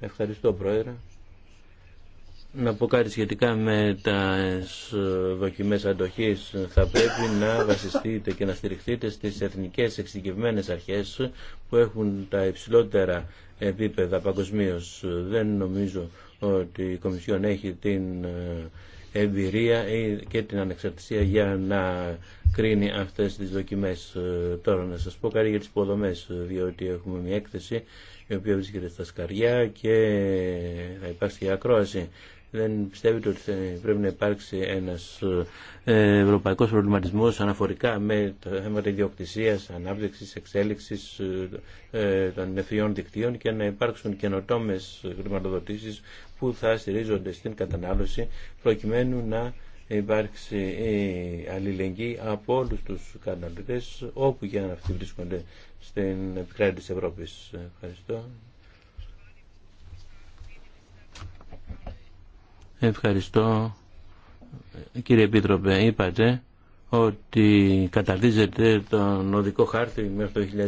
Ευχαριστώ, Πρόεδρε. Να πω κάτι σχετικά με τα δοκιμές αντοχής. Θα πρέπει να βασιστείτε και να στηριχθείτε στις εθνικές εξειδικευμένες αρχές που έχουν τα υψηλότερα επίπεδα παγκοσμίω. Δεν νομίζω ότι η Κομισιόν έχει την εμπειρία και την ανεξαρτησία για να κρίνει αυτές τις δοκιμές. Ε, τώρα να σας πω κάτι για τις υποδομές, ε, διότι έχουμε μια έκθεση η οποία βρίσκεται στα σκαριά και θα υπάρξει ακρόαση δεν πιστεύετε ότι πρέπει να υπάρξει ένας ε, ευρωπαϊκός προβληματισμός αναφορικά με το θέμα της ιδιοκτησίας, ανάπτυξης, εξέλιξης ε, ε, των νεφριών δικτύων και να υπάρξουν καινοτόμες χρηματοδοτήσει που θα στηρίζονται στην κατανάλωση προκειμένου να υπάρξει αλληλεγγύη από όλους τους καταναλωτές όπου και αν αυτοί βρίσκονται στην επικράτηση της Ευρώπης. Ευχαριστώ. Ευχαριστώ. Κύριε Επίτροπε, είπατε ότι καταρτίζεται τον οδικό χάρτη μέχρι το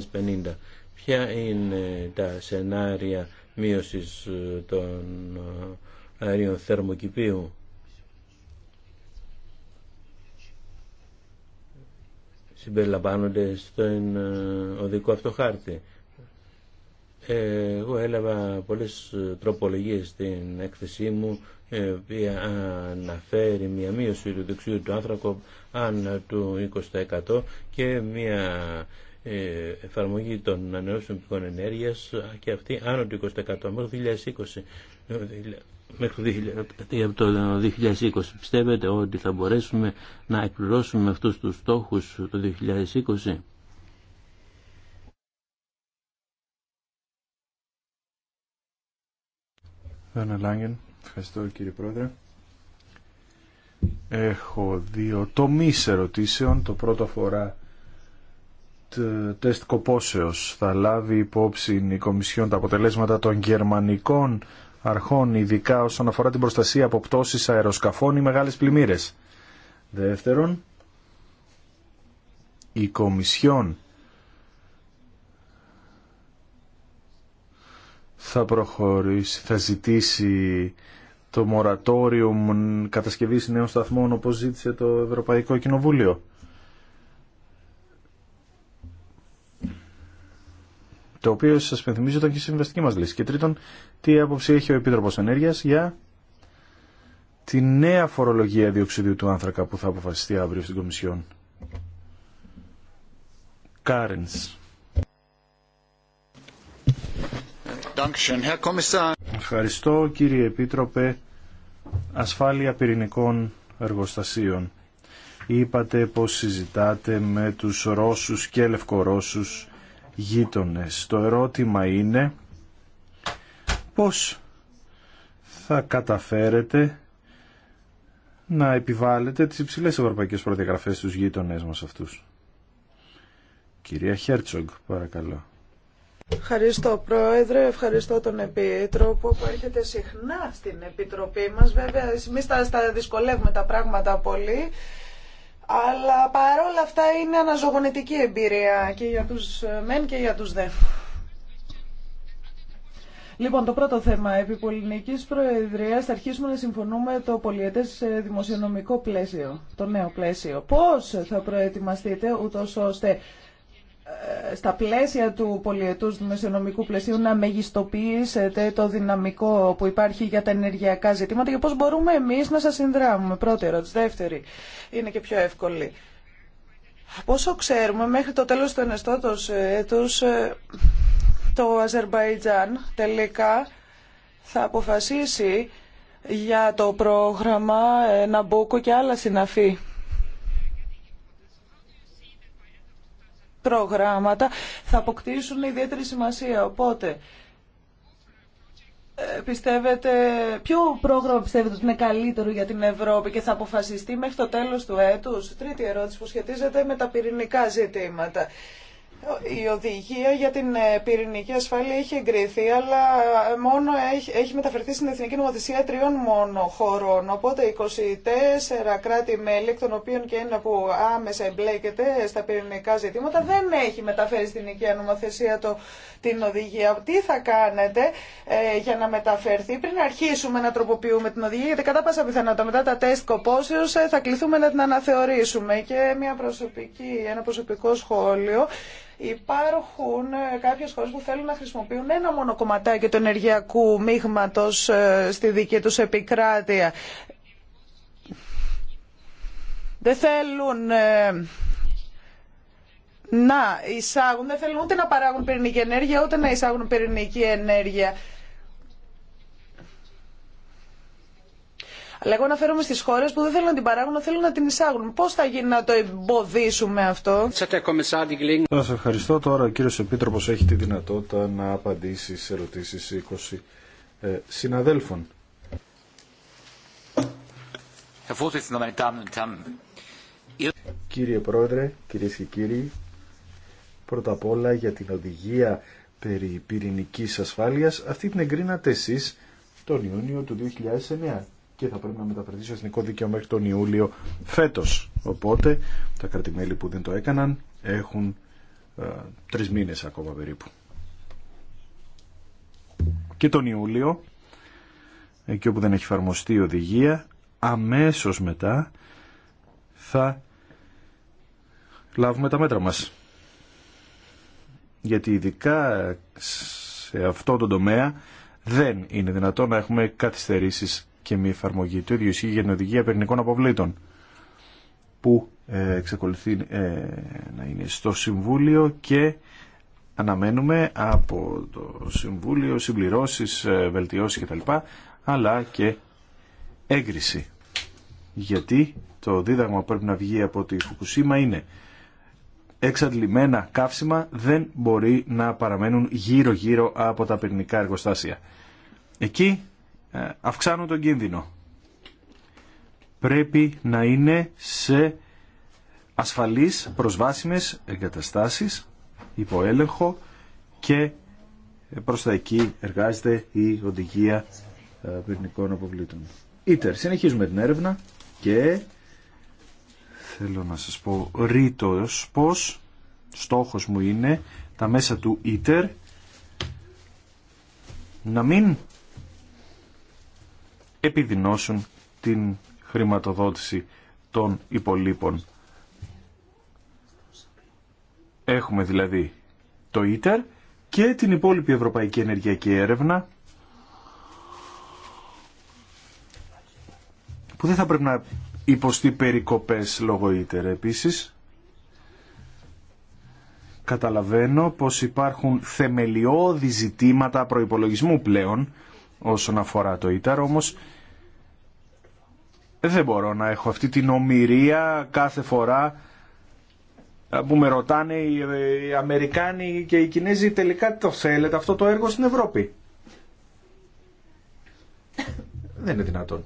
2050. Ποια είναι τα σενάρια μείωσης ε, των ε, αερίων θερμοκηπίου. συμπεριλαμβάνονται στον ε, οδικό αυτό χάρτη. Εγώ έλαβα πολλές τροπολογίες στην έκθεσή μου η οποία αναφέρει μια μείωση του δεξιού του άνθρακο αν του 20% και μια ε, εφαρμογή των ανανεώσιμων πηγών ενέργεια και αυτή άνω του 20% μέχρι το 2020. Μέχρι το 2020 πιστεύετε ότι θα μπορέσουμε να εκπληρώσουμε αυτούς τους στόχους το 2020. Ευχαριστώ κύριε Πρόεδρε. Έχω δύο τομείς ερωτήσεων. Το πρώτο αφορά τεστ κοπόσεως. Θα λάβει υπόψη η Κομισιόν τα αποτελέσματα των γερμανικών αρχών, ειδικά όσον αφορά την προστασία από πτώσεις αεροσκαφών ή μεγάλες πλημμύρες. Δεύτερον, η Κομισιόν θα προχωρήσει, θα ζητήσει το μορατόριο κατασκευής νέων σταθμών όπως ζήτησε το Ευρωπαϊκό Κοινοβούλιο. Το οποίο σας πενθυμίζω ήταν και συμβαστική μα λύση. Και τρίτον, τι άποψη έχει ο Επίτροπος Ενέργειας για τη νέα φορολογία διοξιδίου του άνθρακα που θα αποφασιστεί αύριο στην Κομισιόν. Κάρενς. Ευχαριστώ κύριε Επίτροπε Ασφάλεια Πυρηνικών Εργοστασίων. Είπατε πως συζητάτε με τους Ρώσους και Λευκορώσους γείτονες. Το ερώτημα είναι πως θα καταφέρετε να επιβάλλετε τις υψηλές ευρωπαϊκές προδιαγραφές στους γείτονές μας αυτούς. Κυρία Χέρτσογκ, παρακαλώ. Ευχαριστώ Πρόεδρε, ευχαριστώ τον Επίτροπο που έρχεται συχνά στην Επιτροπή μας. Βέβαια, εμείς τα, τα δυσκολεύουμε τα πράγματα πολύ, αλλά παρόλα αυτά είναι αναζωογονητική εμπειρία και για τους μεν και για τους δε. Λοιπόν, το πρώτο θέμα. Επί Πολυνικής Προεδρίας θα αρχίσουμε να συμφωνούμε το πολιετές δημοσιονομικό πλαίσιο, το νέο πλαίσιο. Πώς θα προετοιμαστείτε ούτως ώστε ε, στα πλαίσια του πολιετούς δημοσιονομικού πλαισίου να μεγιστοποιήσετε το δυναμικό που υπάρχει για τα ενεργειακά ζητήματα και πώς μπορούμε εμείς να σας συνδράμουμε. Πρώτη ερώτηση. Δεύτερη είναι και πιο εύκολη. Πόσο ξέρουμε μέχρι το τέλος του ενεστώτος έτους ε, το Αζερμπαϊτζάν τελικά θα αποφασίσει για το πρόγραμμα Ναμπούκο και άλλα συναφή προγράμματα θα αποκτήσουν ιδιαίτερη σημασία. Οπότε, ε, πιστεύετε, ποιο πρόγραμμα πιστεύετε ότι είναι καλύτερο για την Ευρώπη και θα αποφασιστεί μέχρι το τέλος του έτους. Τρίτη ερώτηση που σχετίζεται με τα πυρηνικά ζητήματα. Η οδηγία για την ε, πυρηνική ασφάλεια έχει εγκριθεί, αλλά μόνο έχει, μεταφερθεί στην Εθνική Νομοθεσία τριών μόνο χωρών. Οπότε 24 κράτη-μέλη, εκ των οποίων και ένα που άμεσα εμπλέκεται στα πυρηνικά ζητήματα, δεν έχει μεταφέρει στην Εθνική Νομοθεσία το, την οδηγία. Τι θα κάνετε ε, για να μεταφερθεί πριν αρχίσουμε να τροποποιούμε την οδηγία, γιατί κατά πάσα πιθανότητα μετά τα τεστ κοπόσεω ε, θα κληθούμε να την αναθεωρήσουμε. Και μια προσωπική, ένα προσωπικό σχόλιο. Υπάρχουν ε, κάποιε χώρε που θέλουν να χρησιμοποιούν ένα μόνο κομματάκι του ενεργειακού μείγματο ε, στη δική του επικράτεια. Δεν θέλουν ε, να εισάγουν, δεν θέλουν ούτε να παράγουν πυρηνική ενέργεια, ούτε να εισάγουν πυρηνική ενέργεια. Αλλά εγώ αναφέρομαι στι χώρε που δεν θέλουν να την παράγουν, θέλουν να την εισάγουν. Πώ θα γίνει να το εμποδίσουμε αυτό. Σα ευχαριστώ. Τώρα ο κύριο Επίτροπο έχει τη δυνατότητα να απαντήσει σε ερωτήσει 20 ε, συναδέλφων. Κύριε Πρόεδρε, κυρίε και κύριοι, πρώτα απ' όλα για την οδηγία περί πυρηνικής ασφάλειας, αυτή την εγκρίνατε εσείς τον Ιούνιο του 2009 και θα πρέπει να μεταφερθεί στο εθνικό δίκαιο μέχρι τον Ιούλιο φέτος. Οπότε τα κρατημέλη που δεν το έκαναν έχουν ε, τρεις μήνες ακόμα περίπου. Και τον Ιούλιο, εκεί όπου δεν έχει εφαρμοστεί η οδηγία, αμέσως μετά θα λάβουμε τα μέτρα μας. Γιατί ειδικά σε αυτό το τομέα δεν είναι δυνατόν να έχουμε καθυστερήσεις και μη εφαρμογή. Το ίδιο ισχύει για την οδηγία πυρηνικών αποβλήτων που ε, εξακολουθεί ε, να είναι στο Συμβούλιο και αναμένουμε από το Συμβούλιο συμπληρώσεις, ε, βελτιώσεις κτλ. αλλά και έγκριση. Γιατί το δίδαγμα που πρέπει να βγει από τη Φουκουσίμα είναι εξαντλημένα καύσιμα δεν μπορεί να παραμένουν γύρω-γύρω από τα πυρηνικά εργοστάσια. Εκεί ε, αυξάνουν τον κίνδυνο. Πρέπει να είναι σε ασφαλείς προσβάσιμες εγκαταστάσεις, υποέλεγχο και προς τα εκεί εργάζεται η οδηγία ε, πυρνικών αποβλήτων. Ήτερ, συνεχίζουμε την έρευνα και θέλω να σας πω ρήτος πως στόχος μου είναι τα μέσα του Ήτερ να μην επιδεινώσουν την χρηματοδότηση των υπολείπων. Έχουμε δηλαδή το ΙΤΕΡ και την υπόλοιπη Ευρωπαϊκή Ενεργειακή Έρευνα που δεν θα πρέπει να υποστεί περικοπές λόγω ΙΤΕΡ επίσης. Καταλαβαίνω πως υπάρχουν θεμελιώδη ζητήματα προϋπολογισμού πλέον όσον αφορά το ΙΤΑΡ, όμως δεν μπορώ να έχω αυτή την ομοιρία κάθε φορά που με ρωτάνε οι Αμερικάνοι και οι Κινέζοι τελικά το θέλετε αυτό το έργο στην Ευρώπη. Δεν είναι δυνατόν.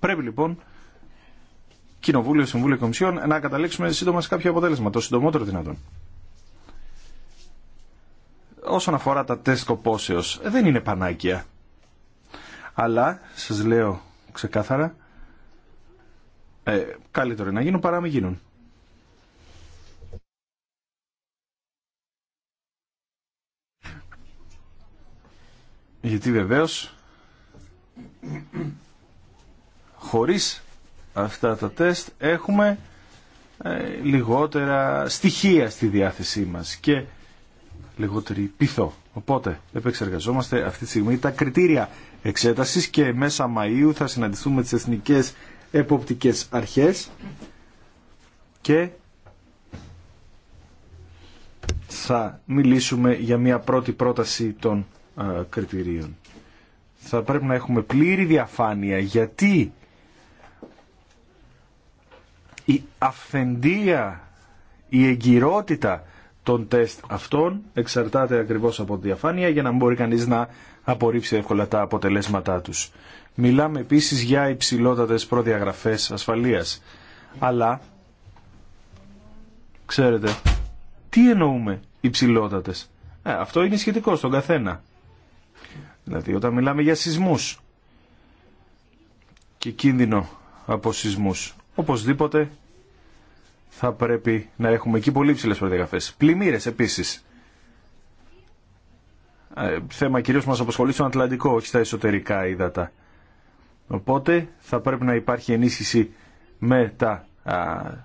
Πρέπει λοιπόν Κοινοβούλιο, Συμβούλιο Κομισιών, να καταλήξουμε σύντομα σε κάποιο αποτέλεσμα, το συντομότερο δυνατόν. Όσον αφορά τα τεστ κοπόσεω, δεν είναι πανάκια. Αλλά, σας λέω ξεκάθαρα, ε, καλύτερο να γίνουν παρά να μην γίνουν. Γιατί βεβαίω. χωρίς αυτά τα τεστ έχουμε ε, λιγότερα στοιχεία στη διάθεσή μας και λιγότερη πειθό. Οπότε επεξεργαζόμαστε αυτή τη στιγμή τα κριτήρια εξέτασης και μέσα Μαΐου θα συναντηθούμε τις εθνικές εποπτικές αρχές και θα μιλήσουμε για μια πρώτη πρόταση των ε, κριτηρίων. Θα πρέπει να έχουμε πλήρη διαφάνεια γιατί η αυθεντία, η εγκυρότητα των τεστ αυτών εξαρτάται ακριβώς από τη διαφάνεια για να μπορεί κανείς να απορρίψει εύκολα τα αποτελέσματά τους. Μιλάμε επίσης για υψηλότατες προδιαγραφές ασφαλείας. Αλλά, ξέρετε, τι εννοούμε υψηλότατες. Ε, αυτό είναι σχετικό στον καθένα. Δηλαδή όταν μιλάμε για σεισμούς και κίνδυνο από σεισμούς οπωσδήποτε θα πρέπει να έχουμε εκεί πολύ ψηλές προδιαγραφές. Πλημμύρες επίσης. Ε, θέμα κυρίως μας αποσχολεί στον Ατλαντικό, όχι στα εσωτερικά ύδατα. Οπότε θα πρέπει να υπάρχει ενίσχυση με τα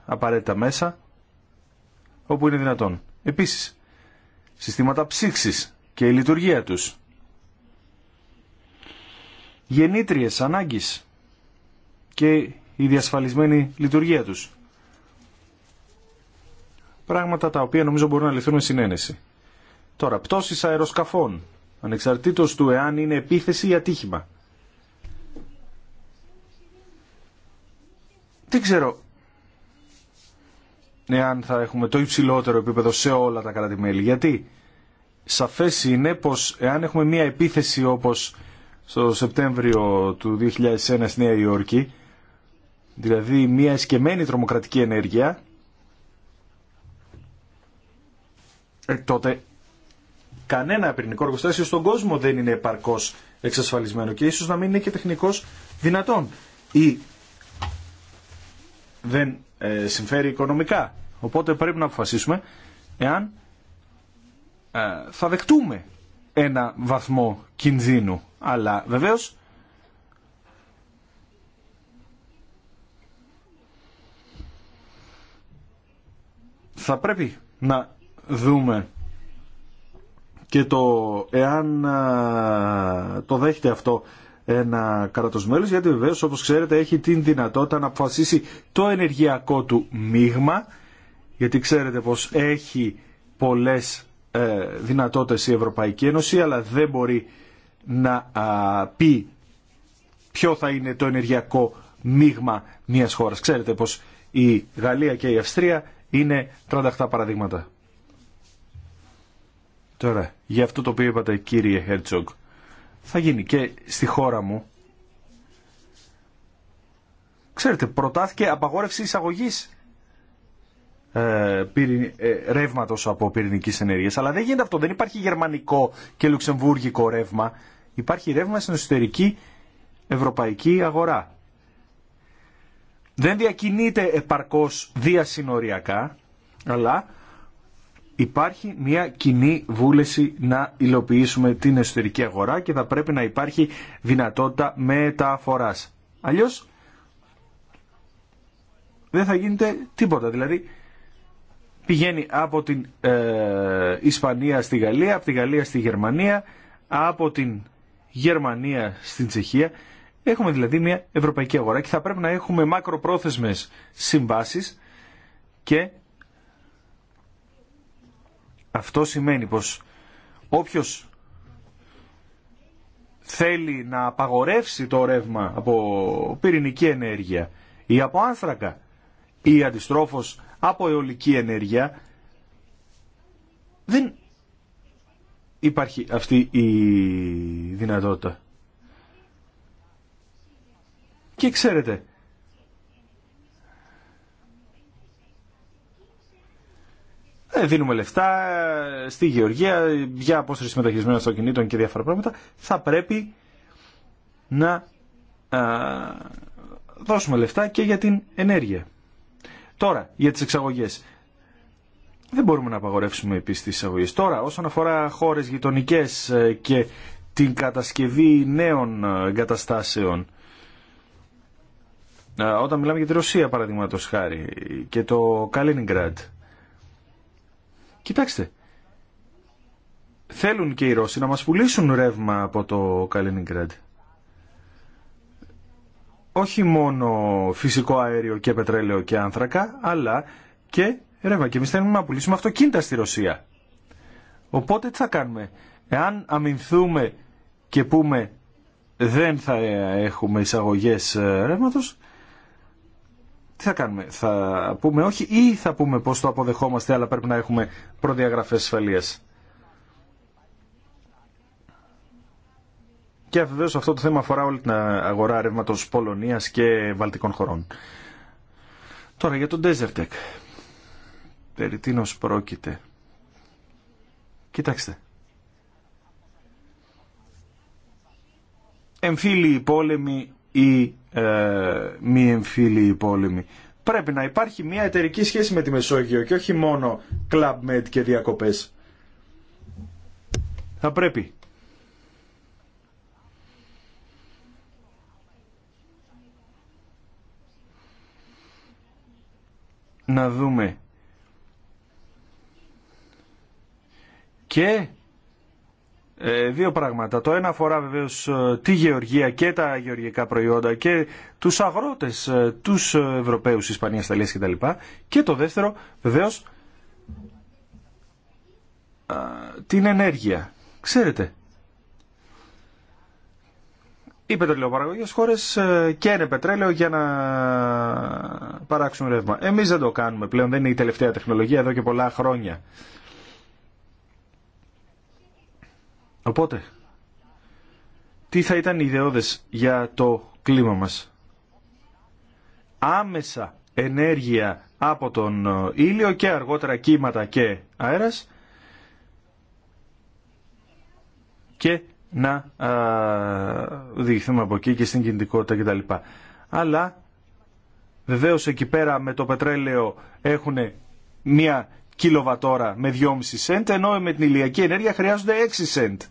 απαραίτητα μέσα όπου είναι δυνατόν. Επίσης, συστήματα ψήξης και η λειτουργία τους. Γεννήτριες ανάγκης και η διασφαλισμένη λειτουργία τους. Πράγματα τα οποία νομίζω μπορούν να λυθούν με συνένεση. Τώρα, πτώσεις αεροσκαφών, ανεξαρτήτως του εάν είναι επίθεση ή ατύχημα. Τι ξέρω εάν θα έχουμε το υψηλότερο επίπεδο σε όλα τα κράτη-μέλη. Γιατί σαφές είναι πως εάν έχουμε μία επίθεση όπως στο Σεπτέμβριο του 2001 στη Νέα Υόρκη, δηλαδή μια εσκεμμένη τρομοκρατική ενέργεια, ε, τότε κανένα πυρηνικό εργοστάσιο στον κόσμο δεν είναι επαρκώς εξασφαλισμένο και ίσως να μην είναι και τεχνικώ δυνατόν ή δεν ε, συμφέρει οικονομικά. Οπότε πρέπει να αποφασίσουμε εάν ε, θα δεχτούμε ένα βαθμό κινδύνου. Αλλά βεβαίως θα πρέπει να δούμε και το εάν το δέχεται αυτό ένα κράτος μέλος, γιατί βεβαίω, όπως ξέρετε έχει την δυνατότητα να αποφασίσει το ενεργειακό του μείγμα, γιατί ξέρετε πως έχει πολλές ε, δυνατότητες η Ευρωπαϊκή Ένωση, αλλά δεν μπορεί να πει ποιο θα είναι το ενεργειακό μείγμα μιας χώρας. Ξέρετε πως η Γαλλία και η Αυστρία είναι 38 παραδείγματα. Τώρα, για αυτό το οποίο είπατε κύριε Χέρτσογκ, θα γίνει και στη χώρα μου. Ξέρετε, προτάθηκε απαγόρευση εισαγωγής ε, ε, ρεύματος από πυρηνικής ενέργειας. Αλλά δεν γίνεται αυτό. Δεν υπάρχει γερμανικό και λουξεμβούργικο ρεύμα. Υπάρχει ρεύμα στην εσωτερική ευρωπαϊκή αγορά δεν διακινείται επαρκώς διασυνοριακά, αλλά υπάρχει μια κοινή βούληση να υλοποιήσουμε την εσωτερική αγορά και θα πρέπει να υπάρχει δυνατότητα μεταφοράς. Αλλιώς δεν θα γίνεται τίποτα. Δηλαδή πηγαίνει από την ε, Ισπανία στη Γαλλία, από τη Γαλλία στη Γερμανία, από την Γερμανία στην Τσεχία Έχουμε δηλαδή μια ευρωπαϊκή αγορά και θα πρέπει να έχουμε μακροπρόθεσμες συμβάσεις και αυτό σημαίνει πως όποιος θέλει να απαγορεύσει το ρεύμα από πυρηνική ενέργεια ή από άνθρακα ή αντιστρόφως από αιωλική ενέργεια δεν υπάρχει αυτή η δυνατότητα. Και ξέρετε, ε, δίνουμε λεφτά ε, στη γεωργία για απόσταση μεταχειρισμένων αυτοκινήτων και διάφορα πράγματα, θα πρέπει να ε, δώσουμε λεφτά και για την ενέργεια. Τώρα, για τις εξαγωγές. Δεν μπορούμε να απαγορεύσουμε επίσης τις εξαγωγές Τώρα, όσον αφορά χώρες γειτονικές και την κατασκευή νέων εγκαταστάσεων, όταν μιλάμε για τη Ρωσία παραδείγματο χάρη και το Καλίνιγκραντ. Κοιτάξτε, θέλουν και οι Ρώσοι να μας πουλήσουν ρεύμα από το Καλίνιγκραντ. Όχι μόνο φυσικό αέριο και πετρέλαιο και άνθρακα, αλλά και ρεύμα. Και εμείς θέλουμε να πουλήσουμε αυτοκίνητα στη Ρωσία. Οπότε τι θα κάνουμε. Εάν αμυνθούμε και πούμε δεν θα έχουμε εισαγωγές ε, ρεύματος, τι θα κάνουμε, θα πούμε όχι ή θα πούμε πως το αποδεχόμαστε αλλά πρέπει να έχουμε προδιαγραφές ασφαλείας. Και βεβαίω αυτό το θέμα αφορά όλη την αγορά ρεύματο Πολωνία και Βαλτικών χωρών. Τώρα για τον Τέζερτεκ. Περί τίνο πρόκειται. Κοιτάξτε. Εμφύλοι πόλεμοι ή ε, μη εμφύλοι πόλεμοι. Πρέπει να υπάρχει μια εταιρική σχέση με τη Μεσόγειο και όχι μόνο club med και διακοπές. Θα πρέπει. Να δούμε. Και ε, δύο πράγματα. Το ένα αφορά βεβαίως ε, τη γεωργία και τα γεωργικά προϊόντα και τους αγρότες, ε, τους Ευρωπαίους, Ισπανία, τα κτλ. Και το δεύτερο βεβαίως την ενέργεια. Ξέρετε, οι πετρελαιοπαραγωγές χώρε καίνε πετρέλαιο για να παράξουν ρεύμα. Εμείς δεν το κάνουμε πλέον, δεν είναι η τελευταία τεχνολογία εδώ και πολλά χρόνια. Οπότε, τι θα ήταν ιδεώδες για το κλίμα μας. Άμεσα ενέργεια από τον ε, ήλιο και αργότερα κύματα και αέρας και να διηγηθούμε από εκεί και στην κινητικότητα κτλ. Αλλά βεβαίως εκεί πέρα με το πετρέλαιο έχουν μία κιλοβατόρα με 2,5 σέντ ενώ με την ηλιακή ενέργεια χρειάζονται 6 σέντ.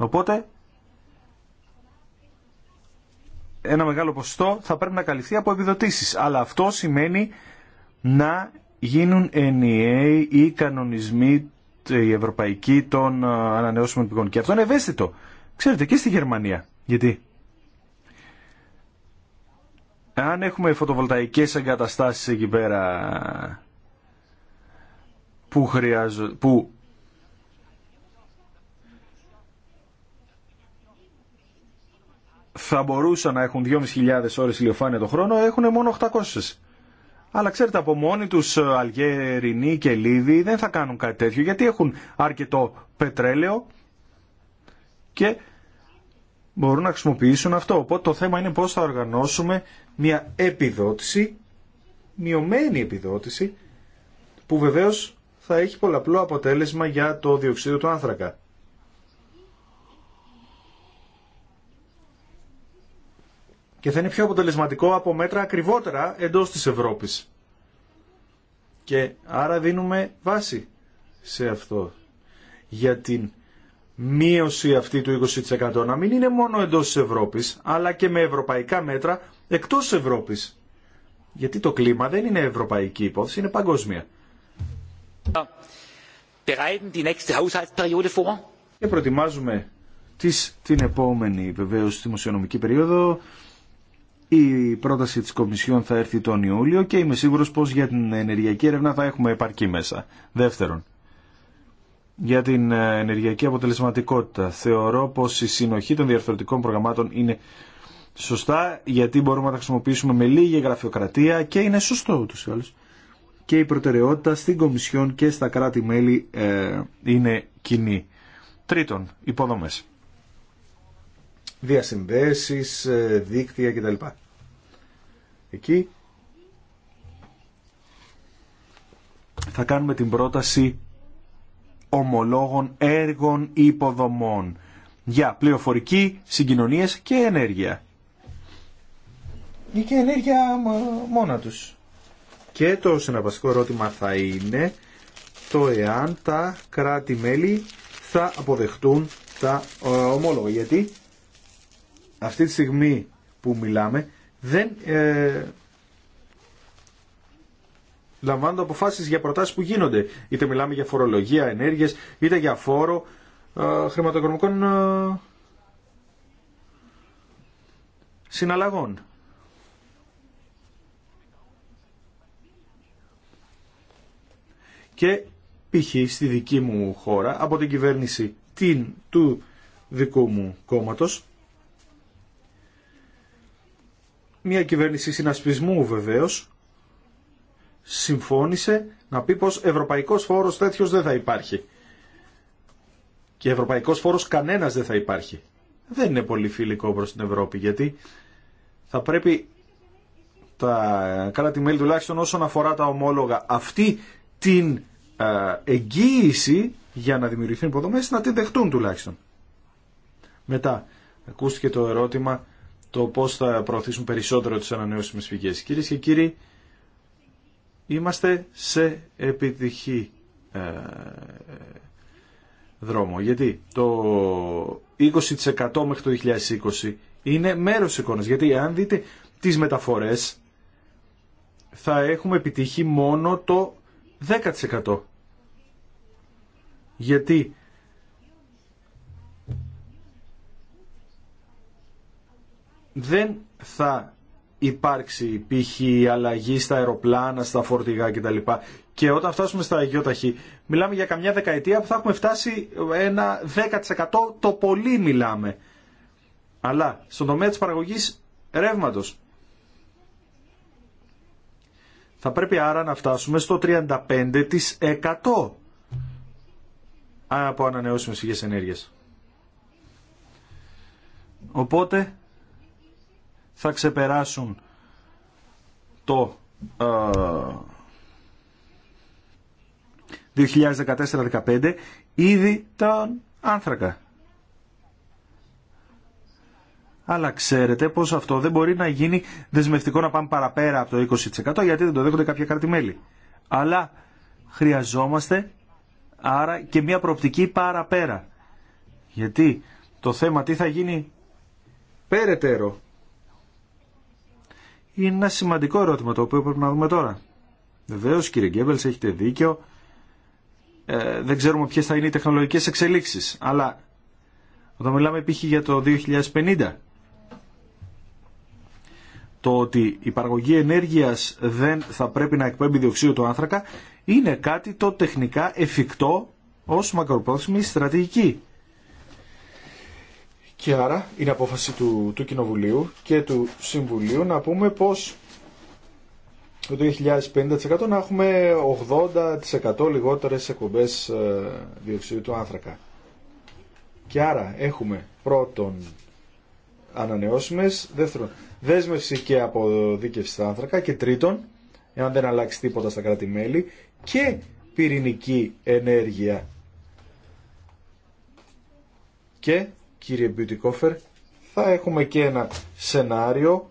Οπότε ένα μεγάλο ποσοστό θα πρέπει να καλυφθεί από επιδοτήσεις. Αλλά αυτό σημαίνει να γίνουν ενιαίοι οι κανονισμοί οι ευρωπαϊκοί των ε, ανανεώσιμων πηγών. Και αυτό είναι ευαίσθητο. Ξέρετε και στη Γερμανία. Γιατί. Αν έχουμε φωτοβολταϊκές εγκαταστάσεις εκεί πέρα που, χρειάζονται, που θα μπορούσαν να έχουν 2.500 ώρες ηλιοφάνεια το χρόνο, έχουν μόνο 800. Αλλά ξέρετε, από μόνοι τους ε, Αλγερινοί και Λίδοι δεν θα κάνουν κάτι τέτοιο, γιατί έχουν αρκετό πετρέλαιο και μπορούν να χρησιμοποιήσουν αυτό. Οπότε το θέμα είναι πώς θα οργανώσουμε μια επιδότηση, μειωμένη επιδότηση, που βεβαίως θα έχει πολλαπλό αποτέλεσμα για το διοξείδιο του άνθρακα. και θα είναι πιο αποτελεσματικό από μέτρα ακριβότερα εντός της Ευρώπης. Και άρα δίνουμε βάση σε αυτό για την μείωση αυτή του 20% να μην είναι μόνο εντός της Ευρώπης αλλά και με ευρωπαϊκά μέτρα εκτός της Ευρώπης. Γιατί το κλίμα δεν είναι ευρωπαϊκή υπόθεση, είναι παγκόσμια. Και προετοιμάζουμε τις, την επόμενη βεβαίως δημοσιονομική περίοδο η πρόταση της Κομισιόν θα έρθει τον Ιούλιο και είμαι σίγουρος πως για την ενεργειακή έρευνα θα έχουμε επαρκή μέσα. Δεύτερον, για την ε, ενεργειακή αποτελεσματικότητα. Θεωρώ πως η συνοχή των διαρθρωτικών προγραμμάτων είναι σωστά γιατί μπορούμε να τα χρησιμοποιήσουμε με λίγη γραφειοκρατία και είναι σωστό ούτως ή Και η προτεραιότητα στην Κομισιόν και στα κράτη-μέλη ε, είναι κοινή. Τρίτον, υποδομές διασυνδέσεις, ε, δίκτυα κτλ. Εκεί θα κάνουμε την πρόταση ομολόγων έργων υποδομών για πληροφορική, συγκοινωνίες και ενέργεια. Ή και ενέργεια μόνα τους. Και το συναπαστικό ερώτημα θα είναι το εάν τα κράτη-μέλη θα αποδεχτούν τα ε, ομόλογα. Γιατί αυτή τη στιγμή που μιλάμε δεν ε, λαμβάνονται αποφάσεις για προτάσεις που γίνονται. Είτε μιλάμε για φορολογία, ενέργειες, είτε για φόρο ε, χρηματοοικονομικών ε, συναλλαγών. Και π.χ. στη δική μου χώρα, από την κυβέρνηση την, του δικού μου κόμματος, μια κυβέρνηση συνασπισμού βεβαίω συμφώνησε να πει πως ευρωπαϊκός φόρος τέτοιος δεν θα υπάρχει. Και ευρωπαϊκός φόρος κανένας δεν θα υπάρχει. Δεν είναι πολύ φιλικό προς την Ευρώπη γιατί θα πρέπει τα κράτη-μέλη τουλάχιστον όσον αφορά τα ομόλογα αυτή την ε, εγγύηση για να δημιουργηθούν υποδομές να την δεχτούν τουλάχιστον. Μετά ακούστηκε το ερώτημα το πώ θα προωθήσουν περισσότερο τι ανανεώσιμε πηγέ. Κυρίε και κύριοι, είμαστε σε επιτυχή ε, δρόμο. Γιατί το 20% μέχρι το 2020 είναι μέρος τη εικόνας. Γιατί αν δείτε τις μεταφορές θα έχουμε επιτύχει μόνο το 10%. Γιατί δεν θα υπάρξει π.χ. αλλαγή στα αεροπλάνα, στα φορτηγά κτλ. Και όταν φτάσουμε στα Αγιώταχη, μιλάμε για καμιά δεκαετία που θα έχουμε φτάσει ένα 10% το πολύ μιλάμε. Αλλά στον τομέα της παραγωγής ρεύματος. Θα πρέπει άρα να φτάσουμε στο 35% από ανανεώσιμες πηγές ενέργειας. Οπότε θα ξεπεράσουν το 2014-2015 ε, ήδη τον άνθρακα. Αλλά ξέρετε πως αυτό δεν μπορεί να γίνει δεσμευτικό να πάμε παραπέρα από το 20% γιατί δεν το δέχονται κάποια κρατημέλη. Αλλά χρειαζόμαστε άρα και μια προοπτική παραπέρα. Γιατί το θέμα τι θα γίνει περαιτέρω είναι ένα σημαντικό ερώτημα το οποίο πρέπει να δούμε τώρα. Βεβαίω κύριε Γκέμπελ, έχετε δίκιο. Ε, δεν ξέρουμε ποιε θα είναι οι τεχνολογικέ εξελίξεις. Αλλά όταν μιλάμε π.χ. για το 2050 το ότι η παραγωγή ενέργειας δεν θα πρέπει να εκπέμπει διοξείδιο του άνθρακα είναι κάτι το τεχνικά εφικτό ως μακροπρόθεσμη στρατηγική. Και άρα είναι απόφαση του, Κοινοβουλίου και του Συμβουλίου να πούμε πως το 2050% να έχουμε 80% λιγότερες εκπομπές ε, διοξιδίου του άνθρακα. Και άρα έχουμε πρώτον ανανεώσιμες, δεύτερον δέσμευση και αποδίκευση στα άνθρακα και τρίτον, εάν δεν αλλάξει τίποτα στα κράτη-μέλη, και πυρηνική ενέργεια. Και κύριε Μπιουτικόφερ, θα έχουμε και ένα σενάριο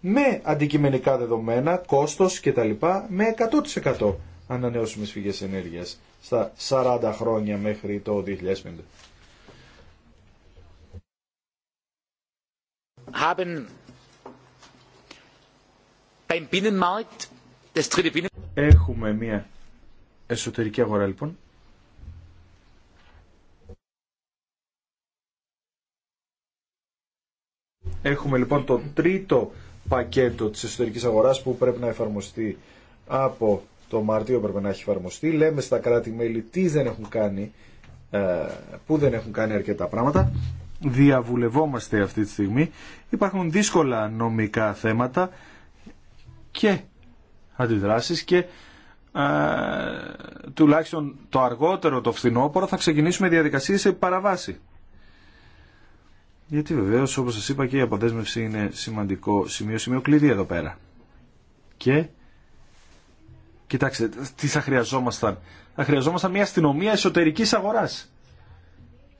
με αντικειμενικά δεδομένα, κόστος και λοιπά, με 100% ανανεώσιμες πηγές ενέργειας στα 40 χρόνια μέχρι το 2050. Haben beim Binnenmarkt Έχουμε μια εσωτερική αγορά λοιπόν Έχουμε λοιπόν το τρίτο πακέτο της εσωτερικής αγοράς που πρέπει να εφαρμοστεί από το Μαρτίο πρέπει να έχει εφαρμοστεί. Λέμε στα κράτη-μέλη τι δεν έχουν κάνει, ε, που δεν έχουν κάνει αρκετά πράγματα. Διαβουλευόμαστε αυτή τη στιγμή. Υπάρχουν δύσκολα νομικά θέματα και αντιδράσεις και ε, τουλάχιστον το αργότερο το φθινόπωρο θα ξεκινήσουμε διαδικασίες σε παραβάση. Γιατί βεβαίως όπως σας είπα και η αποδέσμευση είναι σημαντικό σημείο, σημείο κλειδί εδώ πέρα. Και κοιτάξτε τι θα χρειαζόμασταν. Θα χρειαζόμασταν μια αστυνομία εσωτερικής αγοράς.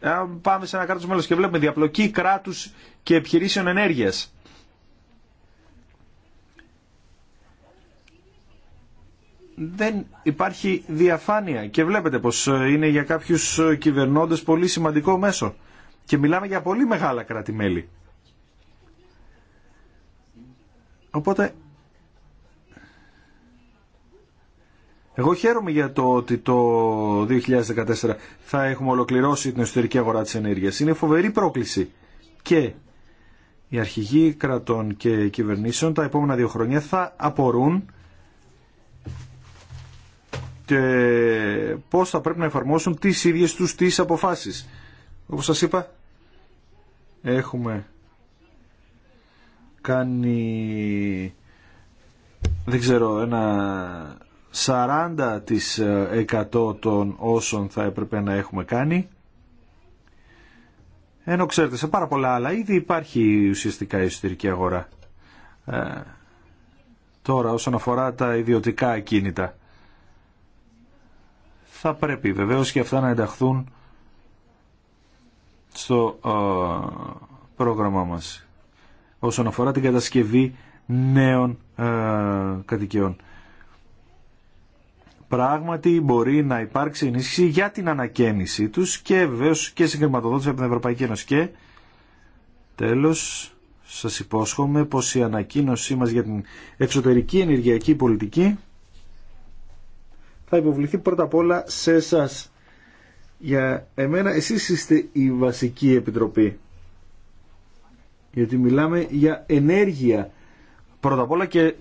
Αν πάμε σε ένα κράτος μέλος και βλέπουμε διαπλοκή κράτους και επιχειρήσεων ενέργειας. δεν υπάρχει διαφάνεια και βλέπετε πως είναι για κάποιους κυβερνώντες πολύ σημαντικό μέσο. Και μιλάμε για πολύ μεγάλα κράτη-μέλη. Οπότε, εγώ χαίρομαι για το ότι το 2014 θα έχουμε ολοκληρώσει την εσωτερική αγορά της ενέργειας. Είναι φοβερή πρόκληση. Και οι αρχηγοί κρατών και κυβερνήσεων τα επόμενα δύο χρόνια θα απορούν και πώς θα πρέπει να εφαρμόσουν τις ίδιες τους τις αποφάσεις. Όπως σας είπα, έχουμε κάνει, δεν ξέρω, ένα 40% ε, των όσων θα έπρεπε να έχουμε κάνει. Ενώ ξέρετε, σε πάρα πολλά άλλα ήδη υπάρχει ουσιαστικά η εσωτερική αγορά. Ε, τώρα, όσον αφορά τα ιδιωτικά ακίνητα, θα πρέπει βεβαίως και αυτά να ενταχθούν στο πρόγραμμά μας όσον αφορά την κατασκευή νέων κατοικιών. Πράγματι μπορεί να υπάρξει ενίσχυση για την ανακαίνιση τους και βεβαίως και συγκριματοδότηση από την Ευρωπαϊκή Ένωση. Και τέλος σας υπόσχομαι πως η ανακοίνωσή μας για την εξωτερική ενεργειακή πολιτική θα υποβληθεί πρώτα απ' όλα σε εσάς για εμένα εσείς είστε η βασική επιτροπή. Γιατί μιλάμε για ενέργεια πρώτα απ' όλα και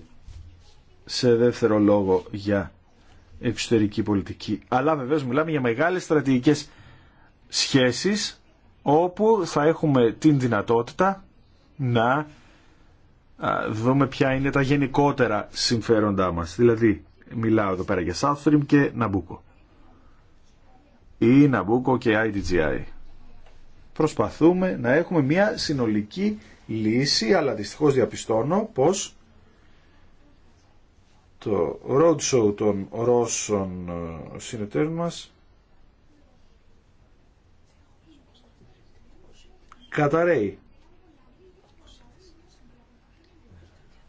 σε δεύτερο λόγο για εξωτερική πολιτική. Αλλά βεβαίως μιλάμε για μεγάλες στρατηγικές σχέσεις όπου θα έχουμε την δυνατότητα να δούμε ποια είναι τα γενικότερα συμφέροντά μας. Δηλαδή μιλάω εδώ πέρα για South και Ναμπούκο ή Ναμπούκο και IDGI. Προσπαθούμε να έχουμε μια συνολική λύση, αλλά δυστυχώς διαπιστώνω πως το roadshow των Ρώσων ε, συνεταίρων μας καταραίει.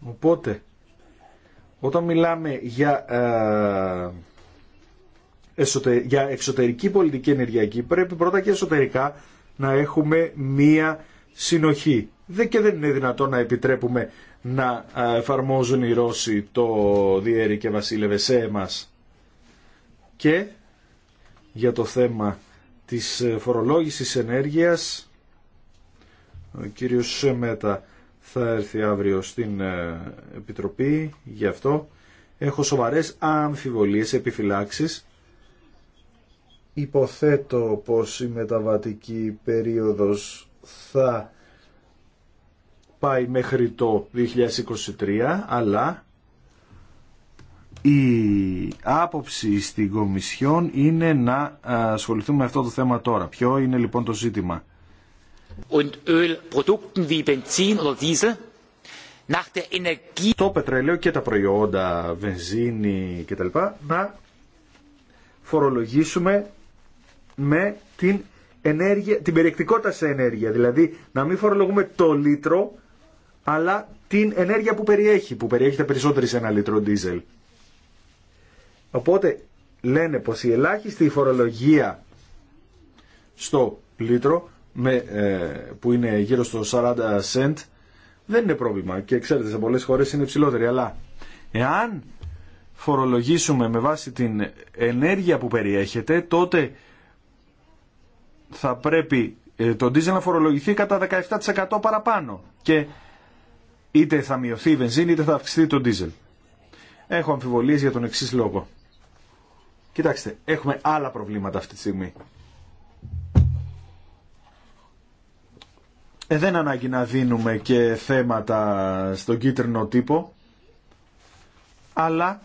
Οπότε, όταν μιλάμε για ε, για εξωτερική πολιτική ενεργειακή πρέπει πρώτα και εσωτερικά να έχουμε μία συνοχή. Και δεν είναι δυνατό να επιτρέπουμε να εφαρμόζουν οι Ρώσοι το Διέρη και Βασίλευε σε εμάς. Και για το θέμα της ε, φορολόγησης ενέργειας ο κύριος Σεμέτα θα έρθει αύριο στην ε, Επιτροπή γι' αυτό έχω σοβαρές αμφιβολίες επιφυλάξεις Υποθέτω πως η μεταβατική περίοδος θα πάει μέχρι το 2023, αλλά η άποψη στην Κομισιόν είναι να ασχοληθούμε με αυτό το θέμα τώρα. Ποιο είναι λοιπόν το ζήτημα. Το πετρέλαιο και τα προϊόντα βενζίνη κτλ. να φορολογήσουμε με την, ενέργεια, την περιεκτικότητα σε ενέργεια. Δηλαδή να μην φορολογούμε το λίτρο, αλλά την ενέργεια που περιέχει, που περιέχεται περισσότερη σε ένα λίτρο ντίζελ. Οπότε λένε πως η ελάχιστη φορολογία στο λίτρο με, ε, που είναι γύρω στο 40 cent δεν είναι πρόβλημα και ξέρετε σε πολλές χώρες είναι υψηλότερη αλλά εάν φορολογήσουμε με βάση την ενέργεια που περιέχεται τότε θα πρέπει ε, το ντίζελ να φορολογηθεί κατά 17% παραπάνω και είτε θα μειωθεί η βενζίνη είτε θα αυξηθεί το ντίζελ. Έχω αμφιβολίες για τον εξή λόγο. Κοιτάξτε, έχουμε άλλα προβλήματα αυτή τη στιγμή. Ε, δεν ανάγκη να δίνουμε και θέματα στον κίτρινο τύπο, αλλά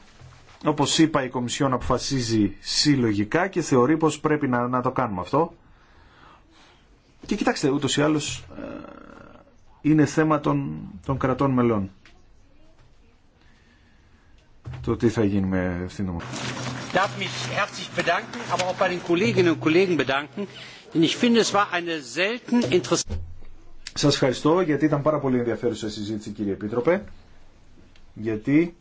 όπως είπα η Κομισιόν αποφασίζει συλλογικά και θεωρεί πως πρέπει να, να το κάνουμε αυτό και κοιτάξτε, ούτω ή άλλω ε, είναι θέμα των, των κρατών μελών. Το τι θα γίνει με αυτήν την ομορφή. Σα ευχαριστώ γιατί ήταν πάρα πολύ ενδιαφέρουσα η συζήτηση κύριε Επίτροπε. Γιατί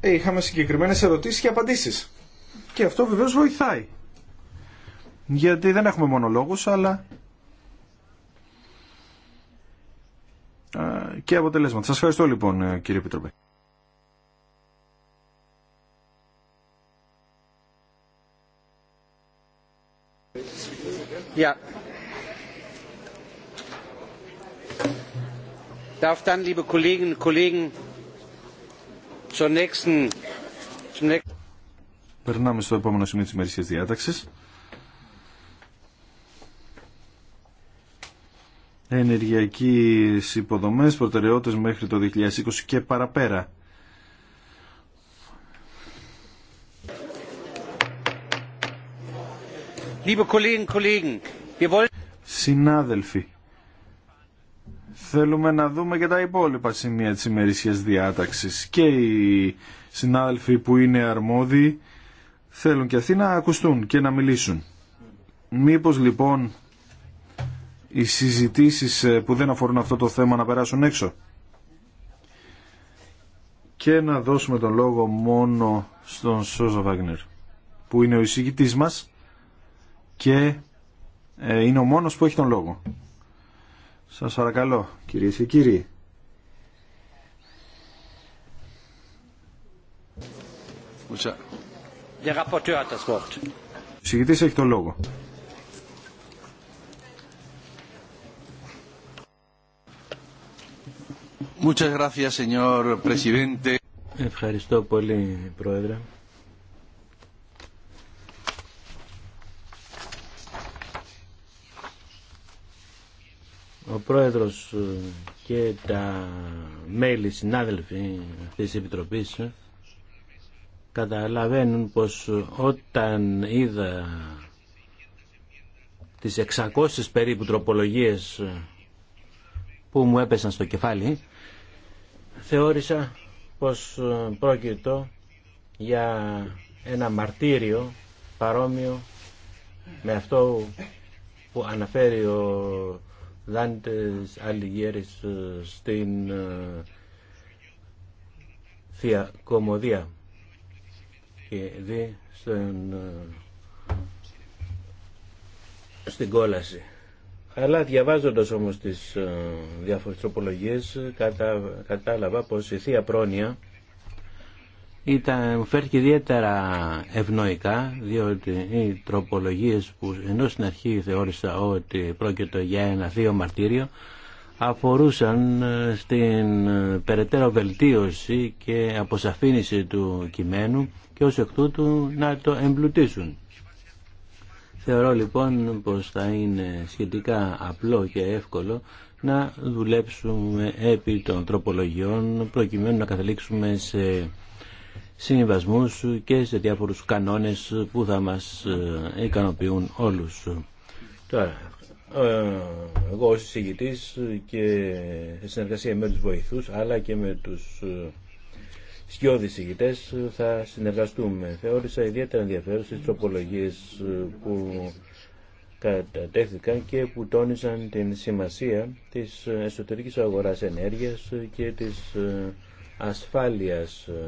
ε, είχαμε συγκεκριμένε ερωτήσει και απαντήσει. Και αυτό βεβαίω βοηθάει. Γιατί δεν έχουμε μόνο λόγους, αλλά ε, και αποτελέσματα. Σας ευχαριστώ λοιπόν ε, κύριε Επιτροπέ. Darf dann, liebe Kolleginnen und Kollegen, zur nächsten, zum nächsten... Περνάμε στο επόμενο σημείο τη ημερησίας διάταξη. ενεργειακή υποδομές, προτεραιότητες μέχρι το 2020 και παραπέρα. Συνάδελφοι, θέλουμε να δούμε και τα υπόλοιπα σημεία της ημερήσιας διάταξης και οι συνάδελφοι που είναι αρμόδιοι θέλουν και αυτοί να ακουστούν και να μιλήσουν. Μήπως λοιπόν οι συζητήσεις ε, που δεν αφορούν αυτό το θέμα να περάσουν έξω και να δώσουμε τον λόγο μόνο στον Σόζο Βάγνερ που είναι ο εισηγητής μας και ε, είναι ο μόνος που έχει τον λόγο. Σας παρακαλώ κύριε και κύριοι. Ο εισηγητής έχει τον λόγο. Ευχαριστώ πολύ, Πρόεδρε. Ο Πρόεδρος ε, και τα μέλη συνάδελφοι αυτής της Επιτροπής ε, καταλαβαίνουν πως όταν είδα τις 600 περίπου τροπολογίες ε, που μου έπεσαν στο κεφάλι θεώρησα πως ε, πρόκειτο για ένα μαρτύριο παρόμοιο με αυτό που αναφέρει ο Δάντες Αλιγέρης ε, στην ε, Θεία Κομωδία και δει στον, στην κόλαση. Αλλά διαβάζοντας όμως τις ε, διάφορε τροπολογίες κατα... κατάλαβα πως η Θεία Πρόνοια ήταν, φέρθηκε ιδιαίτερα ευνοϊκά διότι οι τροπολογίες που ενώ στην αρχή θεώρησα ότι πρόκειται για ένα θείο μαρτύριο αφορούσαν ε, στην ε, περαιτέρω βελτίωση και αποσαφήνιση του κειμένου και ως εκ τούτου να το εμπλουτίσουν. Θεωρώ λοιπόν πως θα είναι σχετικά απλό και εύκολο να δουλέψουμε επί των τροπολογιών προκειμένου να καταλήξουμε σε συμβασμούς και σε διάφορους κανόνες που θα μας ε, ικανοποιούν όλους. Τώρα, ε, εγώ ως και σε συνεργασία με τους βοηθούς αλλά και με τους ε, σκιώδη ηγητέ θα συνεργαστούμε. Θεώρησα ιδιαίτερα ενδιαφέρουσε τι τροπολογίε ε, που κατατέθηκαν και που τόνισαν την σημασία της εσωτερικής αγοράς ενέργεια και της ε, ασφάλειας ε,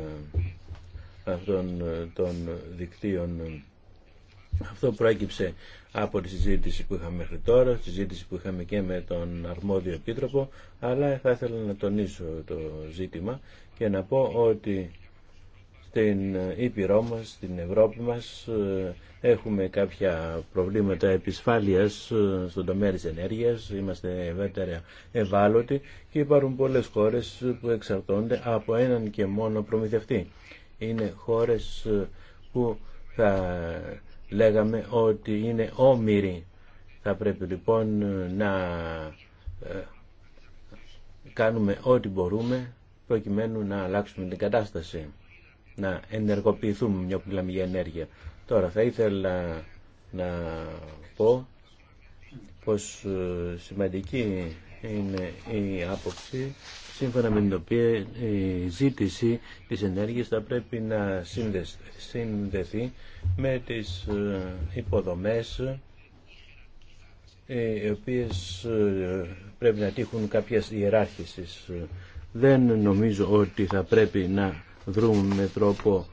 αυτών των δικτύων. Αυτό προέκυψε από τη συζήτηση που είχαμε μέχρι τώρα, τη συζήτηση που είχαμε και με τον αρμόδιο επίτροπο, αλλά θα ήθελα να τονίσω το ζήτημα και να πω ότι στην Ήπειρό μας, στην Ευρώπη μας ε, έχουμε κάποια προβλήματα επισφάλειας ε, στον τομέα της ενέργειας, είμαστε ευαίτερα ευάλωτοι και υπάρχουν πολλές χώρες που εξαρτώνται από έναν και μόνο προμηθευτή. Είναι χώρες ε, που θα λέγαμε ότι είναι όμοιροι. Θα πρέπει λοιπόν να κάνουμε ό,τι μπορούμε προκειμένου να αλλάξουμε την κατάσταση, να ενεργοποιηθούμε μια που μιλάμε για ενέργεια. Τώρα θα ήθελα να πω πως ε, σημαντική είναι η άποψη σύμφωνα με την οποία ε, η ζήτηση της ενέργειας θα πρέπει να συνδεθεί με τις ε, υποδομές οι οποίες πρέπει να τύχουν κάποιες ιεράρχησης δεν νομίζω ότι θα πρέπει να δρούμε με τρόπο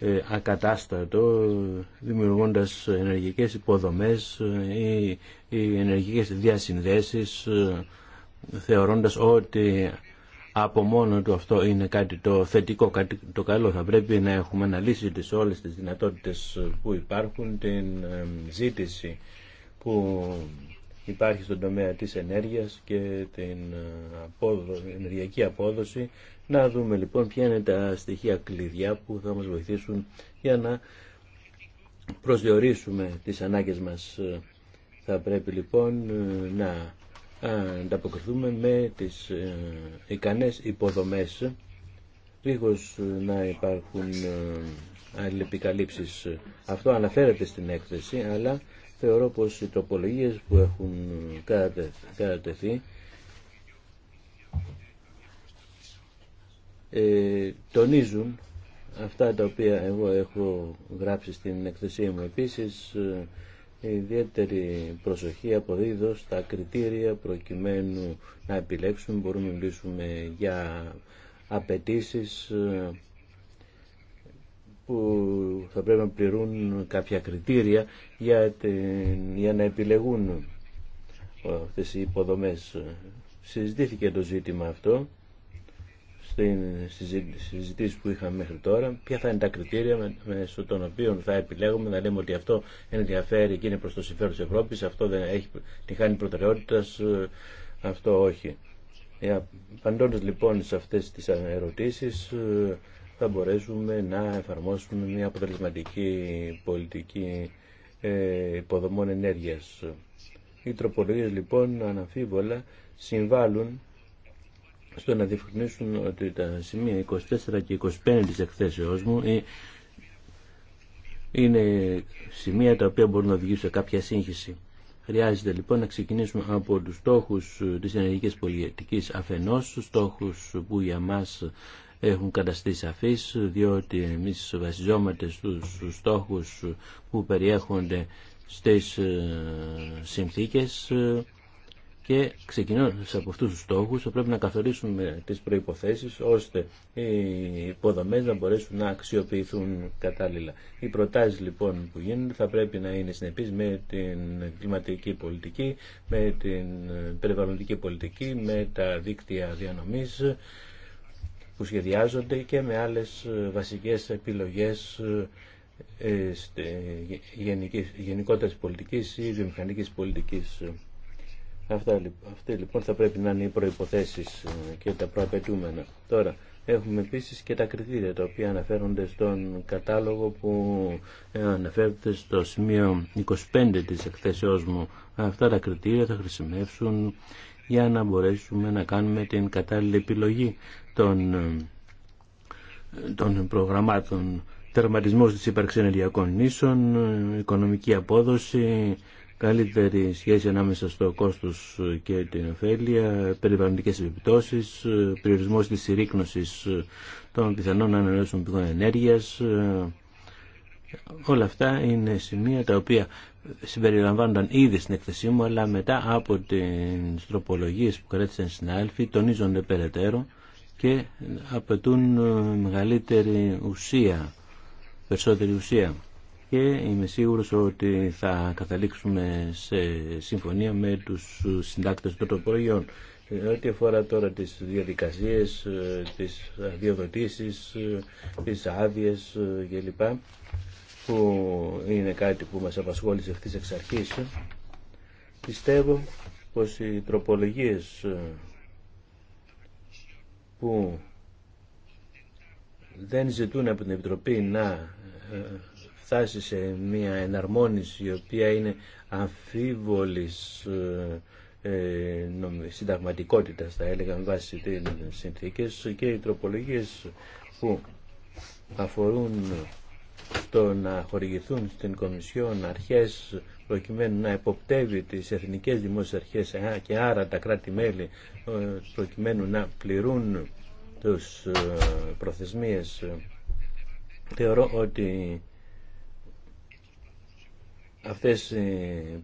ε, ακατάστατο δημιουργώντας ενεργικές υποδομές ε, ή, ή ενεργικές διασυνδέσεις ε, θεωρώντας ότι από μόνο του αυτό είναι κάτι το θετικό, κάτι το καλό. Θα πρέπει να έχουμε αναλύσει τις όλες τις δυνατότητες που υπάρχουν, την ζήτηση που υπάρχει στον τομέα της ενέργειας και την ε, ενεργειακή απόδοση. Να δούμε λοιπόν ποια είναι τα στοιχεία κλειδιά που θα μας βοηθήσουν για να προσδιορίσουμε τις ανάγκες μας. Θα πρέπει λοιπόν ε, να ανταποκριθούμε με τις ε, ικανές υποδομές λίγος να υπάρχουν αλληλεπικαλύψεις. Αυτό αναφέρεται στην έκθεση, αλλά Θεωρώ πως οι τοπολογίες που έχουν κατατεθεί ε, τονίζουν αυτά τα οποία εγώ έχω γράψει στην εκθεσία μου. Επίσης, ε, ιδιαίτερη προσοχή αποδίδω στα κριτήρια προκειμένου να επιλέξουμε. Μπορούμε να μιλήσουμε για απαιτήσει ε, που θα πρέπει να πληρούν κάποια κριτήρια για, την, για να επιλεγούν αυτές οι υποδομές. Συζητήθηκε το ζήτημα αυτό στις συζητήση που είχαμε μέχρι τώρα, ποια θα είναι τα κριτήρια μέσω των οποίων θα επιλέγουμε, να λέμε ότι αυτό ενδιαφέρει και είναι προς το συμφέρον της Ευρώπης, αυτό δεν έχει, την χάνει προτεραιότητας, ε, αυτό όχι. Ε, Παντώντα λοιπόν σε αυτές τις ερωτήσεις, ε, θα μπορέσουμε να εφαρμόσουμε μια αποτελεσματική πολιτική ε, υποδομών ενέργειας. Οι τροπολογίες λοιπόν αναμφίβολα συμβάλλουν στο να διευκρινίσουν ότι τα σημεία 24 και 25 της εκθέσεώς μου ε, είναι σημεία τα οποία μπορούν να οδηγήσουν σε κάποια σύγχυση. Χρειάζεται λοιπόν να ξεκινήσουμε από τους στόχους της ενεργικής πολιτικής αφενός, στόχους που για μας έχουν καταστεί σαφείς διότι εμείς βασιζόμαστε στους στόχους που περιέχονται στις ε, συνθήκες ε, και ξεκινώντας από αυτούς τους στόχους θα πρέπει να καθορίσουμε τις προϋποθέσεις ώστε οι υποδομές να μπορέσουν να αξιοποιηθούν κατάλληλα. Οι προτάσεις λοιπόν που γίνονται θα πρέπει να είναι συνεπείς με την κλιματική πολιτική, με την περιβαλλοντική πολιτική, με τα δίκτυα διανομής που σχεδιάζονται και με άλλες ε, βασικές επιλογές ε, ε, γενικότερης πολιτικής ή βιομηχανικής πολιτικής. Αυτά, αυτή λοιπόν θα πρέπει να είναι οι προϋποθέσεις και τα προαπαιτούμενα. Τώρα, έχουμε επίσης και τα κριτήρια τα οποία αναφέρονται στον κατάλογο που αναφέρεται στο σημείο 25 της εκθέσεώς μου. Αυτά τα κριτήρια θα χρησιμεύσουν για να μπορέσουμε να κάνουμε την κατάλληλη επιλογή των, των προγραμμάτων τερματισμός της ύπαρξης ενεργειακών νήσων, οικονομική απόδοση, καλύτερη σχέση ανάμεσα στο κόστος και την ωφέλεια, περιβαλλοντικές επιπτώσεις, περιορισμός της συρρήκνωσης των πιθανών ανανεώσιμων πηγών ενέργειας. Όλα αυτά είναι σημεία τα οποία συμπεριλαμβάνονταν ήδη στην εκθεσή μου, αλλά μετά από τις τροπολογίες που κράτησαν στην άλφη τονίζονται περαιτέρω και απαιτούν ε, μεγαλύτερη ουσία, περισσότερη ουσία. Και είμαι σίγουρος ότι θα καταλήξουμε σε συμφωνία με τους συντάκτες των τροπολογιών, ε, Ό,τι αφορά τώρα τις διαδικασίες, ε, τις αδειοδοτήσεις, τις άδειε κλπ που είναι κάτι που μας απασχόλησε αυτής εξ αρχής πιστεύω πως οι τροπολογίες που δεν ζητούν από την Επιτροπή να ε, φτάσει σε μια εναρμόνιση η οποία είναι αμφίβολης ε, ε συνταγματικότητας θα με βάση τις συνθήκες και οι τροπολογίες που αφορούν το να χορηγηθούν στην Κομισιόν αρχές προκειμένου να εποπτεύει τις εθνικές δημόσιες αρχές και άρα τα κράτη-μέλη ε, προκειμένου να πληρούν τους ε, προθεσμίες θεωρώ ότι αυτές οι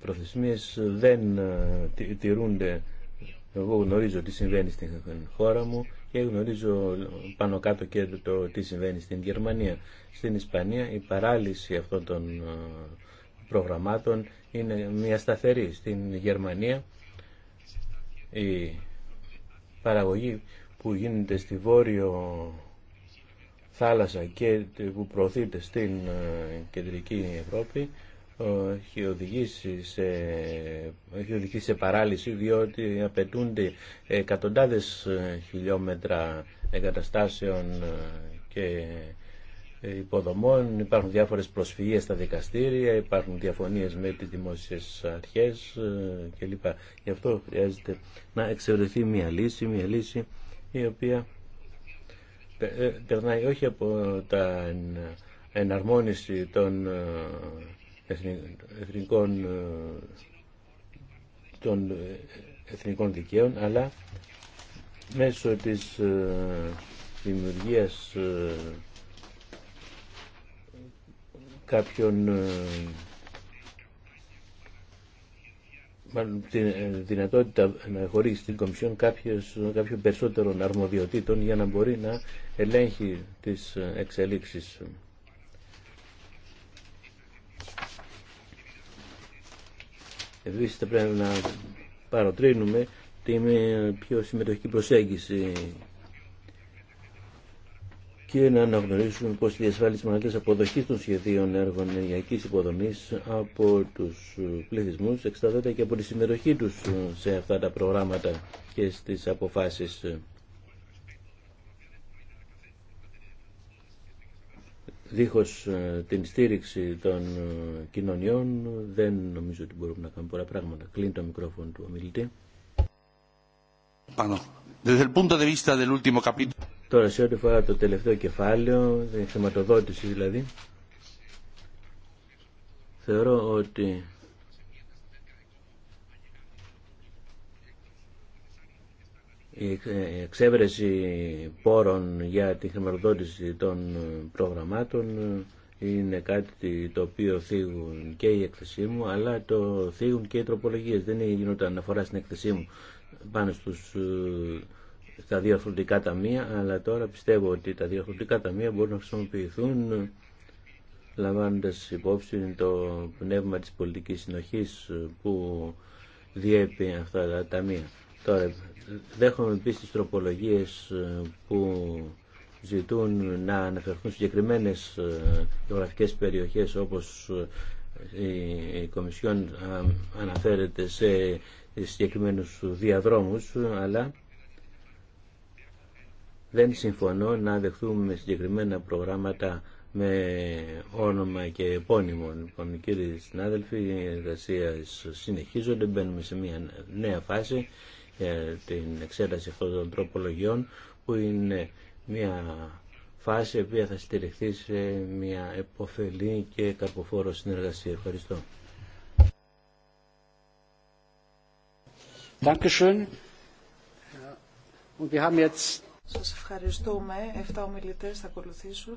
προθεσμίες δεν ε, τηρούνται εγώ γνωρίζω τι συμβαίνει στην χώρα μου και γνωρίζω πάνω κάτω και το τι συμβαίνει στην Γερμανία. Στην Ισπανία η παράλυση αυτών των ε, προγραμμάτων είναι μια σταθερή. Στην Γερμανία η παραγωγή που γίνεται στη Βόρειο θάλασσα και που προωθείται στην ε, κεντρική Ευρώπη έχει οδηγήσει σε, έχει παράλυση διότι απαιτούνται εκατοντάδες ε, χιλιόμετρα εγκαταστάσεων ε, και ε, υποδομών, υπάρχουν διάφορες προσφυγίες στα δικαστήρια, υπάρχουν διαφωνίες με τις δημόσιες αρχές κλπ. Γι' αυτό χρειάζεται να εξαιρεθεί μια λύση, μια λύση η οποία περνάει όχι από τα εναρμόνιση των εθνικών, ε, των ε, εθνικών δικαίων, αλλά μέσω της ε, δημιουργίας κάποιων μάλλον τη δυνατότητα να χωρίσει στην Κομισιόν κάποιων περισσότερων αρμοδιοτήτων για να μπορεί να ελέγχει τις εξελίξεις. Επίσης θα πρέπει να παροτρύνουμε την ε, πιο συμμετοχική προσέγγιση και να αναγνωρίσουμε πως η διασφάλιση μοναδικής αποδοχής των σχεδίων έργων ενεργειακής υποδομής από τους ε, πληθυσμούς εξαρτάται και από τη συμμετοχή τους ε, σε αυτά τα προγράμματα και στις αποφάσεις. δίχως ε, την στήριξη των ε, κοινωνιών δεν νομίζω ότι μπορούμε να κάνουμε πολλά πράγματα. Κλείνει το μικρόφωνο του ομιλητή. Πάνω. Τώρα σε ό,τι φορά το τελευταίο κεφάλαιο, η ε, χρηματοδότηση δηλαδή, θεωρώ ότι η εξέβρεση πόρων για τη χρηματοδότηση των προγραμμάτων είναι κάτι το οποίο θίγουν και η εκθεσή μου, αλλά το θίγουν και οι τροπολογίες. Δεν γινόταν αναφορά στην εκθεσή μου πάνω στους, ε, στα δύο ταμεία, αλλά τώρα πιστεύω ότι τα δύο ταμεία μπορούν να χρησιμοποιηθούν λαμβάνοντας υπόψη το πνεύμα της πολιτικής συνοχής που διέπει αυτά τα ταμεία. Τώρα δέχομαι επίση τις τροπολογίες ε, που ζητούν να αναφερθούν συγκεκριμένες ε, γεωγραφικές περιοχές όπως ε, η Κομισιόν αναφέρεται σε συγκεκριμένους διαδρόμους αλλά δεν συμφωνώ να δεχθούμε συγκεκριμένα προγράμματα με όνομα και επώνυμο. Λοιπόν, κύριοι συνάδελφοι, οι εργασίε συνεχίζονται, μπαίνουμε σε μια νέα φάση ε, την εξέταση αυτών των τροπολογιών που είναι μια φάση η οποία θα στηριχθεί σε μια εποφελή και καρποφόρο συνεργασία. Ευχαριστώ. Σας ευχαριστούμε. Εφτά ομιλητές θα ακολουθήσουν.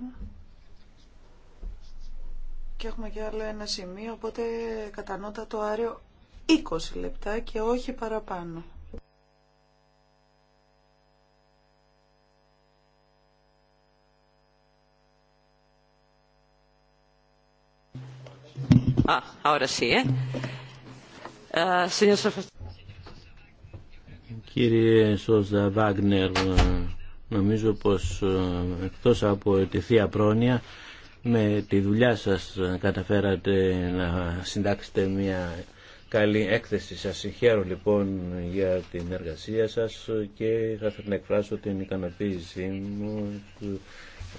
Και έχουμε και άλλο ένα σημείο, οπότε κατανότα το άριο 20 λεπτά και όχι παραπάνω. ¿eh? Ε, Κύριε Σόζα Βάγνερ, νομίζω πως ε, εκτός από Θεία πρόνοια με τη δουλειά σας καταφέρατε να συντάξετε μια καλή έκθεση. Σας συγχαίρω λοιπόν για την εργασία σας και θα ήθελα να εκφράσω την ικανοποίησή μου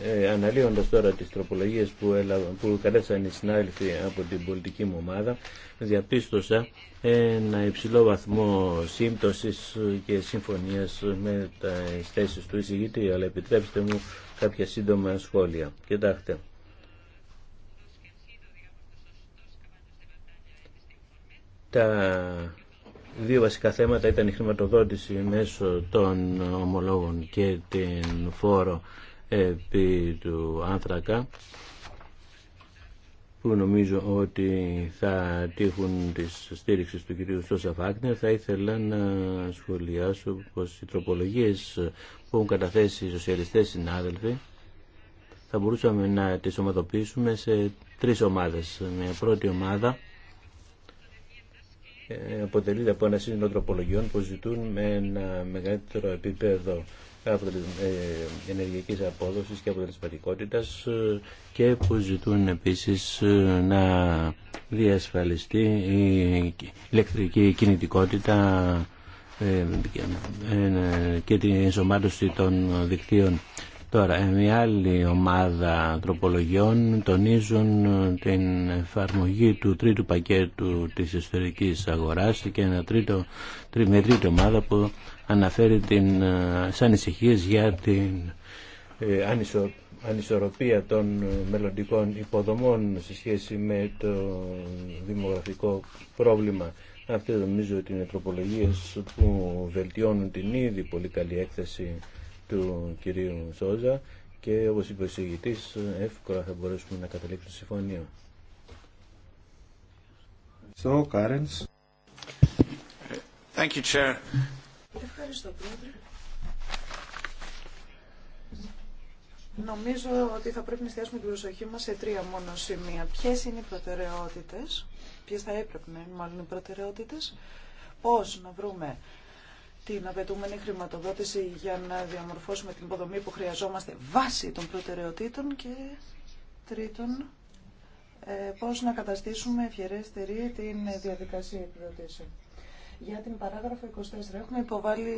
ε, αναλύοντας τώρα τις τροπολογίες που, έλαβα, που οι συνάδελφοι από την πολιτική μου ομάδα, διαπίστωσα ένα υψηλό βαθμό σύμπτωσης και συμφωνίας με τα θέσεις του εισηγητή, αλλά επιτρέψτε μου κάποια σύντομα σχόλια. Κοιτάξτε. Τα δύο βασικά θέματα ήταν η χρηματοδότηση μέσω των ομολόγων και την φόρο επί του άνθρακα που νομίζω ότι θα τύχουν της στήριξης του κυρίου Σώσα Φάκνερ θα ήθελα να σχολιάσω πως οι τροπολογίες που έχουν καταθέσει οι σοσιαλιστές συνάδελφοι θα μπορούσαμε να τις ομαδοποιήσουμε σε τρεις ομάδες. Μια πρώτη ομάδα ε, αποτελείται από ένα σύνολο τροπολογιών που ζητούν με ένα μεγαλύτερο επίπεδο ε, ενεργειακή απόδοσης και από ασφαλικότητα ε, και που ζητούν επίσης ε, να διασφαλιστεί η ηλεκτρική κινητικότητα και την ενσωμάτωση των δικτύων Τώρα, μια άλλη ομάδα τροπολογιών τονίζουν την εφαρμογή του τρίτου πακέτου της ιστορικής αγοράς και ένα τρίτο, μια τρίτη ομάδα που αναφέρει την, σαν ανησυχίε για την ε, ανισο, ανισορροπία των μελλοντικών υποδομών σε σχέση με το δημογραφικό πρόβλημα. Αυτές νομίζω ότι είναι τροπολογίες που βελτιώνουν την ήδη πολύ καλή έκθεση του κυρίου Σόζα και όπως είπε ο εισηγητής εύκολα θα μπορέσουμε να καταλήξουμε συμφωνία. So, Karens. Thank you, Chair. Ευχαριστώ, Πρόεδρε. Νομίζω ότι θα πρέπει να εστιάσουμε την προσοχή μα σε τρία μόνο σημεία. Ποιες είναι οι προτεραιότητες, ποιε θα έπρεπε να είναι μάλλον οι προτεραιότητες, πώς να βρούμε την απαιτούμενη χρηματοδότηση για να διαμορφώσουμε την υποδομή που χρειαζόμαστε βάσει των προτεραιοτήτων και τρίτον ε, πώς να καταστήσουμε ευχερέστερη την διαδικασία επιδοτήσεων. Για την παράγραφο 24 έχουμε υποβάλει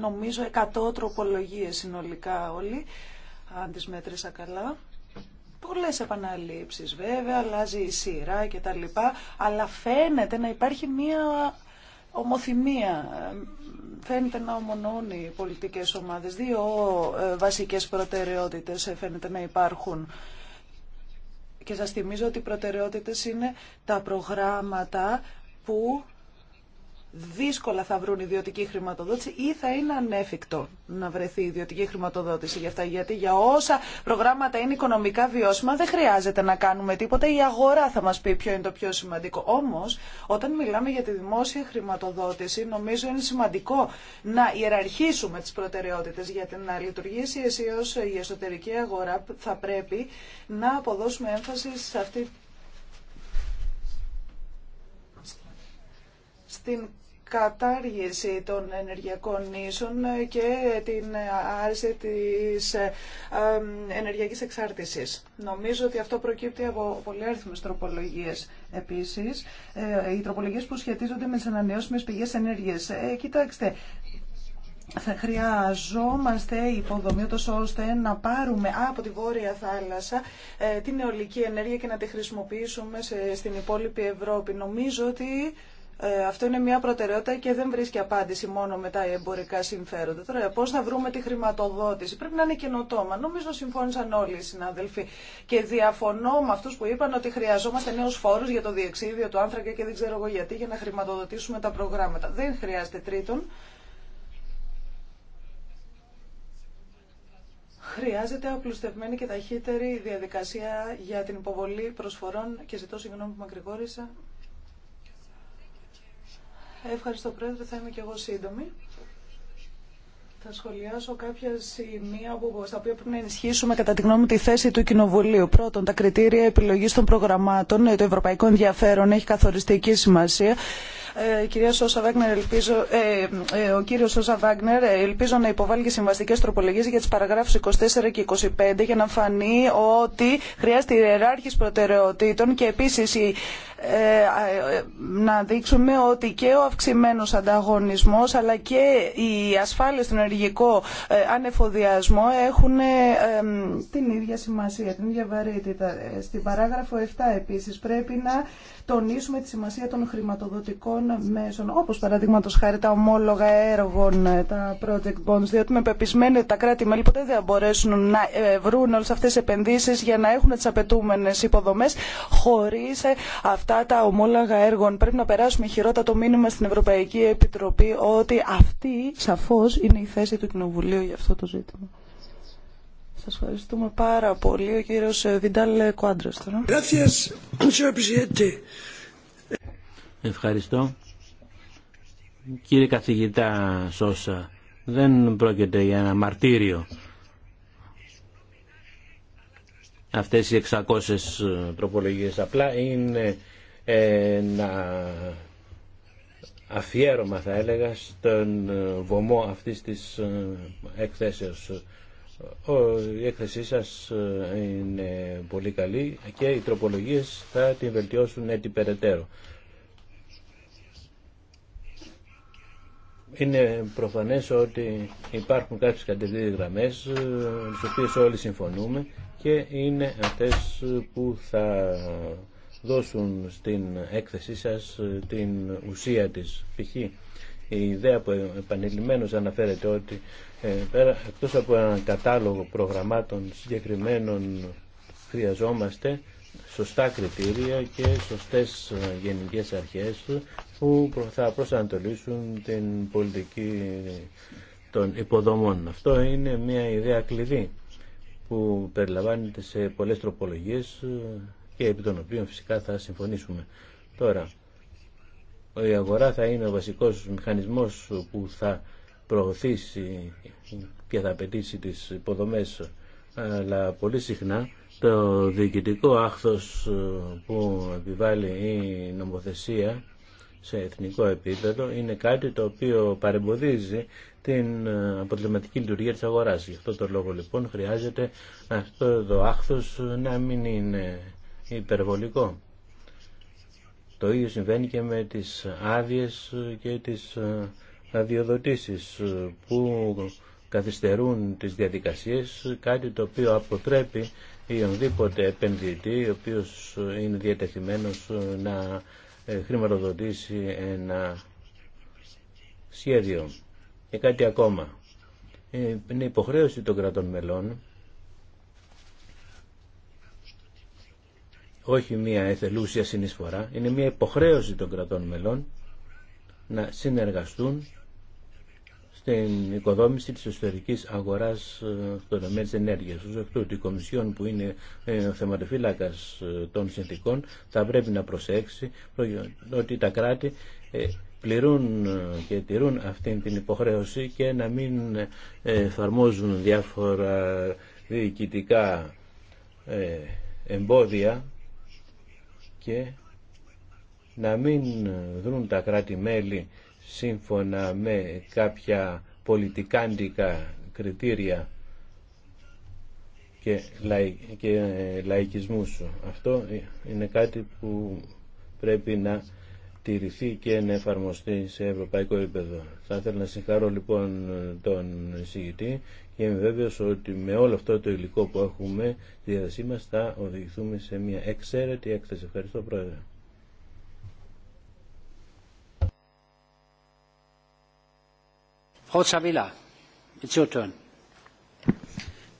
νομίζω 100 τροπολογίες συνολικά όλοι, αν τις μέτρησα καλά. Πολλές επαναλήψεις βέβαια, αλλάζει η σειρά κτλ. Αλλά φαίνεται να υπάρχει μία ομοθυμία, φαίνεται να ομονώνει οι πολιτικές ομάδες. Δύο ε, βασικές προτεραιότητες ε, φαίνεται να υπάρχουν. Και σας θυμίζω ότι οι προτεραιότητες είναι τα προγράμματα που δύσκολα θα βρουν ιδιωτική χρηματοδότηση ή θα είναι ανέφικτο να βρεθεί ιδιωτική χρηματοδότηση για αυτά. Γιατί για όσα προγράμματα είναι οικονομικά βιώσιμα δεν χρειάζεται να κάνουμε τίποτα. Η αγορά θα μας πει ποιο είναι το πιο σημαντικό. Όμως, όταν μιλάμε για τη δημόσια χρηματοδότηση, νομίζω είναι σημαντικό να ιεραρχήσουμε τις προτεραιότητες για να λειτουργήσει εσύ η εσωτερική αγορά θα πρέπει να αποδώσουμε έμφαση σε αυτή στην κατάργηση των ενεργειακών νήσων και την άρση της ε, ενεργειακής εξάρτησης. Νομίζω ότι αυτό προκύπτει από πολυάριθμες τροπολογίες. Επίσης, ε, οι τροπολογίες που σχετίζονται με τις ανανεώσιμες πηγές ενέργειας. Ε, κοιτάξτε, θα χρειαζόμαστε υποδομή ώστε να πάρουμε από τη Βόρεια Θάλασσα την νεολική ενέργεια και να τη χρησιμοποιήσουμε στην υπόλοιπη Ευρώπη. Νομίζω ότι ε, αυτό είναι μια προτεραιότητα και δεν βρίσκει απάντηση μόνο με τα εμπορικά συμφέροντα. Τώρα, πώ θα βρούμε τη χρηματοδότηση. Πρέπει να είναι καινοτόμα. Νομίζω συμφώνησαν όλοι οι συνάδελφοι. Και διαφωνώ με αυτού που είπαν ότι χρειαζόμαστε νέου φόρου για το διεξίδιο του άνθρακα και δεν ξέρω εγώ γιατί για να χρηματοδοτήσουμε τα προγράμματα. Δεν χρειάζεται τρίτον. Χρειάζεται απλουστευμένη και ταχύτερη διαδικασία για την υποβολή προσφορών και ζητώ συγγνώμη που μακρηγόρησα. Ευχαριστώ Πρόεδρε, θα είμαι και εγώ σύντομη. Θα σχολιάσω κάποια σημεία που, στα οποία πρέπει να ενισχύσουμε κατά τη γνώμη τη θέση του Κοινοβουλίου. Πρώτον, τα κριτήρια επιλογή των προγραμμάτων, ε, το ευρωπαϊκό ενδιαφέρον έχει καθοριστική σημασία. Ε, κυρία Σόσα Βάγνερ, ελπίζω, ε, ε ο κύριο Σόσα Βάγνερ, ε, ελπίζω να υποβάλει και συμβαστικέ τροπολογίε για τι παραγράφου 24 και 25 για να φανεί ότι χρειάζεται ιεράρχηση προτεραιοτήτων και επίση η ε, να δείξουμε ότι και ο αυξημένος ανταγωνισμός αλλά και η ασφάλεια στον ενεργικό ε, ανεφοδιασμό έχουν ε, την ίδια σημασία, την ίδια βαρύτητα. Στην παράγραφο 7 επίσης πρέπει να τονίσουμε τη σημασία των χρηματοδοτικών μέσων, όπως παραδείγματο χάρη τα ομόλογα έργων, τα project bonds, διότι με πεπισμένη τα κράτη-μέλη ποτέ δεν μπορέσουν να βρουν όλες αυτές τις επενδύσεις για να έχουν τις απαιτούμενες υποδομές χωρίς αυτά τα ομόλογα έργων. Πρέπει να περάσουμε χειρότατο μήνυμα στην Ευρωπαϊκή Επιτροπή ότι αυτή σαφώς είναι η θέση του Κοινοβουλίου για αυτό το ζήτημα. Σας ευχαριστούμε πάρα πολύ. Ο κύριος Βιντάλ Κουάντρος τώρα. Ευχαριστώ. Κύριε καθηγητά Σώσα, δεν πρόκειται για ένα μαρτύριο αυτές οι 600 ε, τροπολογίες. Απλά είναι ένα ε, αφιέρωμα θα έλεγα στον βωμό αυτής της ε, εκθέσεως. Η έκθεσή σας ε, είναι πολύ καλή και οι τροπολογίες θα την βελτιώσουν έτσι περαιτέρω. Είναι προφανές ότι υπάρχουν κάποιες κατευθύνες γραμμές, στις οποίες όλοι συμφωνούμε και είναι αυτές που θα δώσουν στην έκθεσή σας ε, την ουσία της. Π.χ. η ιδέα που επανειλημμένως αναφέρεται ότι ε, πέρα, εκτός από έναν κατάλογο προγραμμάτων συγκεκριμένων χρειαζόμαστε σωστά κριτήρια και σωστές ε, γενικές αρχές που θα προσανατολίσουν την πολιτική των υποδομών. Αυτό είναι μια ιδέα κλειδί που περιλαμβάνεται σε πολλές τροπολογίες και επί των οποίων φυσικά θα συμφωνήσουμε. Τώρα, η αγορά θα είναι ο βασικός μηχανισμός που θα προωθήσει και θα απαιτήσει τις υποδομές, αλλά πολύ συχνά το διοικητικό άχθος ε, που επιβάλλει η νομοθεσία σε εθνικό επίπεδο είναι κάτι το οποίο παρεμποδίζει την ε, αποτελεσματική λειτουργία της αγοράς. Γι' αυτό το λόγο λοιπόν χρειάζεται αυτό το άχθος να μην είναι υπερβολικό. Το ίδιο συμβαίνει και με τις άδειε και τις ε, αδειοδοτήσεις ε, που καθυστερούν τις διαδικασίες, κάτι το οποίο αποτρέπει ή ονδήποτε επενδυτή ο οποίος είναι διατεθειμένος ε, να χρηματοδοτήσει ένα σχέδιο. Και κάτι ακόμα. Είναι υποχρέωση των κρατών μελών όχι μια εθελούσια συνεισφορά, είναι μια υποχρέωση των κρατών μελών να συνεργαστούν στην οικοδόμηση της εσωτερικής αγοράς ε, των τομέα της ενέργειας. Ως η Κομισιόν που είναι ο ε, θεματοφύλακας ε, των συνθήκων θα πρέπει να προσέξει ότι τα κράτη πληρούν και τηρούν αυτήν την υποχρέωση και να μην εφαρμόζουν διάφορα διοικητικά εμπόδια και να μην δρουν τα κράτη-μέλη σύμφωνα με κάποια πολιτικάντικα κριτήρια και, λαϊ, και ε, λαϊκισμούς. Αυτό ε, είναι κάτι που πρέπει να τηρηθεί και να εφαρμοστεί σε ευρωπαϊκό επίπεδο. Θα ήθελα να συγχαρώ λοιπόν τον εισηγητή και είμαι βέβαιο ότι με όλο αυτό το υλικό που έχουμε στη διάθεσή μα θα οδηγηθούμε σε μια εξαίρετη έκθεση. Ευχαριστώ Πρόεδρε.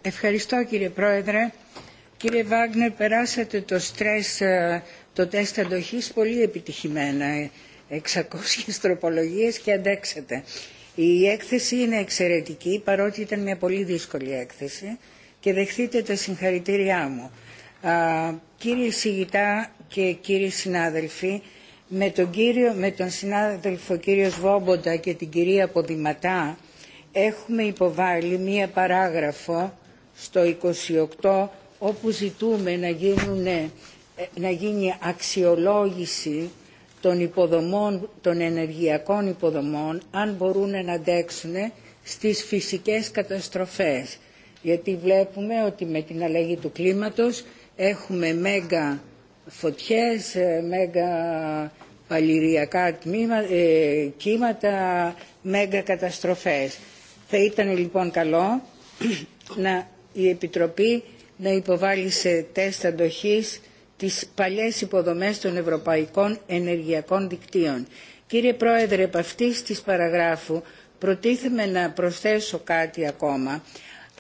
Ευχαριστώ κύριε Πρόεδρε. Κύριε Βάγνερ, περάσατε το στρες το τεστ αντοχής πολύ επιτυχημένα. 600 τροπολογίες και αντέξατε. Η έκθεση είναι εξαιρετική παρότι ήταν μια πολύ δύσκολη έκθεση και δεχτείτε τα συγχαρητήριά μου. κύριε Σιγητά και κύριοι συνάδελφοι, με τον, κύριο, με τον συνάδελφο κύριο Βόμποντα και την κυρία Ποδηματά έχουμε υποβάλει μία παράγραφο στο 28 όπου ζητούμε να γίνουν να γίνει αξιολόγηση των υποδομών, των ενεργειακών υποδομών, αν μπορούν να αντέξουν στις φυσικές καταστροφές. Γιατί βλέπουμε ότι με την αλλαγή του κλίματος έχουμε μέγα φωτιές, ε, μέγα παλιριακά ε, κύματα, μέγα καταστροφές. Θα ήταν λοιπόν καλό να η Επιτροπή να υποβάλει σε τεστ αντοχής τις παλιές υποδομές των ευρωπαϊκών ενεργειακών δικτύων. Κύριε Πρόεδρε, επ' αυτής της παραγράφου προτίθεμαι να προσθέσω κάτι ακόμα.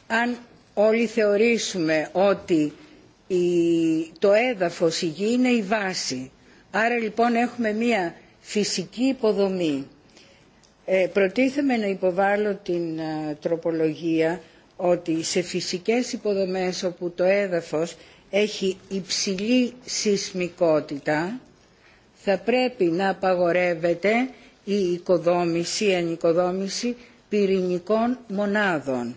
Αν όλοι θεωρήσουμε ότι το έδαφος, η γη είναι η βάση. Άρα λοιπόν έχουμε μία φυσική υποδομή. Ε, προτίθεμαι να υποβάλω την ε, τροπολογία ότι σε φυσικές υποδομές όπου το έδαφος έχει υψηλή σεισμικότητα θα πρέπει να απαγορεύεται η οικοδόμηση, η οικοδόμηση πυρηνικών μονάδων.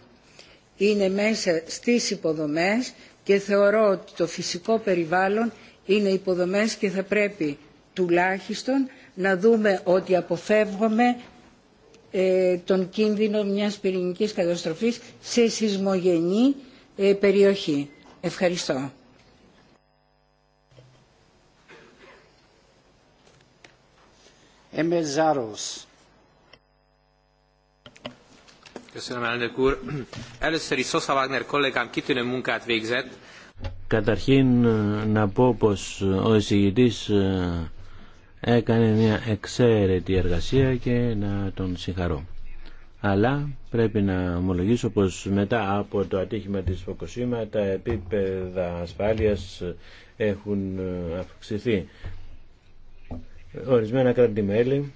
Είναι μέσα στις υποδομές και θεωρώ ότι το φυσικό περιβάλλον είναι υποδομές και θα πρέπει τουλάχιστον να δούμε ότι αποφεύγουμε ε, τον κίνδυνο μιας πυρηνικής καταστροφής σε σεισμογενή ε, περιοχή. Ευχαριστώ. Először Καταρχήν να πω πως ο εισηγητής ε, έκανε μια εξαίρετη εργασία και να τον συγχαρώ. Αλλά πρέπει να ομολογήσω πως μετά από το ατύχημα της Φοκοσίμα τα επίπεδα ασφάλειας έχουν ε, αυξηθεί. Ορισμένα κράτη-μέλη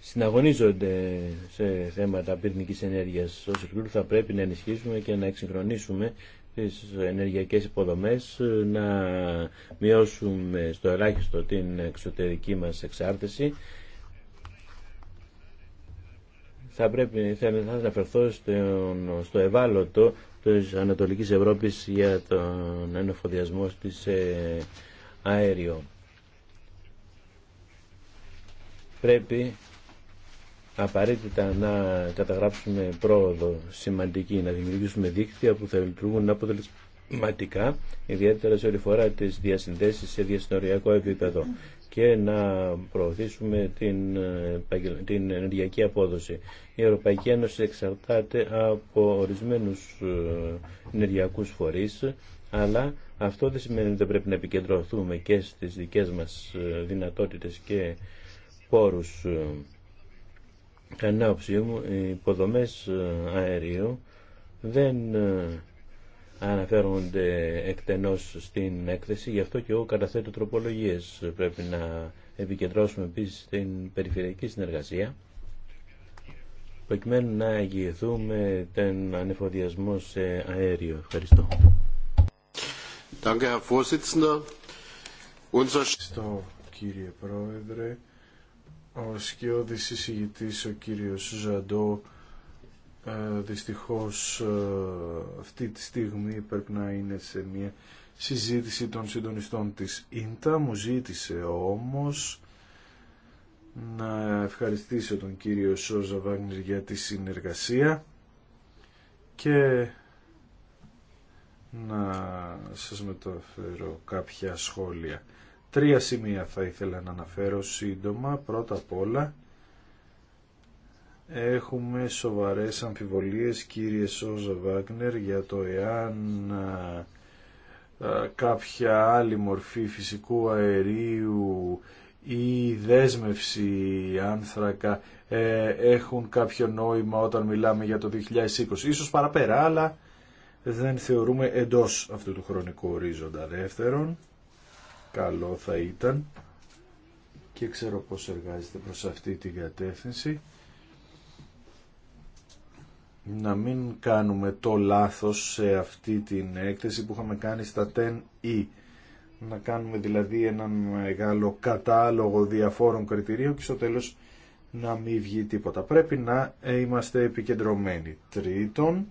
συναγωνίζονται σε θέματα πυρηνικής ενέργειας. Ως εκ θα πρέπει να ενισχύσουμε και να εξυγχρονίσουμε τις ενεργειακές υποδομές, να μειώσουμε στο ελάχιστο την εξωτερική μας εξάρτηση. Θα πρέπει θα αναφερθώ στο ευάλωτο της Ανατολικής Ευρώπης για τον ενοφοδιασμό στις ε, αέριο. Πρέπει απαραίτητα να καταγράψουμε πρόοδο σημαντική, να δημιουργήσουμε δίκτυα που θα λειτουργούν αποτελεσματικά, ιδιαίτερα σε όλη φορά τι διασυνδέσεις σε διασυνοριακό επίπεδο και να προωθήσουμε την, την ενεργειακή απόδοση. Η Ευρωπαϊκή Ένωση εξαρτάται από ορισμένους ε, ενεργειακούς φορείς αλλά αυτό δεν σημαίνει ότι δεν πρέπει να επικεντρωθούμε και στις δικές μας ε, δυνατότητες και πόρους. Ε, Κανένα μου, οι υποδομές ε, αερίου δεν αναφέρονται εκτενώς στην έκθεση, γι' αυτό και εγώ καταθέτω τροπολογίες. Πρέπει να επικεντρώσουμε επίσης την περιφερειακή συνεργασία, προκειμένου να εγγυηθούμε τον ανεφοδιασμό σε αέριο. Ευχαριστώ. Ευχαριστώ κύριε Πρόεδρε. Ο σκιώδης εισηγητής ο κύριος Ζαντό ε, δυστυχώς ε, αυτή τη στιγμή πρέπει να είναι σε μια συζήτηση των συντονιστών της ΙΝΤΑ. Μου ζήτησε όμως να ευχαριστήσω τον κύριο Σόζα για τη συνεργασία και να σας μεταφέρω κάποια σχόλια. Τρία σημεία θα ήθελα να αναφέρω σύντομα. Πρώτα απ' όλα έχουμε σοβαρές αμφιβολίες κύριε Σόζα Βάγνερ για το εάν κάποια άλλη μορφή φυσικού αερίου ή δέσμευση άνθρακα ε, έχουν κάποιο νόημα όταν μιλάμε για το 2020. Ίσως παραπέρα, αλλά δεν θεωρούμε εντός αυτού του χρονικού ορίζοντα δεύτερον. Καλό θα ήταν και ξέρω πώς εργάζεται προς αυτή την κατεύθυνση να μην κάνουμε το λάθος σε αυτή την έκθεση που είχαμε κάνει στα 10E. Να κάνουμε δηλαδή έναν μεγάλο κατάλογο διαφόρων κριτηρίων και στο τέλος να μην βγει τίποτα. Πρέπει να είμαστε επικεντρωμένοι. Τρίτον,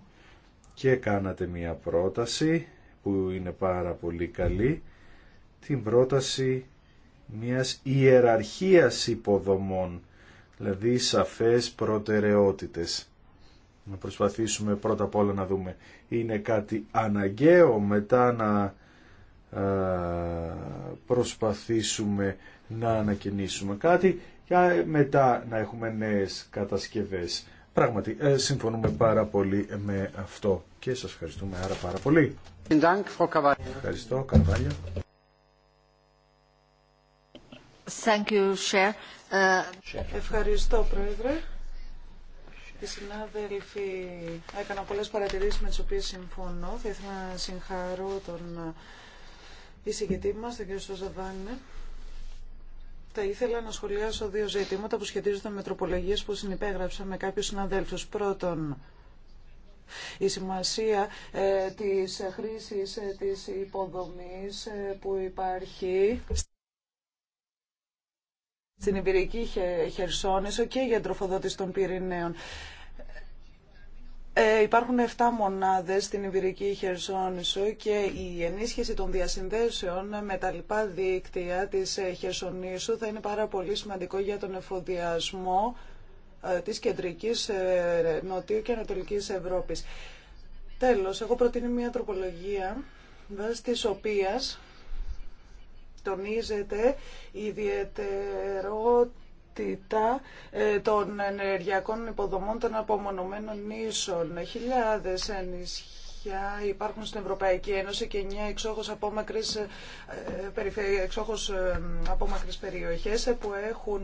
και κάνατε μία πρόταση που είναι πάρα πολύ καλή, την πρόταση μιας ιεραρχίας υποδομών, δηλαδή σαφές προτεραιότητες. Να προσπαθήσουμε πρώτα απ' όλα να δούμε είναι κάτι αναγκαίο, μετά να προσπαθήσουμε να ανακαινήσουμε κάτι και μετά να έχουμε νέες κατασκευές. Πράγματι, ε, συμφωνούμε πάρα πολύ με αυτό και σας ευχαριστούμε άρα πάρα πολύ. Ευχαριστώ, Καρβάλια. Thank you, Chair. Ε, ευχαριστώ, Πρόεδρε. Οι συνάδελφοι έκαναν πολλές παρατηρήσεις με τις οποίες συμφωνώ. Θα ήθελα να συγχαρώ τον εισηγητή μας, τον κ. Σοζαβάνη θα ήθελα να σχολιάσω δύο ζητήματα που σχετίζονται με τροπολογίες που συνυπέγραψα με κάποιους συναδέλφους. Πρώτον, η σημασία ε, της χρήσης ε, της υποδομής ε, που υπάρχει στην εμπειρική Χερσόνησο και για τροφοδότηση των Πυρηναίων. Ε, υπάρχουν 7 μονάδες στην Ιβηρική Χερσόνησο και η ενίσχυση των διασυνδέσεων με τα λοιπά δίκτυα της ε, Χερσονήσου θα είναι πάρα πολύ σημαντικό για τον εφοδιασμό ε, της κεντρικής ε, νοτιού και ανατολικής Ευρώπης. Τέλος, εγώ προτείνω μια τροπολογία βάσει της οποίας τονίζεται η ιδιαιτερότητα ε, των ενεργειακών υποδομών των απομονωμένων νήσων. Χιλιάδες νησιά υπάρχουν στην Ευρωπαϊκή Ένωση και 9 εξόχως απόμακρες, ε, ε, εξόχως περιοχές που έχουν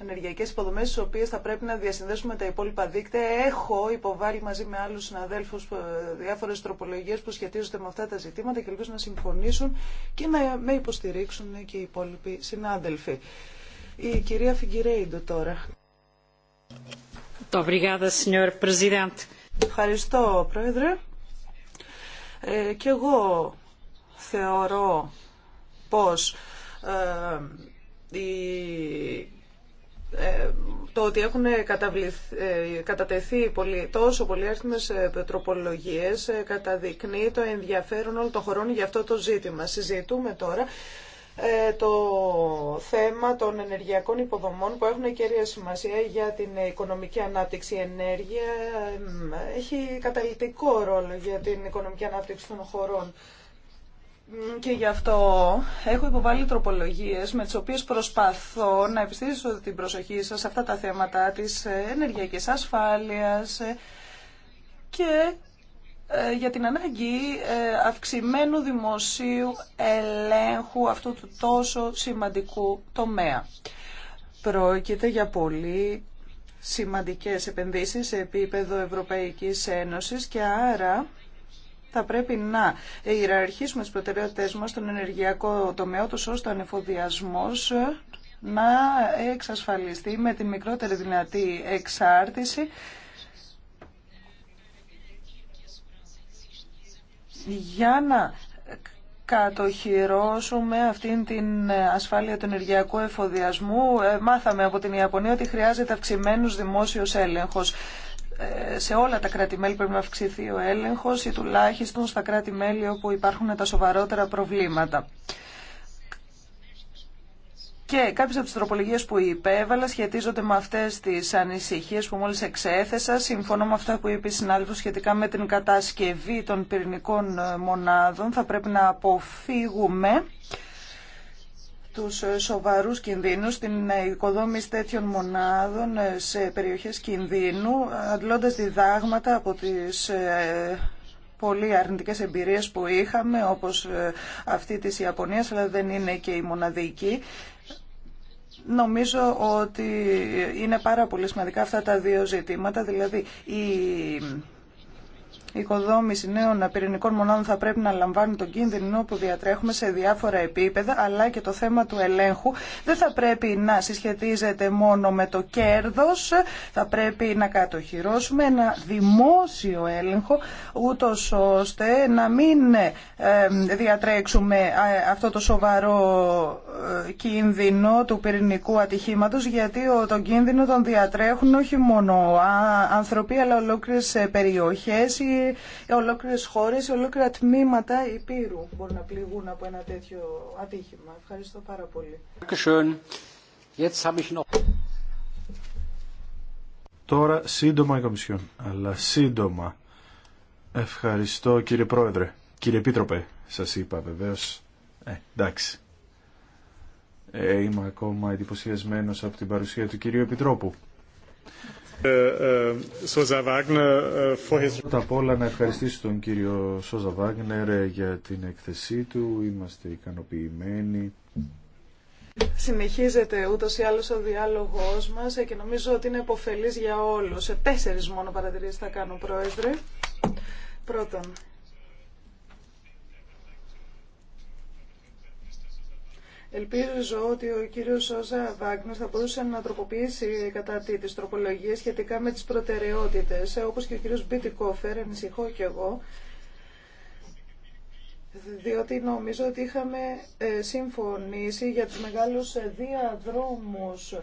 ενεργειακές υποδομές στις οποίες θα πρέπει να διασυνδέσουμε τα υπόλοιπα δίκτυα. Έχω υποβάλει μαζί με άλλους συναδέλφους διάφορες τροπολογίες που σχετίζονται με αυτά τα ζητήματα και ελπίζω να συμφωνήσουν και να με υποστηρίξουν και οι υπόλοιποι συνάδελφοι. Η κυρία Φιγκυρέιντο τώρα. Ευχαριστώ, Πρόεδρε. Ε, και εγώ θεωρώ πως ε, ε, το ότι έχουν κατατεθεί τόσο πολλοί άριθμες τροπολογίες καταδεικνύει το ενδιαφέρον όλων των χωρών για αυτό το ζήτημα. Συζητούμε τώρα ε, το θέμα των ενεργειακών υποδομών που έχουν κέρια σημασία για την οικονομική ανάπτυξη. ενέργεια έχει καταλητικό ρόλο για την οικονομική ανάπτυξη των χωρών. Και γι' αυτό έχω υποβάλει τροπολογίες με τις οποίες προσπαθώ να επιστήσω την προσοχή σας σε αυτά τα θέματα της ενεργειακής ασφάλειας ε, και ε, για την ανάγκη ε, αυξημένου δημοσίου ελέγχου αυτού του τόσο σημαντικού τομέα. Πρόκειται για πολύ σημαντικές επενδύσεις σε επίπεδο Ευρωπαϊκής Ένωσης και άρα θα πρέπει να ιεραρχήσουμε τις προτεραιότητες μας στον ενεργειακό τομέα, τους ώστε ο ανεφοδιασμός να εξασφαλιστεί με την μικρότερη δυνατή εξάρτηση για να κατοχυρώσουμε αυτήν την ασφάλεια του ενεργειακού εφοδιασμού. Ε, μάθαμε από την Ιαπωνία ότι χρειάζεται αυξημένους δημόσιος έλεγχος. Ε, σε όλα τα κράτη-μέλη πρέπει να αυξηθεί ο έλεγχος ή τουλάχιστον στα κράτη-μέλη όπου υπάρχουν τα σοβαρότερα προβλήματα. Και κάποιε από τις τροπολογίε που υπέβαλα σχετίζονται με αυτές τις ανησυχίε που μόλις εξέθεσα. Συμφωνώ με αυτά που είπε η συνάδελφο σχετικά με την κατασκευή των πυρηνικών ε, μονάδων. Θα πρέπει να αποφύγουμε τους ε, σοβαρούς κινδύνους, την ε, οικοδόμηση τέτοιων μονάδων σε περιοχές κινδύνου, αντλώντας διδάγματα από τις πολύ αρνητικές εμπειρίες που είχαμε, όπως αυτή της Ιαπωνίας, αλλά δεν είναι και η μοναδική. Νομίζω ότι είναι πάρα πολύ σημαντικά αυτά τα δύο ζητήματα, δηλαδή η οικοδόμηση νέων πυρηνικών μονάδων θα πρέπει να λαμβάνει τον κίνδυνο που διατρέχουμε σε διάφορα επίπεδα, αλλά και το θέμα του ελέγχου δεν θα πρέπει να συσχετίζεται μόνο με το κέρδος, θα πρέπει να κατοχυρώσουμε ένα δημόσιο έλεγχο, ούτω ώστε να μην διατρέξουμε ε, αυτό το σοβαρό ε, κίνδυνο του πυρηνικού ατυχήματο, γιατί τον κίνδυνο τον διατρέχουν όχι μόνο άνθρωποι, αλλά ολόκληρες ε, περιοχές, ολόκληρες χώρες, ολόκληρα τμήματα υπήρου μπορούν να πληγούν από ένα τέτοιο ατύχημα. Ευχαριστώ πάρα πολύ. Τώρα σύντομα η Κομισιόν, αλλά σύντομα. Ευχαριστώ κύριε Πρόεδρε. Κύριε Επίτροπε, σας είπα βεβαίως. Ε, εντάξει. Ε, είμαι ακόμα εντυπωσιασμένο από την παρουσία του κυρίου Επιτρόπου. Πρώτα απ' όλα να ευχαριστήσω τον κύριο Σόζα Βάγνερ για την εκθεσή του. Είμαστε ικανοποιημένοι. Συνεχίζεται ούτω ή άλλω ο διάλογό μα και νομίζω ότι είναι υποφελή για όλου. Τέσσερι μόνο παρατηρήσει θα κάνω, Πρόεδρε. Πρώτον, Ελπίζω ότι ο κύριος Σόζα Βάγκνερ θα μπορούσε να τροποποιήσει κατά τη τροπολογίες σχετικά με τις προτεραιότητες, όπως και ο κύριος Κόφερ, ανησυχώ κι εγώ, διότι νομίζω ότι είχαμε ε, συμφωνήσει για τους μεγάλους ε, διαδρόμους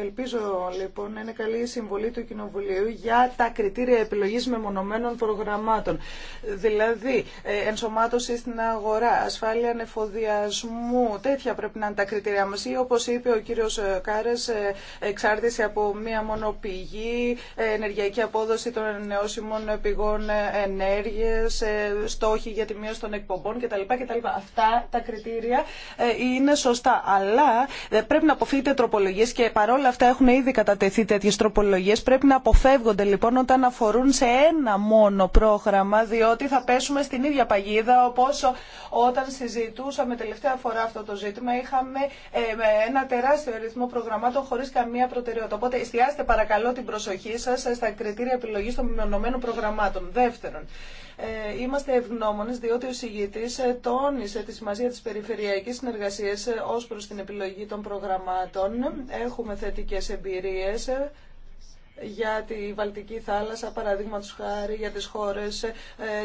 Ελπίζω λοιπόν να είναι καλή η συμβολή του Κοινοβουλίου για τα κριτήρια επιλογής μεμονωμένων προγραμμάτων. Δηλαδή, ε, ενσωμάτωση στην αγορά, ασφάλεια ανεφοδιασμού, τέτοια πρέπει να είναι τα κριτήρια μας. Ή όπως είπε ο κύριος ε, Κάρες, ε, εξάρτηση από μία μόνο πηγή, ενεργειακή απόδοση των νεώσιμων πηγών ενέργειας, στόχοι για τη μείωση των εκπομπών κτλ. Αυτά τα κριτήρια είναι σωστά, αλλά πρέπει να αποφύγετε και παρόλα όλα αυτά έχουν ήδη κατατεθεί τέτοιε τροπολογίε. Πρέπει να αποφεύγονται λοιπόν όταν αφορούν σε ένα μόνο πρόγραμμα, διότι θα πέσουμε στην ίδια παγίδα. Όπω όταν συζητούσαμε τελευταία φορά αυτό το ζήτημα, είχαμε ε, ένα τεράστιο αριθμό προγραμμάτων χωρί καμία προτεραιότητα. Οπότε εστιάστε παρακαλώ την προσοχή σα στα κριτήρια επιλογή των μεμονωμένων προγραμμάτων. Δεύτερον, ε, είμαστε ευγνώμονες διότι ο συγητής ε, τόνισε τη σημασία της περιφερειακής συνεργασίας ε, ως προς την επιλογή των προγραμμάτων. Έχουμε θετικές εμπειρίες για τη Βαλτική θάλασσα, παραδείγμα του χάρη για τις χώρες ε,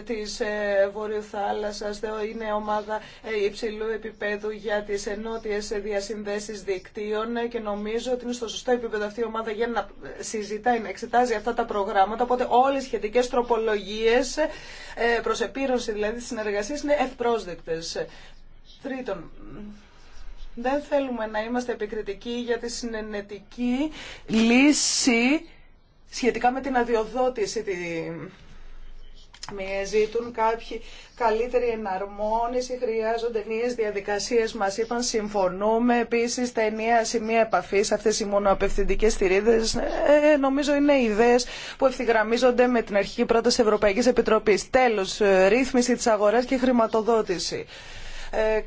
της ε, Βόρειου θάλασσας. Είναι ομάδα ε, υψηλού επίπεδου για τις ενότιες διασυνδέσεις δικτύων και νομίζω ότι είναι στο σωστό επίπεδο αυτή η ομάδα για να συζητάει, να εξετάζει αυτά τα προγράμματα. Οπότε όλες οι σχετικές τροπολογίες προς επίρρωση δηλαδή της συνεργασίας είναι ευπρόσδεκτες. Τρίτον, δεν θέλουμε να είμαστε επικριτικοί για τη συνενετική λύση σχετικά με την αδειοδότηση τη... Με ζητούν κάποιοι καλύτερη εναρμόνιση, χρειάζονται νέε διαδικασίε, μα είπαν. Συμφωνούμε. Επίση, τα ενιαία σημεία επαφή, αυτέ οι μονοαπευθυντικέ θηρίδε, ε, νομίζω είναι ιδέε που ευθυγραμμίζονται με την αρχική πρόταση Ευρωπαϊκή Επιτροπή. Τέλο, ε, ρύθμιση τη αγορά και χρηματοδότηση. Ε,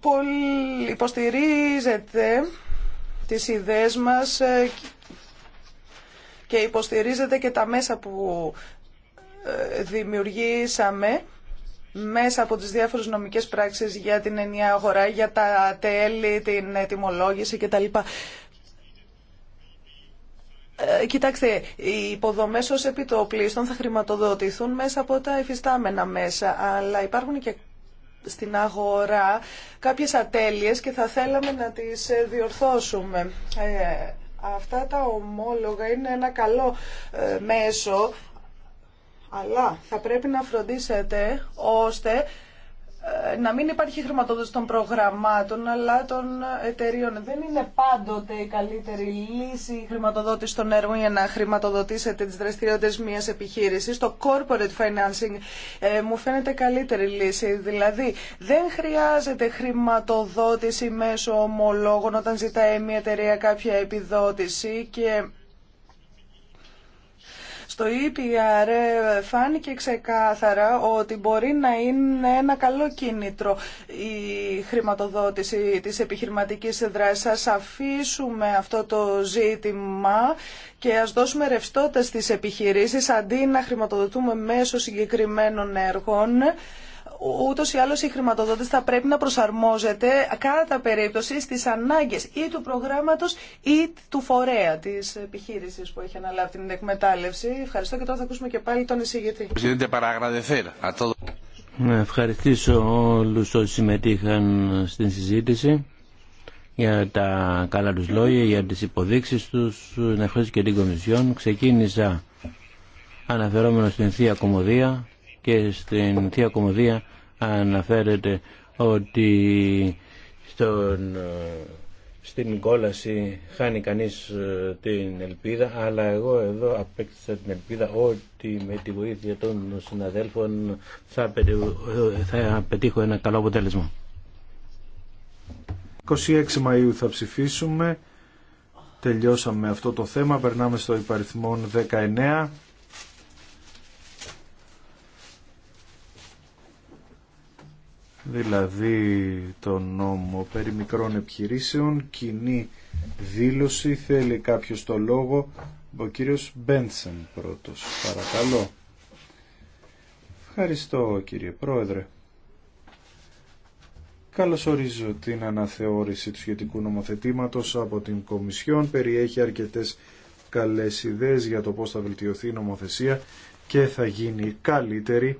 πολύ υποστηρίζεται τις ιδέες μας ε, και υποστηρίζεται και τα μέσα που ε, δημιουργήσαμε μέσα από τις διάφορες νομικές πράξεις για την ενιαία αγορά, για τα τέλη, την ετοιμολόγηση κτλ. Ε, κοιτάξτε, οι υποδομές ως επιτοπλίστων θα χρηματοδοτηθούν μέσα από τα εφιστάμενα μέσα, αλλά υπάρχουν και στην αγορά κάποιες ατέλειες και θα θέλαμε να τις ε, διορθώσουμε. Ε, Αυτά τα ομόλογα είναι ένα καλό ε, μέσο, αλλά θα πρέπει να φροντίσετε ώστε ε, να μην υπάρχει χρηματοδότηση των προγραμμάτων αλλά των εταιρείων. Δεν είναι πάντοτε η καλύτερη λύση η χρηματοδότηση των έργων για να χρηματοδοτήσετε τι δραστηριότητες μιας επιχείρησης. Το corporate financing ε, μου φαίνεται καλύτερη λύση. Δηλαδή δεν χρειάζεται χρηματοδότηση μέσω ομολόγων όταν ζητάει μια εταιρεία κάποια επιδότηση και στο EPR φάνηκε ξεκάθαρα ότι μπορεί να είναι ένα καλό κίνητρο η χρηματοδότηση της επιχειρηματικής δράσης. Ας αφήσουμε αυτό το ζήτημα και ας δώσουμε ρευστότητα στις επιχειρήσεις αντί να χρηματοδοτούμε μέσω συγκεκριμένων έργων ούτω ή άλλω η άλλω η χρηματοδοτηση θα πρέπει να προσαρμόζεται κατά περίπτωση στι ανάγκε ή του προγράμματο ή του φορέα τη επιχείρηση που έχει αναλάβει την εκμετάλλευση. Ευχαριστώ και τώρα θα ακούσουμε και πάλι τον εισηγητή. Να ευχαριστήσω όλους όσοι συμμετείχαν στην συζήτηση για τα καλά τους λόγια, για τις υποδείξεις τους, να ευχαριστήσω και την Κομισιόν. Ξεκίνησα αναφερόμενο στην Θεία Κομμωδία και στην Θεία Κομμωδία αναφέρεται ότι στον, ε, στην κόλαση χάνει κανείς ε, την ελπίδα αλλά εγώ εδώ απέκτησα την ελπίδα ότι με τη βοήθεια των συναδέλφων θα, ε, θα πετύχω ένα καλό αποτέλεσμα. 26 Μαΐου θα ψηφίσουμε. Τελειώσαμε αυτό το θέμα. Περνάμε στο υπαριθμό 19. δηλαδή το νόμο περί μικρών επιχειρήσεων, κοινή δήλωση, θέλει κάποιος το λόγο, ο κύριος Μπέντσεν πρώτος, παρακαλώ. Ευχαριστώ κύριε Πρόεδρε. Καλώς ορίζω την αναθεώρηση του σχετικού νομοθετήματος από την Κομισιόν. Περιέχει αρκετές καλές ιδέες για το πώς θα βελτιωθεί η νομοθεσία και θα γίνει καλύτερη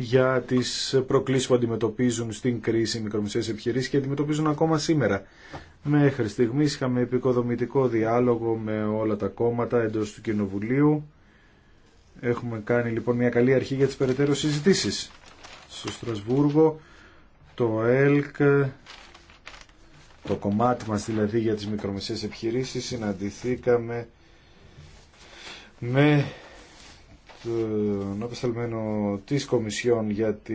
για τις προκλήσεις που αντιμετωπίζουν στην κρίση μικρομεσαίες επιχειρήσεις και αντιμετωπίζουν ακόμα σήμερα. Μέχρι στιγμή είχαμε επικοδομητικό διάλογο με όλα τα κόμματα εντός του Κοινοβουλίου. Έχουμε κάνει λοιπόν μια καλή αρχή για τις περαιτέρω συζητήσεις. Στο Στρασβούργο, το ΕΛΚ, το κομμάτι μας δηλαδή για τις μικρομεσαίες επιχειρήσεις, συναντηθήκαμε με τον απεσταλμένο της Κομισιόν για τη,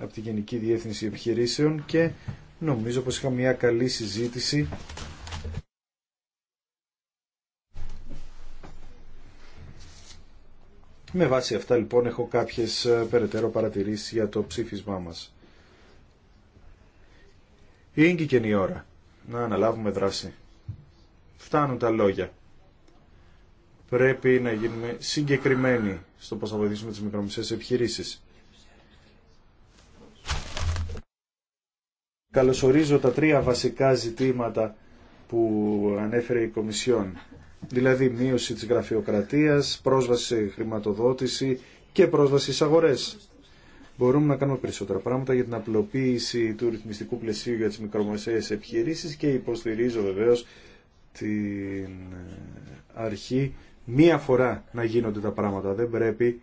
από τη Γενική Διεύθυνση Επιχειρήσεων και νομίζω πως είχα μια καλή συζήτηση Με βάση αυτά λοιπόν έχω κάποιες ε, περαιτέρω παρατηρήσεις για το ψήφισμά μας. Είναι και η ώρα να αναλάβουμε δράση. Φτάνουν τα λόγια πρέπει να γίνουμε συγκεκριμένοι στο πώς θα βοηθήσουμε τις μικρομεσαίες επιχειρήσεις. Καλωσορίζω τα τρία βασικά ζητήματα που ανέφερε η Κομισιόν. Δηλαδή μείωση της γραφειοκρατίας, πρόσβαση σε χρηματοδότηση και πρόσβαση στις αγορές. Μπορούμε να κάνουμε περισσότερα πράγματα για την απλοποίηση του ρυθμιστικού πλαισίου για τις μικρομεσαίες επιχειρήσεις και υποστηρίζω βεβαίως την αρχή μία φορά να γίνονται τα πράγματα. Δεν πρέπει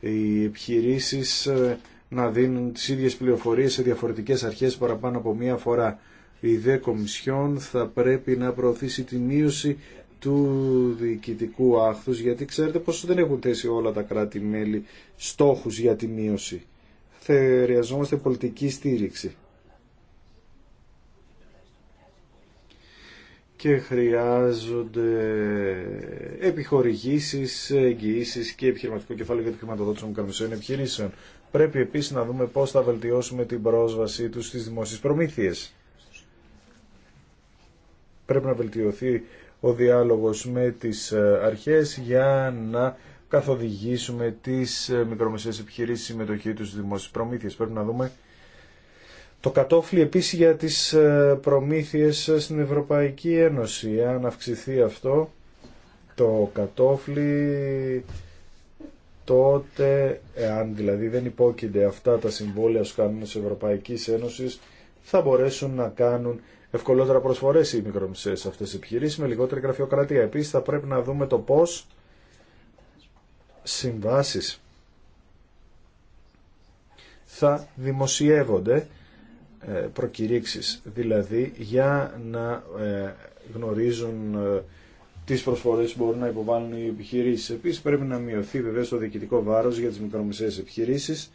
οι επιχειρήσει ε, να δίνουν τις ίδιες πληροφορίες σε διαφορετικές αρχές παραπάνω από μία φορά. Η ΔΕ Κομισιόν θα πρέπει να προωθήσει τη μείωση του διοικητικού άχθους γιατί ξέρετε πως δεν έχουν θέσει όλα τα κράτη-μέλη στόχους για τη μείωση. Χρειαζόμαστε πολιτική στήριξη. και χρειάζονται επιχορηγήσεις, εγγυήσεις και επιχειρηματικό κεφάλαιο για τη χρηματοδότηση των μικρομεσαίων επιχειρήσεων. Πρέπει επίσης να δούμε πώς θα βελτιώσουμε την πρόσβασή τους στις δημόσιες προμήθειες. Πρέπει να βελτιωθεί ο διάλογος με τις ε, αρχές για να καθοδηγήσουμε τις ε, μικρομεσαίες επιχειρήσεις συμμετοχή τους στις δημόσιες προμήθειες. Πρέπει να δούμε το κατόφλι επίσης για τις ε, προμήθειες στην Ευρωπαϊκή Ένωση. Αν αυξηθεί αυτό το κατόφλι τότε, εάν δηλαδή δεν υπόκεινται αυτά τα συμβόλαια στους κανόνες της Ευρωπαϊκής Ένωσης, θα μπορέσουν να κάνουν ευκολότερα προσφορές οι μικρομεσαίες αυτές οι επιχειρήσεις με λιγότερη γραφειοκρατία. Επίσης θα πρέπει να δούμε το πώς συμβάσεις θα δημοσιεύονται ε, προκηρύξεις, δηλαδή για να ε, γνωρίζουν ε, τις προσφορές που μπορούν να υποβάλουν οι επιχειρήσεις. Επίσης πρέπει να μειωθεί βεβαίως το διοικητικό βάρος για τις μικρομεσαίες επιχειρήσεις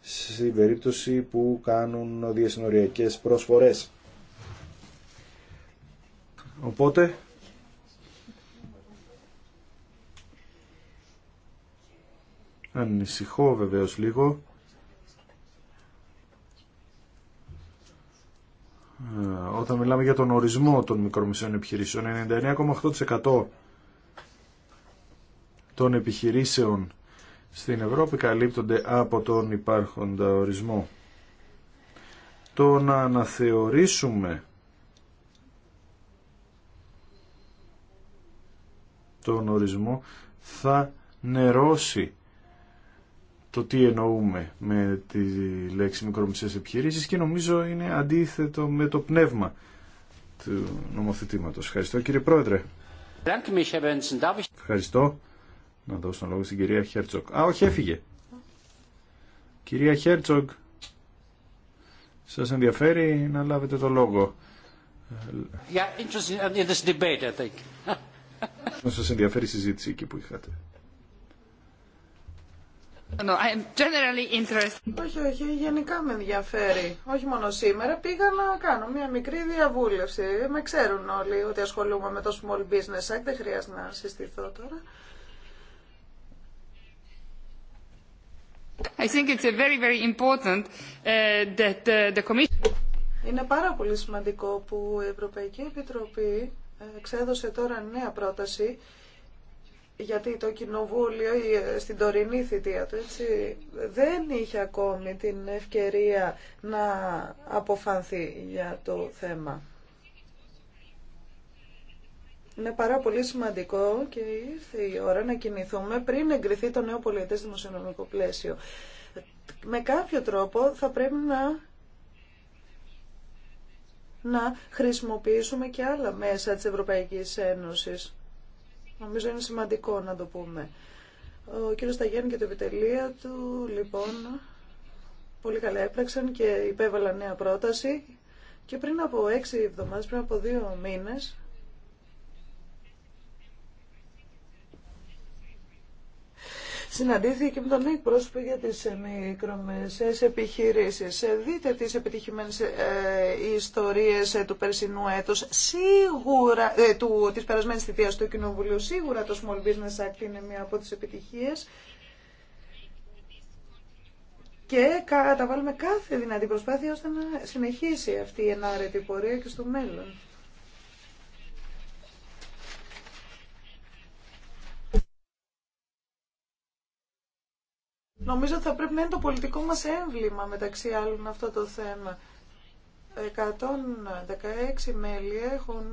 στην περίπτωση που κάνουν διασυνοριακές προσφορές. Οπότε ανησυχώ βεβαίως λίγο Ε, όταν μιλάμε για τον ορισμό των μικρομεσαίων επιχειρήσεων, 99,8% των επιχειρήσεων στην Ευρώπη καλύπτονται από τον υπάρχοντα ορισμό. Το να αναθεωρήσουμε τον ορισμό θα νερώσει το τι εννοούμε με τη λέξη μικρομεσαίες επιχειρήσεις και νομίζω είναι αντίθετο με το πνεύμα του νομοθετήματος. Ευχαριστώ κύριε Πρόεδρε. Ευχαριστώ. Να δώσω τον λόγο στην κυρία Χέρτσοκ. Α, όχι, έφυγε. Κυρία Χέρτσοκ, σας ενδιαφέρει να λάβετε το λόγο. Yeah, uh, in this debate, I think. Σας ενδιαφέρει η συζήτηση εκεί που είχατε. Όχι, όχι, γενικά με ενδιαφέρει. Όχι μόνο σήμερα. Πήγα να κάνω μια μικρή διαβούλευση. Με ξέρουν όλοι ότι ασχολούμαι με το Small Business Act. Δεν χρειάζεται να συστηθώ τώρα. I think it's a very, very important uh, that uh, the Commission. Είναι πάρα πολύ σημαντικό που η Ευρωπαϊκή Επιτροπή ε, εξέδωσε τώρα νέα πρόταση γιατί το κοινοβούλιο ε, στην τωρινή θητεία του έτσι, δεν είχε ακόμη την ευκαιρία να αποφανθεί για το θέμα. Είναι πάρα πολύ σημαντικό και ήρθε η ώρα να κινηθούμε πριν εγκριθεί το νέο πολιτές δημοσιονομικό πλαίσιο. Με κάποιο τρόπο θα πρέπει να να χρησιμοποιήσουμε και άλλα μέσα της Ευρωπαϊκής Ένωσης. Νομίζω είναι σημαντικό να το πούμε. Ο κύριος Σταγιάννη και το επιτελείο του, λοιπόν, πολύ καλά έπραξαν και υπέβαλαν νέα πρόταση. Και πριν από έξι εβδομάδες, πριν από δύο μήνες, συναντήθηκε με τον εκπρόσωπο για τις ε, μικρομεσαίες επιχειρήσεις. Ε, δείτε τι επιτυχημένες ε, ιστορίες ε, του περσινού έτους, σίγουρα, ε, του, της περασμένης του Κοινοβουλίου. Σίγουρα το Small Business Act είναι μία από τις επιτυχίες και καταβάλουμε κάθε δυνατή προσπάθεια ώστε να συνεχίσει αυτή η ενάρετη πορεία και στο μέλλον. Νομίζω ότι θα πρέπει να είναι το πολιτικό μας έμβλημα μεταξύ άλλων αυτό το θέμα. 116 μέλη έχουν,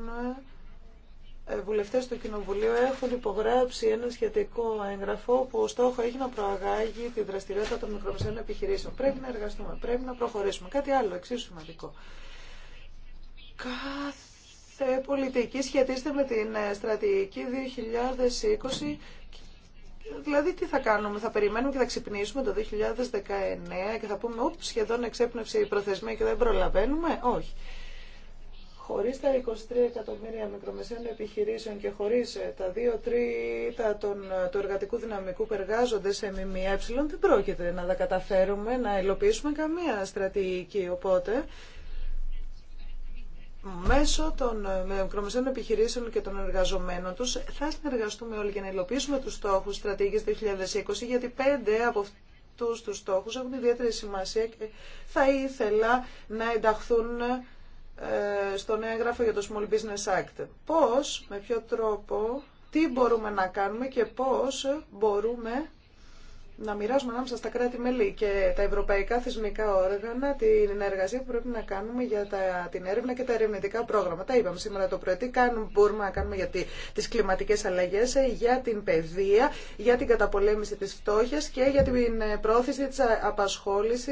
ε, βουλευτές του Κοινοβουλίου έχουν υπογράψει ένα σχετικό έγγραφο που ο στόχο έχει να προαγάγει τη δραστηριότητα των μικρομεσαίων επιχειρήσεων. Πρέπει να εργαστούμε, πρέπει να προχωρήσουμε. Κάτι άλλο εξίσου σημαντικό. Κάθε πολιτική σχετίζεται με την ε, στρατηγική 2020 Δηλαδή τι θα κάνουμε, θα περιμένουμε και θα ξυπνήσουμε το 2019 και θα πούμε ουπ, σχεδόν εξέπνευσε η προθεσμία και δεν προλαβαίνουμε. Όχι. Χωρίς τα 23 εκατομμύρια μικρομεσαίων επιχειρήσεων και χωρίς ε, τα 2 τρίτα ε, του εργατικού δυναμικού που εργάζονται σε ΜΜΕ δεν πρόκειται να τα καταφέρουμε, να υλοποιήσουμε καμία στρατηγική. Οπότε μέσω των ε, μικρομεσαίων επιχειρήσεων και των εργαζομένων τους θα συνεργαστούμε όλοι για να υλοποιήσουμε τους στόχους στρατηγικής 2020 γιατί πέντε από αυτούς τους στόχους έχουν ιδιαίτερη σημασία και θα ήθελα να ενταχθούν ε, στο νέο έγγραφο για το Small Business Act. Πώς, με ποιο τρόπο, τι μπορούμε να κάνουμε και πώς μπορούμε να μοιράσουμε ανάμεσα στα κράτη-μέλη και τα ευρωπαϊκά θεσμικά όργανα την ενεργασία που πρέπει να κάνουμε για τα, την έρευνα και τα ερευνητικά πρόγραμματα. Είπαμε σήμερα το πρωί τι κάνουμε, μπορούμε να κάνουμε για τι τις κλιματικές αλλαγές, για την παιδεία, για την καταπολέμηση της φτώχεια και για την ε, πρόθεση τη απασχόληση.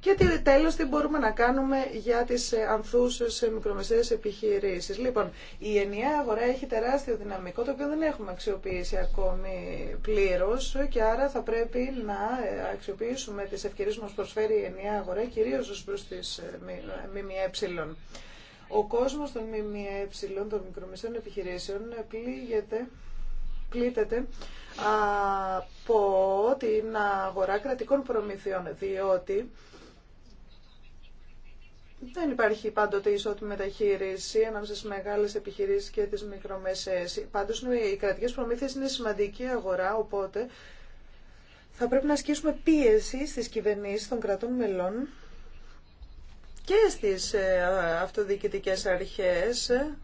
Και τέλος τι μπορούμε να κάνουμε για τις ε, ανθούσες ε, σε μικρομεσαίες επιχειρήσεις. Λοιπόν, η ενιαία αγορά έχει τεράστιο δυναμικό, το οποίο δεν έχουμε αξιοποιήσει ακόμη πλήρως και άρα θα πρέπει να ε, αξιοποιήσουμε τις ευκαιρίες που μας προσφέρει η ενιαία αγορά, κυρίως ως προς τις ΜΜΕ. Ο κόσμος των ΜΜΕ, των μικρομεσαίων επιχειρήσεων, πλήγεται πλήττεται από την αγορά κρατικών προμηθειών, διότι δεν υπάρχει πάντοτε ισότιμη μεταχείριση ανάμεσα στι μεγάλε επιχειρήσει και τι μικρομεσαίε. Πάντω, ναι, οι κρατικέ προμήθειε είναι σημαντική αγορά, οπότε θα πρέπει να ασκήσουμε πίεση στι κυβερνήσει των κρατών μελών και στις ε, αυτοδιοικητικές αρχές ε,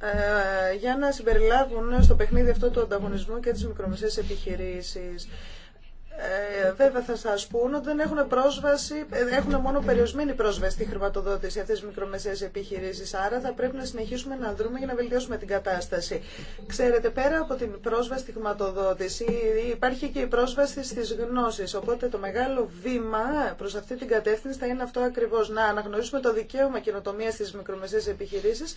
ε, για να συμπεριλάβουν στο παιχνίδι αυτό του ανταγωνισμού και τι μικρομεσαίε επιχειρήσει. Ε, βέβαια θα σας πούν ότι δεν έχουν πρόσβαση, ε, έχουν μόνο περιορισμένη πρόσβαση στη χρηματοδότηση αυτές τις μικρομεσαίες επιχειρήσεις. Άρα θα πρέπει να συνεχίσουμε να δρούμε για να βελτιώσουμε την κατάσταση. Ξέρετε, πέρα από την πρόσβαση στη χρηματοδότηση υπάρχει και η πρόσβαση στις γνώσεις. Οπότε το μεγάλο βήμα προς αυτή την κατεύθυνση θα είναι αυτό ακριβώς. Να αναγνωρίσουμε το δικαίωμα καινοτομία στις μικρομεσαίες επιχειρήσεις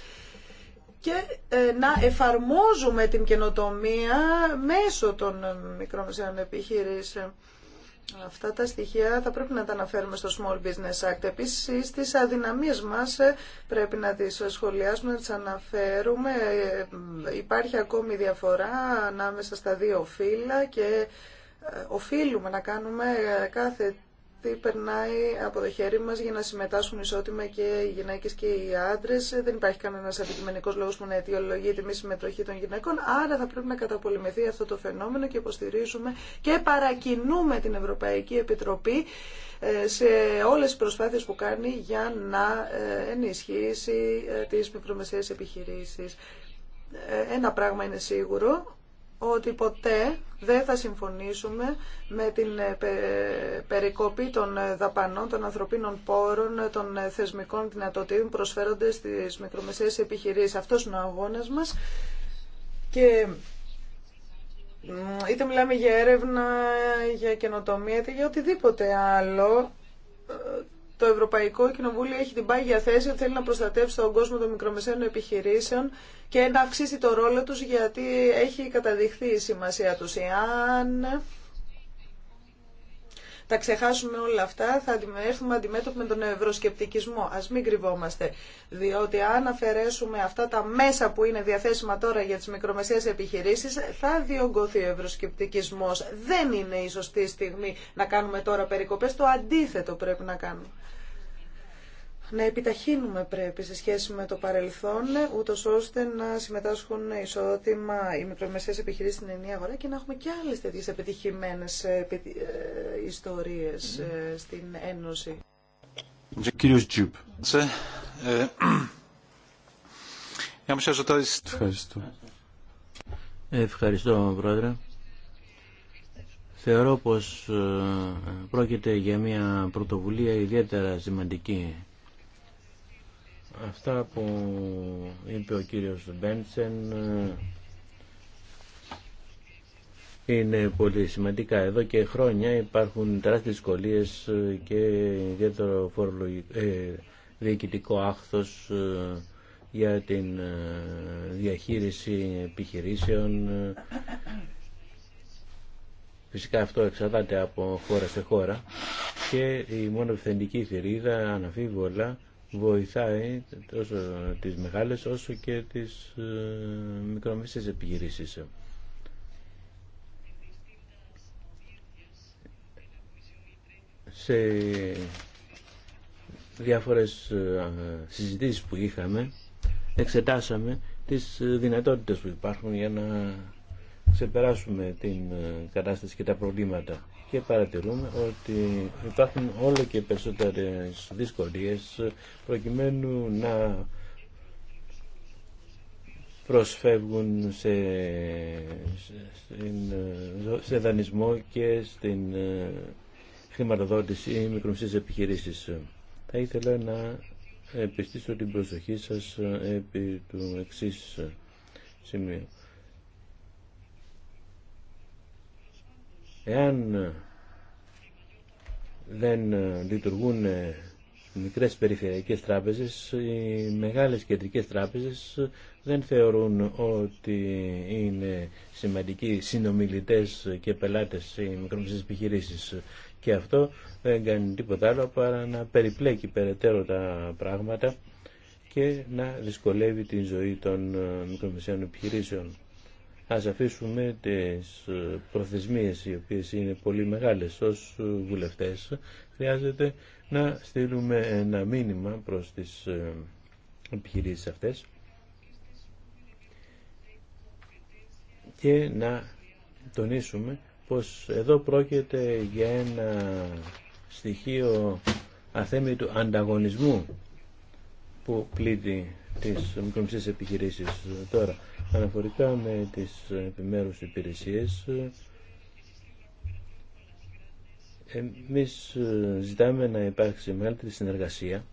και ε, να εφαρμόζουμε την καινοτομία μέσω των ε, μικρομεσαίων επιχειρήσεων. Αυτά τα στοιχεία θα πρέπει να τα αναφέρουμε στο Small Business Act. Επίσης, τις αδυναμίες μας ε, πρέπει να τις σχολιάσουμε, να τις αναφέρουμε. Υπάρχει ακόμη διαφορά ανάμεσα στα δύο φύλλα και οφείλουμε να κάνουμε κάθε τι περνάει από το χέρι μας για να συμμετάσχουν ισότιμα και οι γυναίκες και οι άντρες. Δεν υπάρχει κανένας αντικειμενικός λόγος που να αιτιολογεί τη μη συμμετοχή των γυναικών, άρα θα πρέπει να καταπολεμηθεί αυτό το φαινόμενο και υποστηρίζουμε και παρακινούμε την Ευρωπαϊκή Επιτροπή ε, σε όλες τις προσπάθειες που κάνει για να ε, ενισχύσει ε, τις μικρομεσαίες επιχειρήσεις. Ένα πράγμα είναι σίγουρο, ότι ποτέ δεν θα συμφωνήσουμε με την ε, περικοπή των ε, δαπανών, των ανθρωπίνων πόρων, ε, των θεσμικών δυνατοτήτων προσφέρονται στις μικρομεσαίες επιχειρήσεις. Αυτός είναι ο αγώνας μας και είτε μιλάμε για έρευνα, για καινοτομία, είτε για οτιδήποτε άλλο, το Ευρωπαϊκό Κοινοβούλιο έχει την πάγια θέση ότι θέλει να προστατεύσει τον κόσμο των μικρομεσαίων επιχειρήσεων και να αυξήσει το ρόλο τους γιατί έχει καταδειχθεί η σημασία τους. Εάν τα ξεχάσουμε όλα αυτά, θα έρθουμε αντιμέτωποι με τον ευρωσκεπτικισμό. Ας μην κρυβόμαστε, διότι αν αφαιρέσουμε αυτά τα μέσα που είναι διαθέσιμα τώρα για τις μικρομεσαίες επιχειρήσεις, θα διωγγωθεί ο ευρωσκεπτικισμό. Δεν είναι η σωστή στιγμή να κάνουμε τώρα περικοπές, το αντίθετο πρέπει να κάνουμε να επιταχύνουμε πρέπει σε σχέση με το παρελθόν, ούτω ώστε να συμμετάσχουν ισότιμα οι μικρομεσαίε επιχειρήσει στην ενιαία αγορά και να έχουμε και άλλες τέτοιες επιτυχημένες ε, ε, ιστορίε ε, στην Ένωση. Ευχαριστώ. Ευχαριστώ, Πρόεδρε. Θεωρώ πως πρόκειται για μια πρωτοβουλία ιδιαίτερα σημαντική Αυτά που είπε ο κύριος Μπέντσεν ε, είναι πολύ σημαντικά. Εδώ και χρόνια υπάρχουν τεράστιες δυσκολίε και ιδιαίτερο ε, διοικητικό άχθος ε, για την διαχείριση επιχειρήσεων. Φυσικά αυτό εξαρτάται από χώρα σε χώρα και η μόνο ευθεντική θηρίδα αναφίβολα βοηθάει τόσο τις μεγάλες όσο και τις ε, μικρομεσαίες επιχειρήσεις. Σε διάφορες ε, συζητήσεις που είχαμε εξετάσαμε τις δυνατότητες που υπάρχουν για να ξεπεράσουμε την ε, κατάσταση και τα προβλήματα και παρατηρούμε ότι υπάρχουν όλο και περισσότερες δυσκολίες προκειμένου να προσφεύγουν σε, σε, δανεισμό και στην ε, χρηματοδότηση μικρομεσαίες επιχειρήσεις. Θα ήθελα να επιστήσω την προσοχή σας ε, επί του εξής σημείου. Εάν δεν ε, λειτουργούν ε, μικρές περιφερειακές τράπεζες, οι μεγάλες κεντρικές τράπεζες ε, δεν θεωρούν ότι είναι σημαντικοί συνομιλητές και πελάτες οι μικρομεσαίες επιχειρήσεις και αυτό δεν κάνει τίποτα άλλο παρά να περιπλέκει περαιτέρω τα πράγματα και να δυσκολεύει την ζωή των μικρομεσαίων επιχειρήσεων. Ας αφήσουμε τις ε, προθεσμίες οι οποίες είναι πολύ μεγάλες ως ε, βουλευτές. Χρειάζεται να στείλουμε ένα μήνυμα προς τις ε, επιχειρήσεις αυτές και να τονίσουμε πως εδώ πρόκειται για ένα στοιχείο αθέμητου ανταγωνισμού που πλήττει τις μικρομεσαίες επιχειρήσεις τώρα. Αναφορικά με τις επιμέρους υπηρεσίες, εμείς ζητάμε να υπάρξει μεγαλύτερη συνεργασία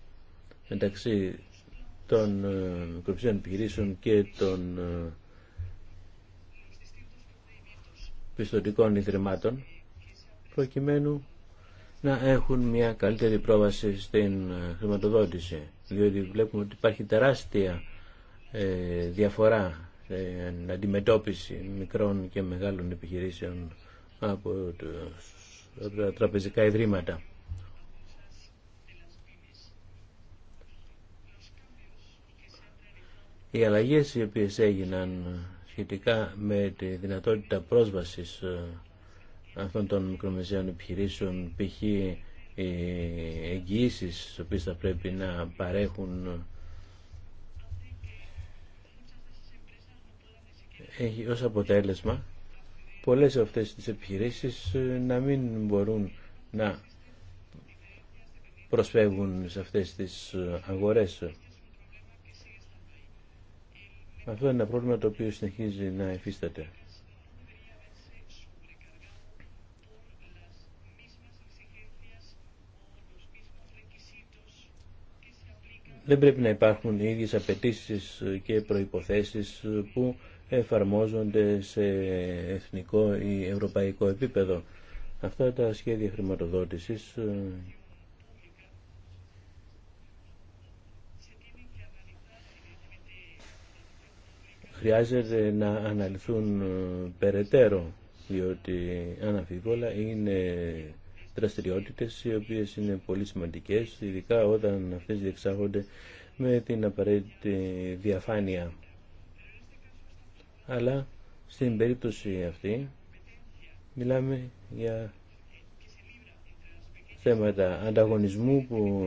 μεταξύ των ε, μικροψηφίων επιχειρήσεων και των ε, πιστοτικών ιδρυμάτων προκειμένου να έχουν μια καλύτερη πρόβαση στην ε, χρηματοδότηση διότι βλέπουμε ότι υπάρχει τεράστια διαφορά αντιμετώπιση μικρών και μεγάλων επιχειρήσεων από τα τραπεζικά ιδρύματα. Οι αλλαγές οι οποίες έγιναν σχετικά με τη δυνατότητα πρόσβασης ε, αυτών των μικρομεσαίων επιχειρήσεων, π.χ. οι εγγυήσεις οι οποίες θα πρέπει να παρέχουν έχει ως αποτέλεσμα πολλές αυτές τις επιχειρήσεις ε, να μην μπορούν να προσφεύγουν σε αυτές τις ε, αγορές. Αυτό είναι ένα πρόβλημα το οποίο συνεχίζει να εφίσταται. Δεν πρέπει να υπάρχουν οι ίδιες απαιτήσεις και προϋποθέσεις που εφαρμόζονται σε εθνικό ή ευρωπαϊκό επίπεδο. Αυτά τα σχέδια χρηματοδότησης ε, χρειάζεται να αναλυθούν ε, περαιτέρω, διότι αναφίβολα είναι δραστηριότητες οι οποίες είναι πολύ σημαντικές, ειδικά όταν αυτές διεξάγονται με την απαραίτητη διαφάνεια αλλά στην περίπτωση αυτή μιλάμε για θέματα ανταγωνισμού που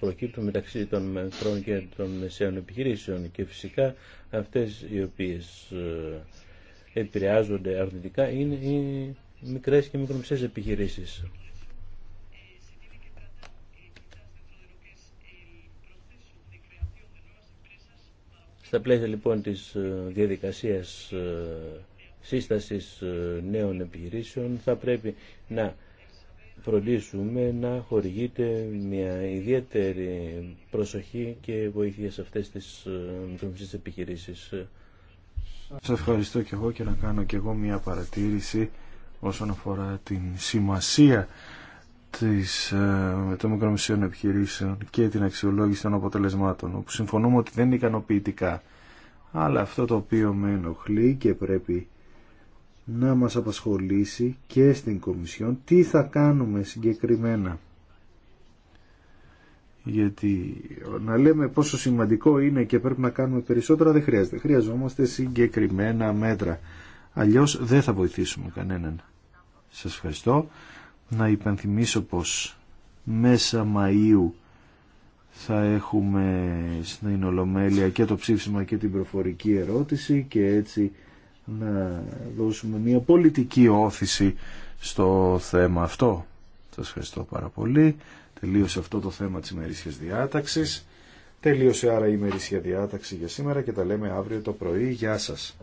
προκύπτουν μεταξύ των μικρών και των μεσαίων επιχειρήσεων και φυσικά αυτές οι οποίες ε, επηρεάζονται αρνητικά είναι οι μικρές και μικρομεσαίες επιχειρήσεις. Στα πλαίσια λοιπόν της ε, διαδικασίας ε, σύστασης ε, νέων επιχειρήσεων θα πρέπει να φροντίσουμε να χορηγείται μια ιδιαίτερη προσοχή και βοήθεια σε αυτές τις επιχειρήσει. επιχειρήσεις. Σας ευχαριστώ και εγώ και να κάνω και εγώ μια παρατήρηση όσον αφορά την σημασία της, ε, με το επιχειρήσεων και την αξιολόγηση των αποτελεσμάτων, όπου συμφωνούμε ότι δεν είναι ικανοποιητικά. Αλλά αυτό το οποίο με ενοχλεί και πρέπει να μας απασχολήσει και στην Κομισιόν τι θα κάνουμε συγκεκριμένα. Γιατί να λέμε πόσο σημαντικό είναι και πρέπει να κάνουμε περισσότερα δεν χρειάζεται. Χρειαζόμαστε συγκεκριμένα μέτρα. Αλλιώς δεν θα βοηθήσουμε κανέναν. Σας ευχαριστώ να υπενθυμίσω πως μέσα Μαΐου θα έχουμε στην Ολομέλεια και το ψήφισμα και την προφορική ερώτηση και έτσι να δώσουμε μια πολιτική όθηση στο θέμα αυτό. Σας ευχαριστώ πάρα πολύ. Τελείωσε αυτό το θέμα της ημερήσιας διάταξης. Τελείωσε άρα η ημερήσια διάταξη για σήμερα και τα λέμε αύριο το πρωί. Γεια σας.